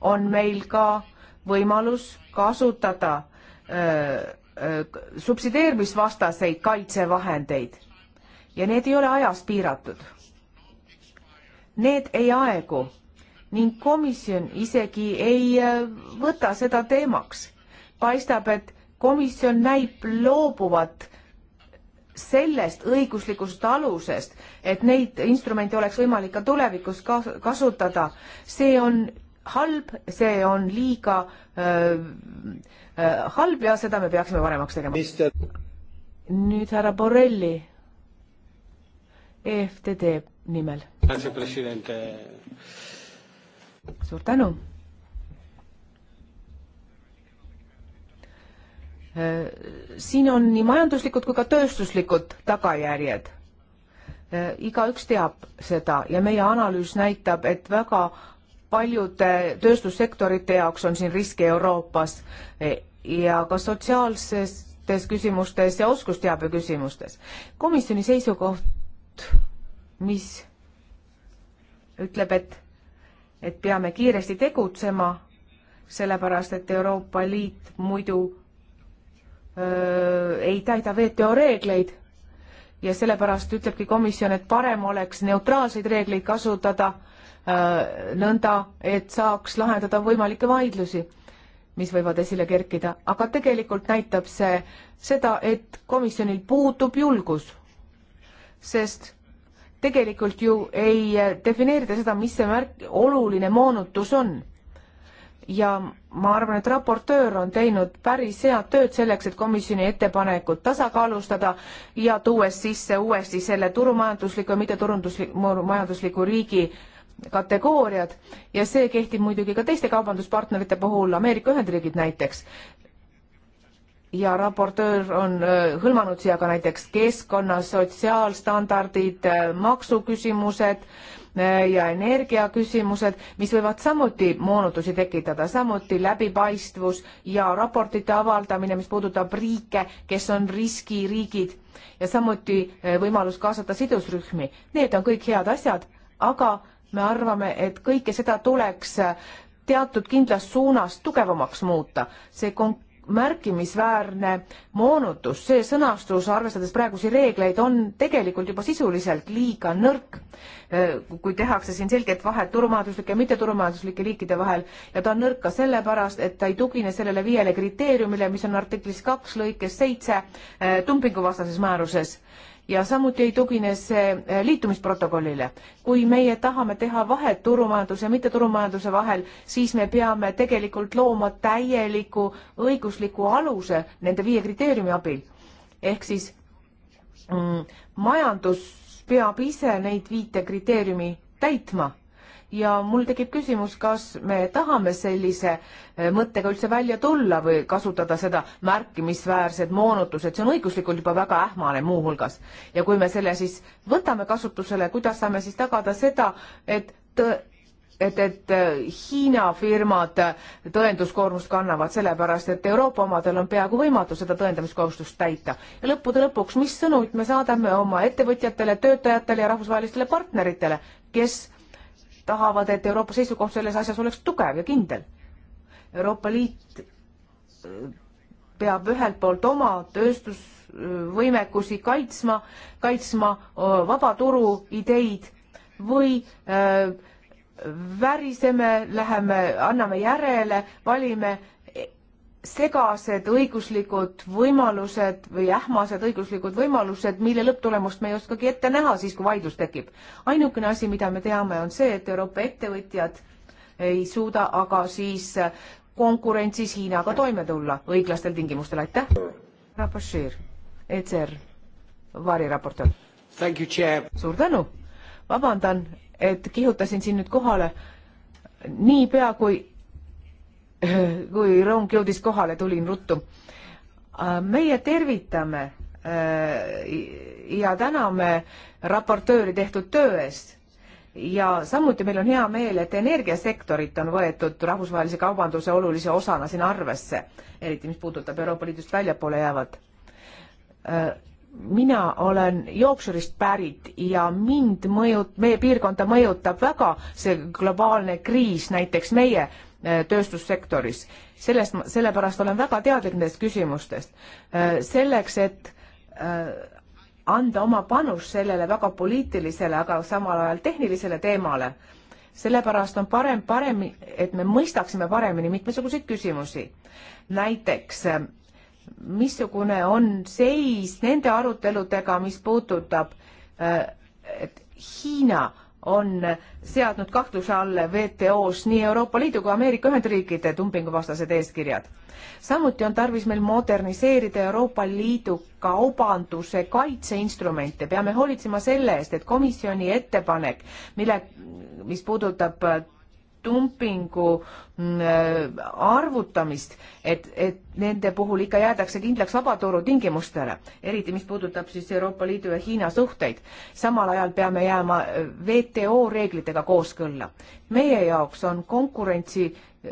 on meil ka võimalus kasutada äh, Äh, subsideerimisvastaseid kaitsevahendeid ja need ei ole ajas piiratud. Need ei aegu ning komisjon isegi ei äh, võta seda teemaks. paistab, et komisjon näib loobuvat sellest õiguslikust alusest, et neid instrumente oleks võimalik ka tulevikus kasutada, see on halb, see on liiga äh, äh, halb ja seda me peaksime paremaks tegema. nüüd härra Borrelli EFTD nimel. suur tänu äh,. siin on nii majanduslikud kui ka tööstuslikud tagajärjed äh,. igaüks teab seda ja meie analüüs näitab, et väga äh, paljude tööstussektorite jaoks on siin riske Euroopas ja ka sotsiaalsetes küsimustes ja oskusteabe küsimustes. komisjoni seisukoht, mis ütleb, et, et peame kiiresti tegutsema, sellepärast et Euroopa Liit muidu öö, ei täida WTO reegleid ja sellepärast ütlebki komisjon, et parem oleks neutraalseid reegleid kasutada Äh, nõnda, et saaks lahendada võimalikke vaidlusi, mis võivad esile kerkida, aga tegelikult näitab see seda, et komisjonil puudub julgus, sest tegelikult ju ei defineerida seda, mis see märk, oluline moonutus on ja ma arvan, et raportöör on teinud päris head tööd selleks, et komisjoni ettepanekut tasakaalustada ja tuues sisse uuesti selle turumajandusliku ja mitteturundusliku, majandusliku riigi äh, kategooriad ja see kehtib muidugi ka teiste kaubanduspartnerite puhul, Ameerika Ühendriigid näiteks. ja raportöör on äh, hõlmanud siia ka näiteks keskkonna, sotsiaalstandardid, äh, maksuküsimused äh, ja energiaküsimused, mis võivad samuti moonutusi tekitada, samuti läbipaistvus ja raportite avaldamine, mis puudutab riike, kes on riskiriigid ja samuti võimalus kaasata sidusrühmi. Need on kõik head asjad, aga me arvame, et kõike seda tuleks teatud kindlas suunas tugevamaks muuta. see märkimisväärne moonutus, see sõnastus, arvestades praegusi reegleid, on tegelikult juba sisuliselt liiga nõrk, eh, kui tehakse siin selget vahet turumajanduslike ja mittetturumajanduslike liikide vahel ja ta on nõrk ka sellepärast, et ta ei tugine sellele viiele kriteeriumile, mis on artiklis kaks lõikes seitse eh, dumpinguvastases määruses ja samuti ei tugine see eh, liitumisprotokollile. kui meie tahame teha vahet turumajanduse ja mitteturumajanduse vahel, siis me peame tegelikult looma täieliku õigusliku aluse nende viie kriteeriumi abil. ehk siis mm, majandus peab ise neid viite kriteeriumi täitma ja mul tekib küsimus, kas me tahame sellise eh, mõttega üldse välja tulla või kasutada seda märkimisväärsed moonutused, see on õiguslikult juba väga ähmane muuhulgas. ja kui me selle siis võtame kasutusele, kuidas saame siis tagada seda, et et, et eh, Hiina firmad eh, tõenduskoormust kannavad, sellepärast et Euroopa omadel on peaaegu võimatu seda tõendamiskohustust täita. ja lõppude lõpuks, mis sõnumit me saadame oma ettevõtjatele, töötajatele ja rahvusvahelistele partneritele, kes tahavad, et Euroopa seisukoht selles asjas oleks tugev ja kindel. Euroopa Liit äh, peab ühelt poolt oma tööstusvõimekusi kaitsma, kaitsma vaba turu ideid või äh, väriseme, läheme, anname järele, valime äh, segased õiguslikud võimalused või ähmased õiguslikud võimalused, mille lõpptulemust me ei oskagi ette näha siis, kui vaidlus tekib. ainukene asi, mida me teame, on see, et Euroopa ettevõtjad ei suuda aga siis konkurentsis Hiinaga toime tulla õiglastel tingimustel, aitäh. härra Bashir, ECR, variraportor. suur tänu, vabandan, et kihutasin siin nüüd kohale niipea kui *laughs* kui rong jõudis kohale, tulin ruttu. Äh, meie tervitame äh, ja täname raportööri tehtud töö eest ja samuti meil on hea meel, et energiasektorit on võetud rahvusvahelise kaubanduse olulise osana siin arvesse, eriti mis puudutab Euroopa Liidust väljapoole jäävat. Äh, mina olen Yorkshire'ist pärit ja mind mõjut-, meie piirkonda mõjutab väga see globaalne kriis näiteks meie Äh, tööstussektoris. sellest, sellepärast olen väga teadlik nendest küsimustest. Äh, selleks, et äh, anda oma panus sellele väga poliitilisele, aga samal ajal tehnilisele teemale. sellepärast on parem, parem, et me mõistaksime paremini mitmesuguseid küsimusi. näiteks missugune on seis nende aruteludega, mis puudutab, et Hiina on seadnud kahtluse alla WTO-s nii Euroopa Liidu kui Ameerika Ühendriikide dumpinguvastased eeskirjad. samuti on tarvis meil moderniseerida Euroopa Liidu kaubanduse kaitseinstrumente, peame hoolitsema selle eest, et komisjoni ettepanek, mille, mis puudutab dumpingu äh, arvutamist, et, et nende puhul ikka jäädakse kindlaks vabaturu tingimustele, eriti mis puudutab siis Euroopa Liidu ja Hiina suhteid. samal ajal peame jääma äh, WTO reeglitega kooskõlla. meie jaoks on konkurentsi äh,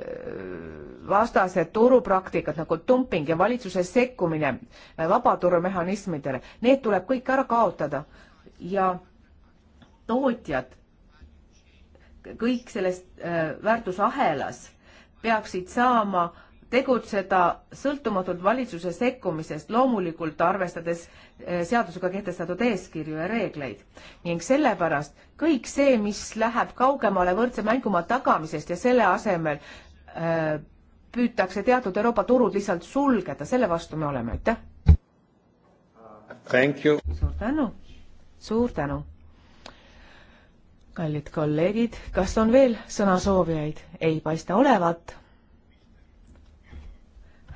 vastased turupraktikad nagu dumping ja valitsuse sekkumine vabaturumehhanismidele, need tuleb kõik ära kaotada ja tootjad kõik selles äh, väärtusahelas peaksid saama tegutseda sõltumatult valitsuse sekkumisest, loomulikult arvestades äh, seadusega kehtestatud eeskirju ja reegleid. ning sellepärast kõik see, mis läheb kaugemale võrdse mängumaa tagamisest ja selle asemel öö, äh, püütakse teatud Euroopa turud lihtsalt sulgeda, selle vastu me oleme, aitäh! suur tänu! suur tänu! kallid kolleegid, kas on veel sõnasoovijaid? ei paista olevat.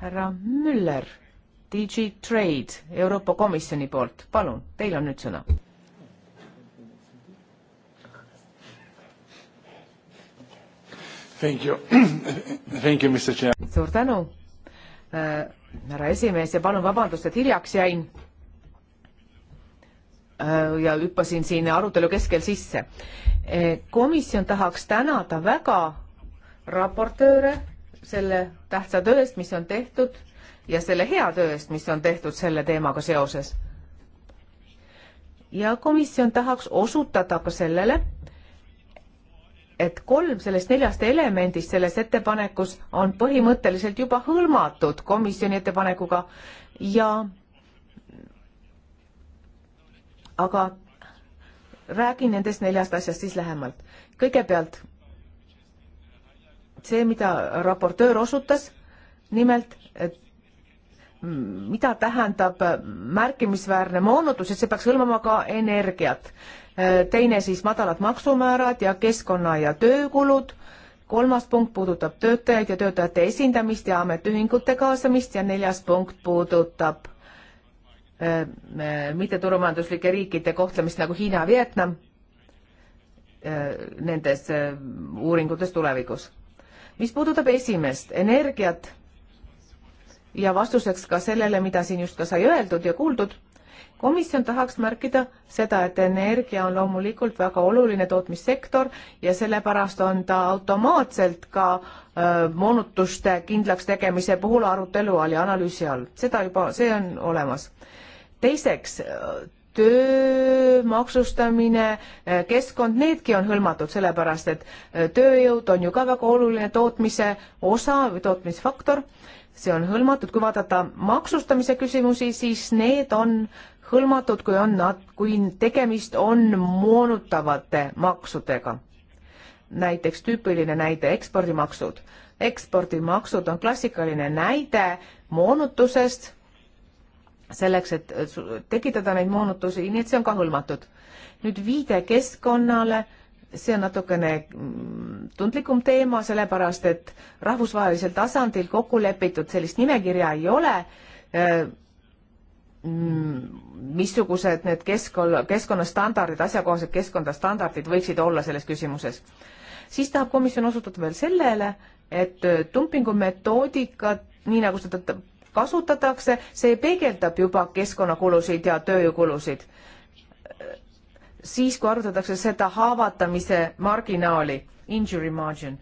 härra Müller, DG Trade Euroopa Komisjoni poolt, palun, teil on nüüd sõna. Thank you, *coughs* thank you, Mr Chair. suur tänu äh,, härra esimees ja palun vabandust, et hiljaks jäin Äh, ja hüppasin siin arutelu keskel sisse. Äh, komisjon tahaks tänada väga raportööre selle tähtsa töö eest, mis on tehtud ja selle hea töö eest, mis on tehtud selle teemaga seoses. ja komisjon tahaks osutada ka sellele, et kolm sellest neljast elemendist selles ettepanekus on põhimõtteliselt juba hõlmatud komisjoni ettepanekuga ja aga räägin nendest neljast asjast siis lähemalt. kõigepealt see, mida raportöör osutas, nimelt, et mida tähendab märkimisväärne moonutus, et see peaks hõlmama ka energiat. teine siis madalad maksumäärad ja keskkonna ja töökulud. kolmas punkt puudutab töötajaid ja töötajate esindamist ja ametiühingute kaasamist ja neljas punkt puudutab Äh, äh, mitteturumajanduslike riikide kohtlemist nagu Hiina ja Vietnam äh, nendes uuringutes tulevikus. mis puudutab esimest, energiat ja vastuseks ka sellele, mida siin just ka sai öeldud ja kuuldud, komisjon tahaks märkida seda, et energia on loomulikult väga oluline tootmissektor ja sellepärast on ta automaatselt ka äh, moonutuste kindlaks tegemise puhul arutelu all ja analüüsi all. seda juba, see on olemas teiseks, töö maksustamine, keskkond, needki on hõlmatud, sellepärast et äh, tööjõud on ju ka väga oluline tootmise osa või tootmisfaktor, see on hõlmatud, kui vaadata maksustamise küsimusi, siis need on hõlmatud, kui on nad, kui tegemist on moonutavate maksudega. näiteks tüüpiline näide, ekspordimaksud. ekspordimaksud on klassikaline näide moonutusest selleks, et tekitada neid moonutusi, nii et see on ka hõlmatud. nüüd viide keskkonnale, see on natukene mm, tundlikum teema, sellepärast et rahvusvahelisel tasandil kokku lepitud sellist nimekirja ei ole, äh, mm, missugused need keskkonna, keskkonnastandardid, asjakohased keskkonnastandardid võiksid olla selles küsimuses. siis tahab komisjon osutada veel sellele, et äh, dumpingumetoodikat, nii nagu seda kasutatakse, see peegeldab juba keskkonnakulusid ja tööjõukulusid. siis, kui arutatakse seda haavatamise marginaali, injury margin,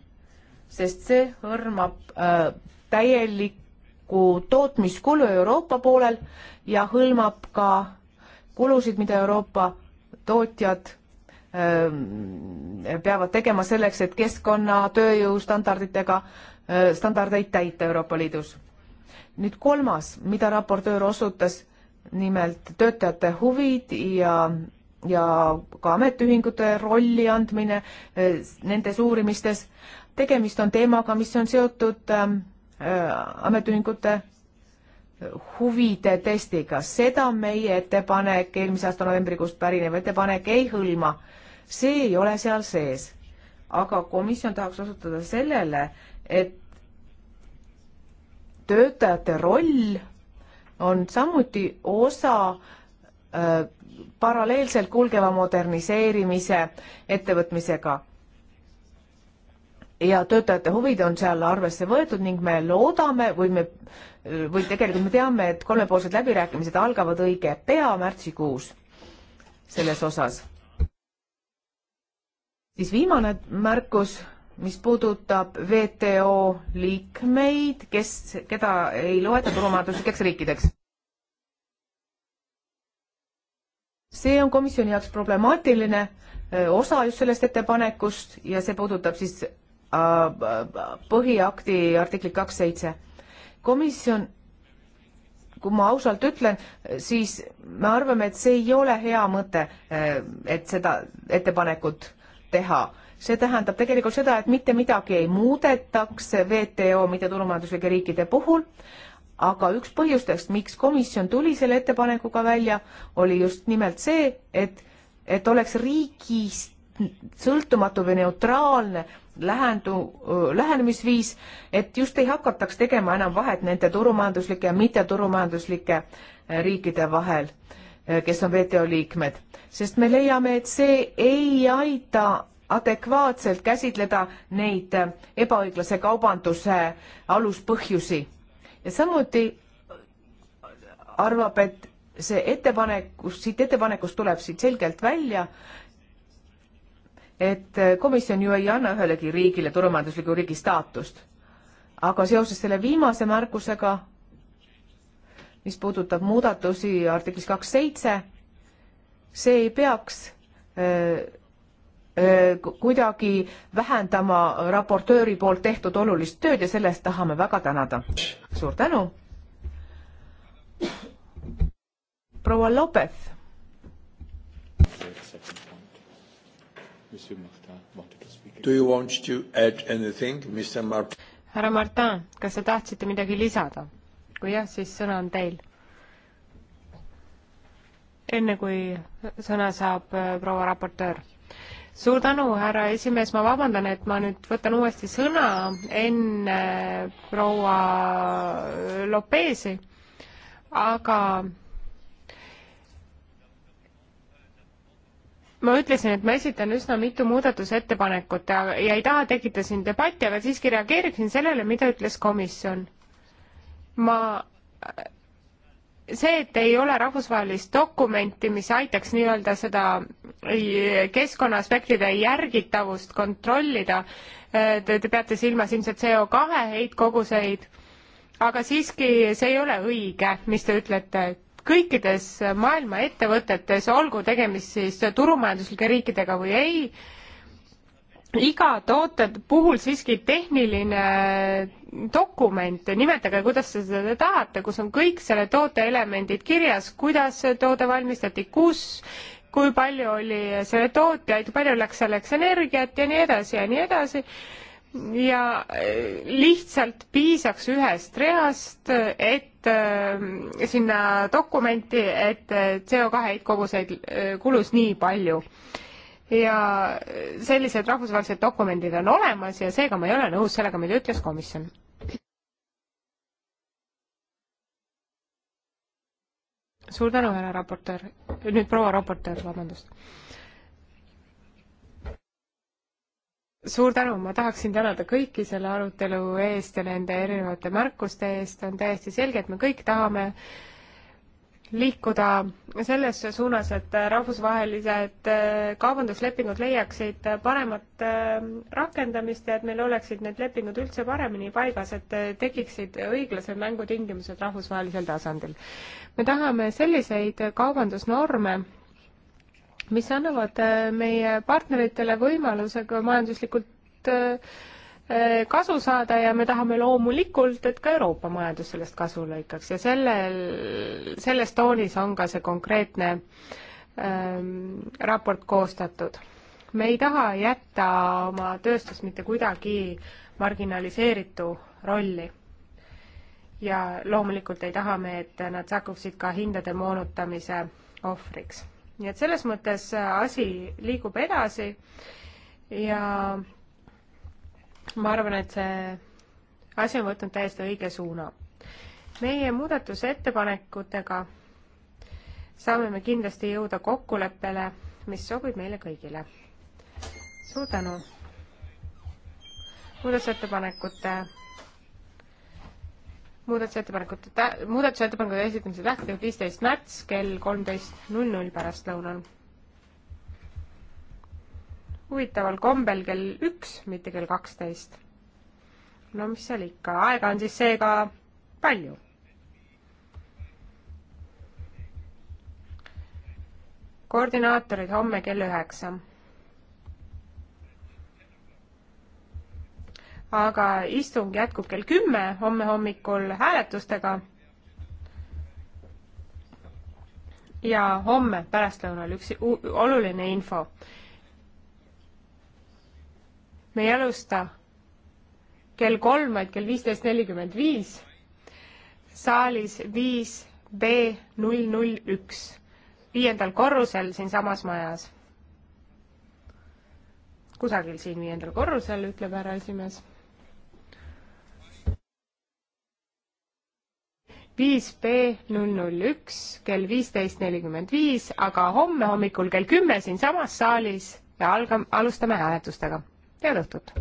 sest see hõlmab äh, täielikku tootmiskulu Euroopa poolel ja hõlmab ka kulusid, mida Euroopa tootjad äh, peavad tegema selleks, et keskkonna, tööjõu standarditega äh,, standardeid täita Euroopa Liidus nüüd kolmas, mida raportöör osutas, nimelt töötajate huvid ja, ja ka ametiühingute rolli andmine eh, nendes uurimistes. tegemist on teemaga, mis on seotud ähm, äh, ametiühingute äh, huvide testiga, seda meie ettepanek, eelmise aasta novembrikuust pärinev ettepanek ei hõlma, see ei ole seal sees. aga komisjon tahaks osutada sellele, et töötajate roll on samuti osa äh, paralleelselt kulgeva moderniseerimise ettevõtmisega. ja töötajate huvid on seal arvesse võetud ning me loodame või me või tegelikult me teame, et kolmepoolsed läbirääkimised algavad õige pea märtsikuus selles osas. siis viimane märkus mis puudutab WTO liikmeid, kes, keda ei loeta turumajanduslikeks riikideks. see on komisjoni jaoks problemaatiline osa just sellest ettepanekust ja see puudutab siis äh, äh, põhiakti artiklit kaks seitse. komisjon, kui ma ausalt ütlen, siis me arvame, et see ei ole hea mõte, et seda ettepanekut teha see tähendab tegelikult seda, et mitte midagi ei muudetaks WTO mittetulumajanduslike riikide puhul, aga üks põhjustest, miks komisjon tuli selle ettepanekuga välja, oli just nimelt see, et, et oleks riigist sõltumatu või neutraalne lähendu, lähenemisviis, et just ei hakataks tegema enam vahet nende turumajanduslike ja mitteturumajanduslike eh, riikide vahel, eh, kes on WTO liikmed, sest me leiame, et see ei aita adekvaatselt käsitleda neid äh, ebaõiglase kaubanduse aluspõhjusi. ja samuti äh, arvab, et see ettepanek, siit ettepanekust tuleb siit selgelt välja, et äh, komisjon ju ei anna ühelegi riigile turumajandusliku riigi staatust. aga seoses selle viimase märkusega, mis puudutab muudatusi artiklis kaks seitse, see ei peaks öö, Äh, kuidagi vähendama raportööri poolt tehtud olulist tööd ja selle eest tahame väga tänada. suur tänu. proua Lopez. Do you want to add anything, Mr Mart-? härra Martin, kas te tahtsite midagi lisada? kui jah, siis sõna on teil. enne kui sõna saab äh, proua raportöör suur tänu, härra esimees, ma vabandan, et ma nüüd võtan uuesti sõna enne proua Lopezi, aga ma ütlesin, et ma esitan üsna mitu muudatusettepanekut ja, ja ei taha tekitada siin debatti, aga siiski reageeriksin sellele, mida ütles komisjon. ma see, et ei ole rahvusvahelist dokumenti, mis aitaks nii-öelda seda keskkonnaaspektide järgitavust kontrollida, te, te peate silmas ilmselt CO2 heitkoguseid, aga siiski see ei ole õige, mis te ütlete, et kõikides maailma ettevõtetes, olgu tegemist siis turumajanduslike riikidega või ei, iga toote puhul siiski tehniline dokument, nimetage, kuidas te seda tahate, kus on kõik selle toote elemendid kirjas, kuidas toode valmistati, kus, kui palju oli selle tootjaid, palju läks selleks energiat ja nii edasi ja nii edasi. ja eh, lihtsalt piisaks ühest reast, et eh, sinna dokumenti, et eh, CO2 heitkoguseid kulus nii palju ja sellised rahvusvahelised dokumendid on olemas ja seega ma ei ole nõus sellega, mida ütles komisjon. suur tänu, härra raportöör, nüüd proua raportöör, vabandust. suur tänu, ma tahaksin tänada kõiki selle arutelu eest ja nende erinevate märkuste eest, on täiesti selge, et me kõik tahame äh, liikuda selles suunas, et rahvusvahelised äh, kaubanduslepingud leiaksid paremat äh, rakendamist ja et meil oleksid need lepingud üldse paremini paigas, et äh, tekiksid õiglased mängutingimused rahvusvahelisel tasandil. me tahame selliseid kaubandusnorme, mis annavad meie partneritele võimaluse ka majanduslikult Eh, kasu saada ja me tahame loomulikult, et ka Euroopa majandus sellest kasu lõikaks ja sellel, selles toonis on ka see konkreetne ähm, raport koostatud. me ei taha jätta oma tööstust mitte kuidagi marginaliseeritu rolli. ja loomulikult ei taha me, et nad sattuksid ka hindade moonutamise ohvriks. nii et selles mõttes asi liigub edasi ja ma arvan, et see asi on võtnud täiesti õige suuna. meie muudatusettepanekutega saame me kindlasti jõuda kokkuleppele, mis sobib meile kõigile. suur tänu! muudatusettepanekute muudatusettepanekute tä-, muudatusettepanekute esitamise tähtaeg viisteist märts kell kolmteist null null pärastlõunal huvitaval kombel kell üks, mitte kell kaksteist. no mis seal ikka, aega on siis seega palju. koordinaatorid homme kell üheksa. aga istung jätkub kell kümme, homme hommikul hääletustega ja homme pärastlõunal üks oluline info me ei alusta kell kolm, vaid kell viisteist nelikümmend viis saalis viis B null null üks, viiendal korrusel siinsamas majas. kusagil siin viiendal korrusel, ütleb härra esimees. viis B null null üks kell viisteist nelikümmend viis, aga homme hommikul kell kümme siinsamas saalis ja alga-, alustame hääletustega head õhtut!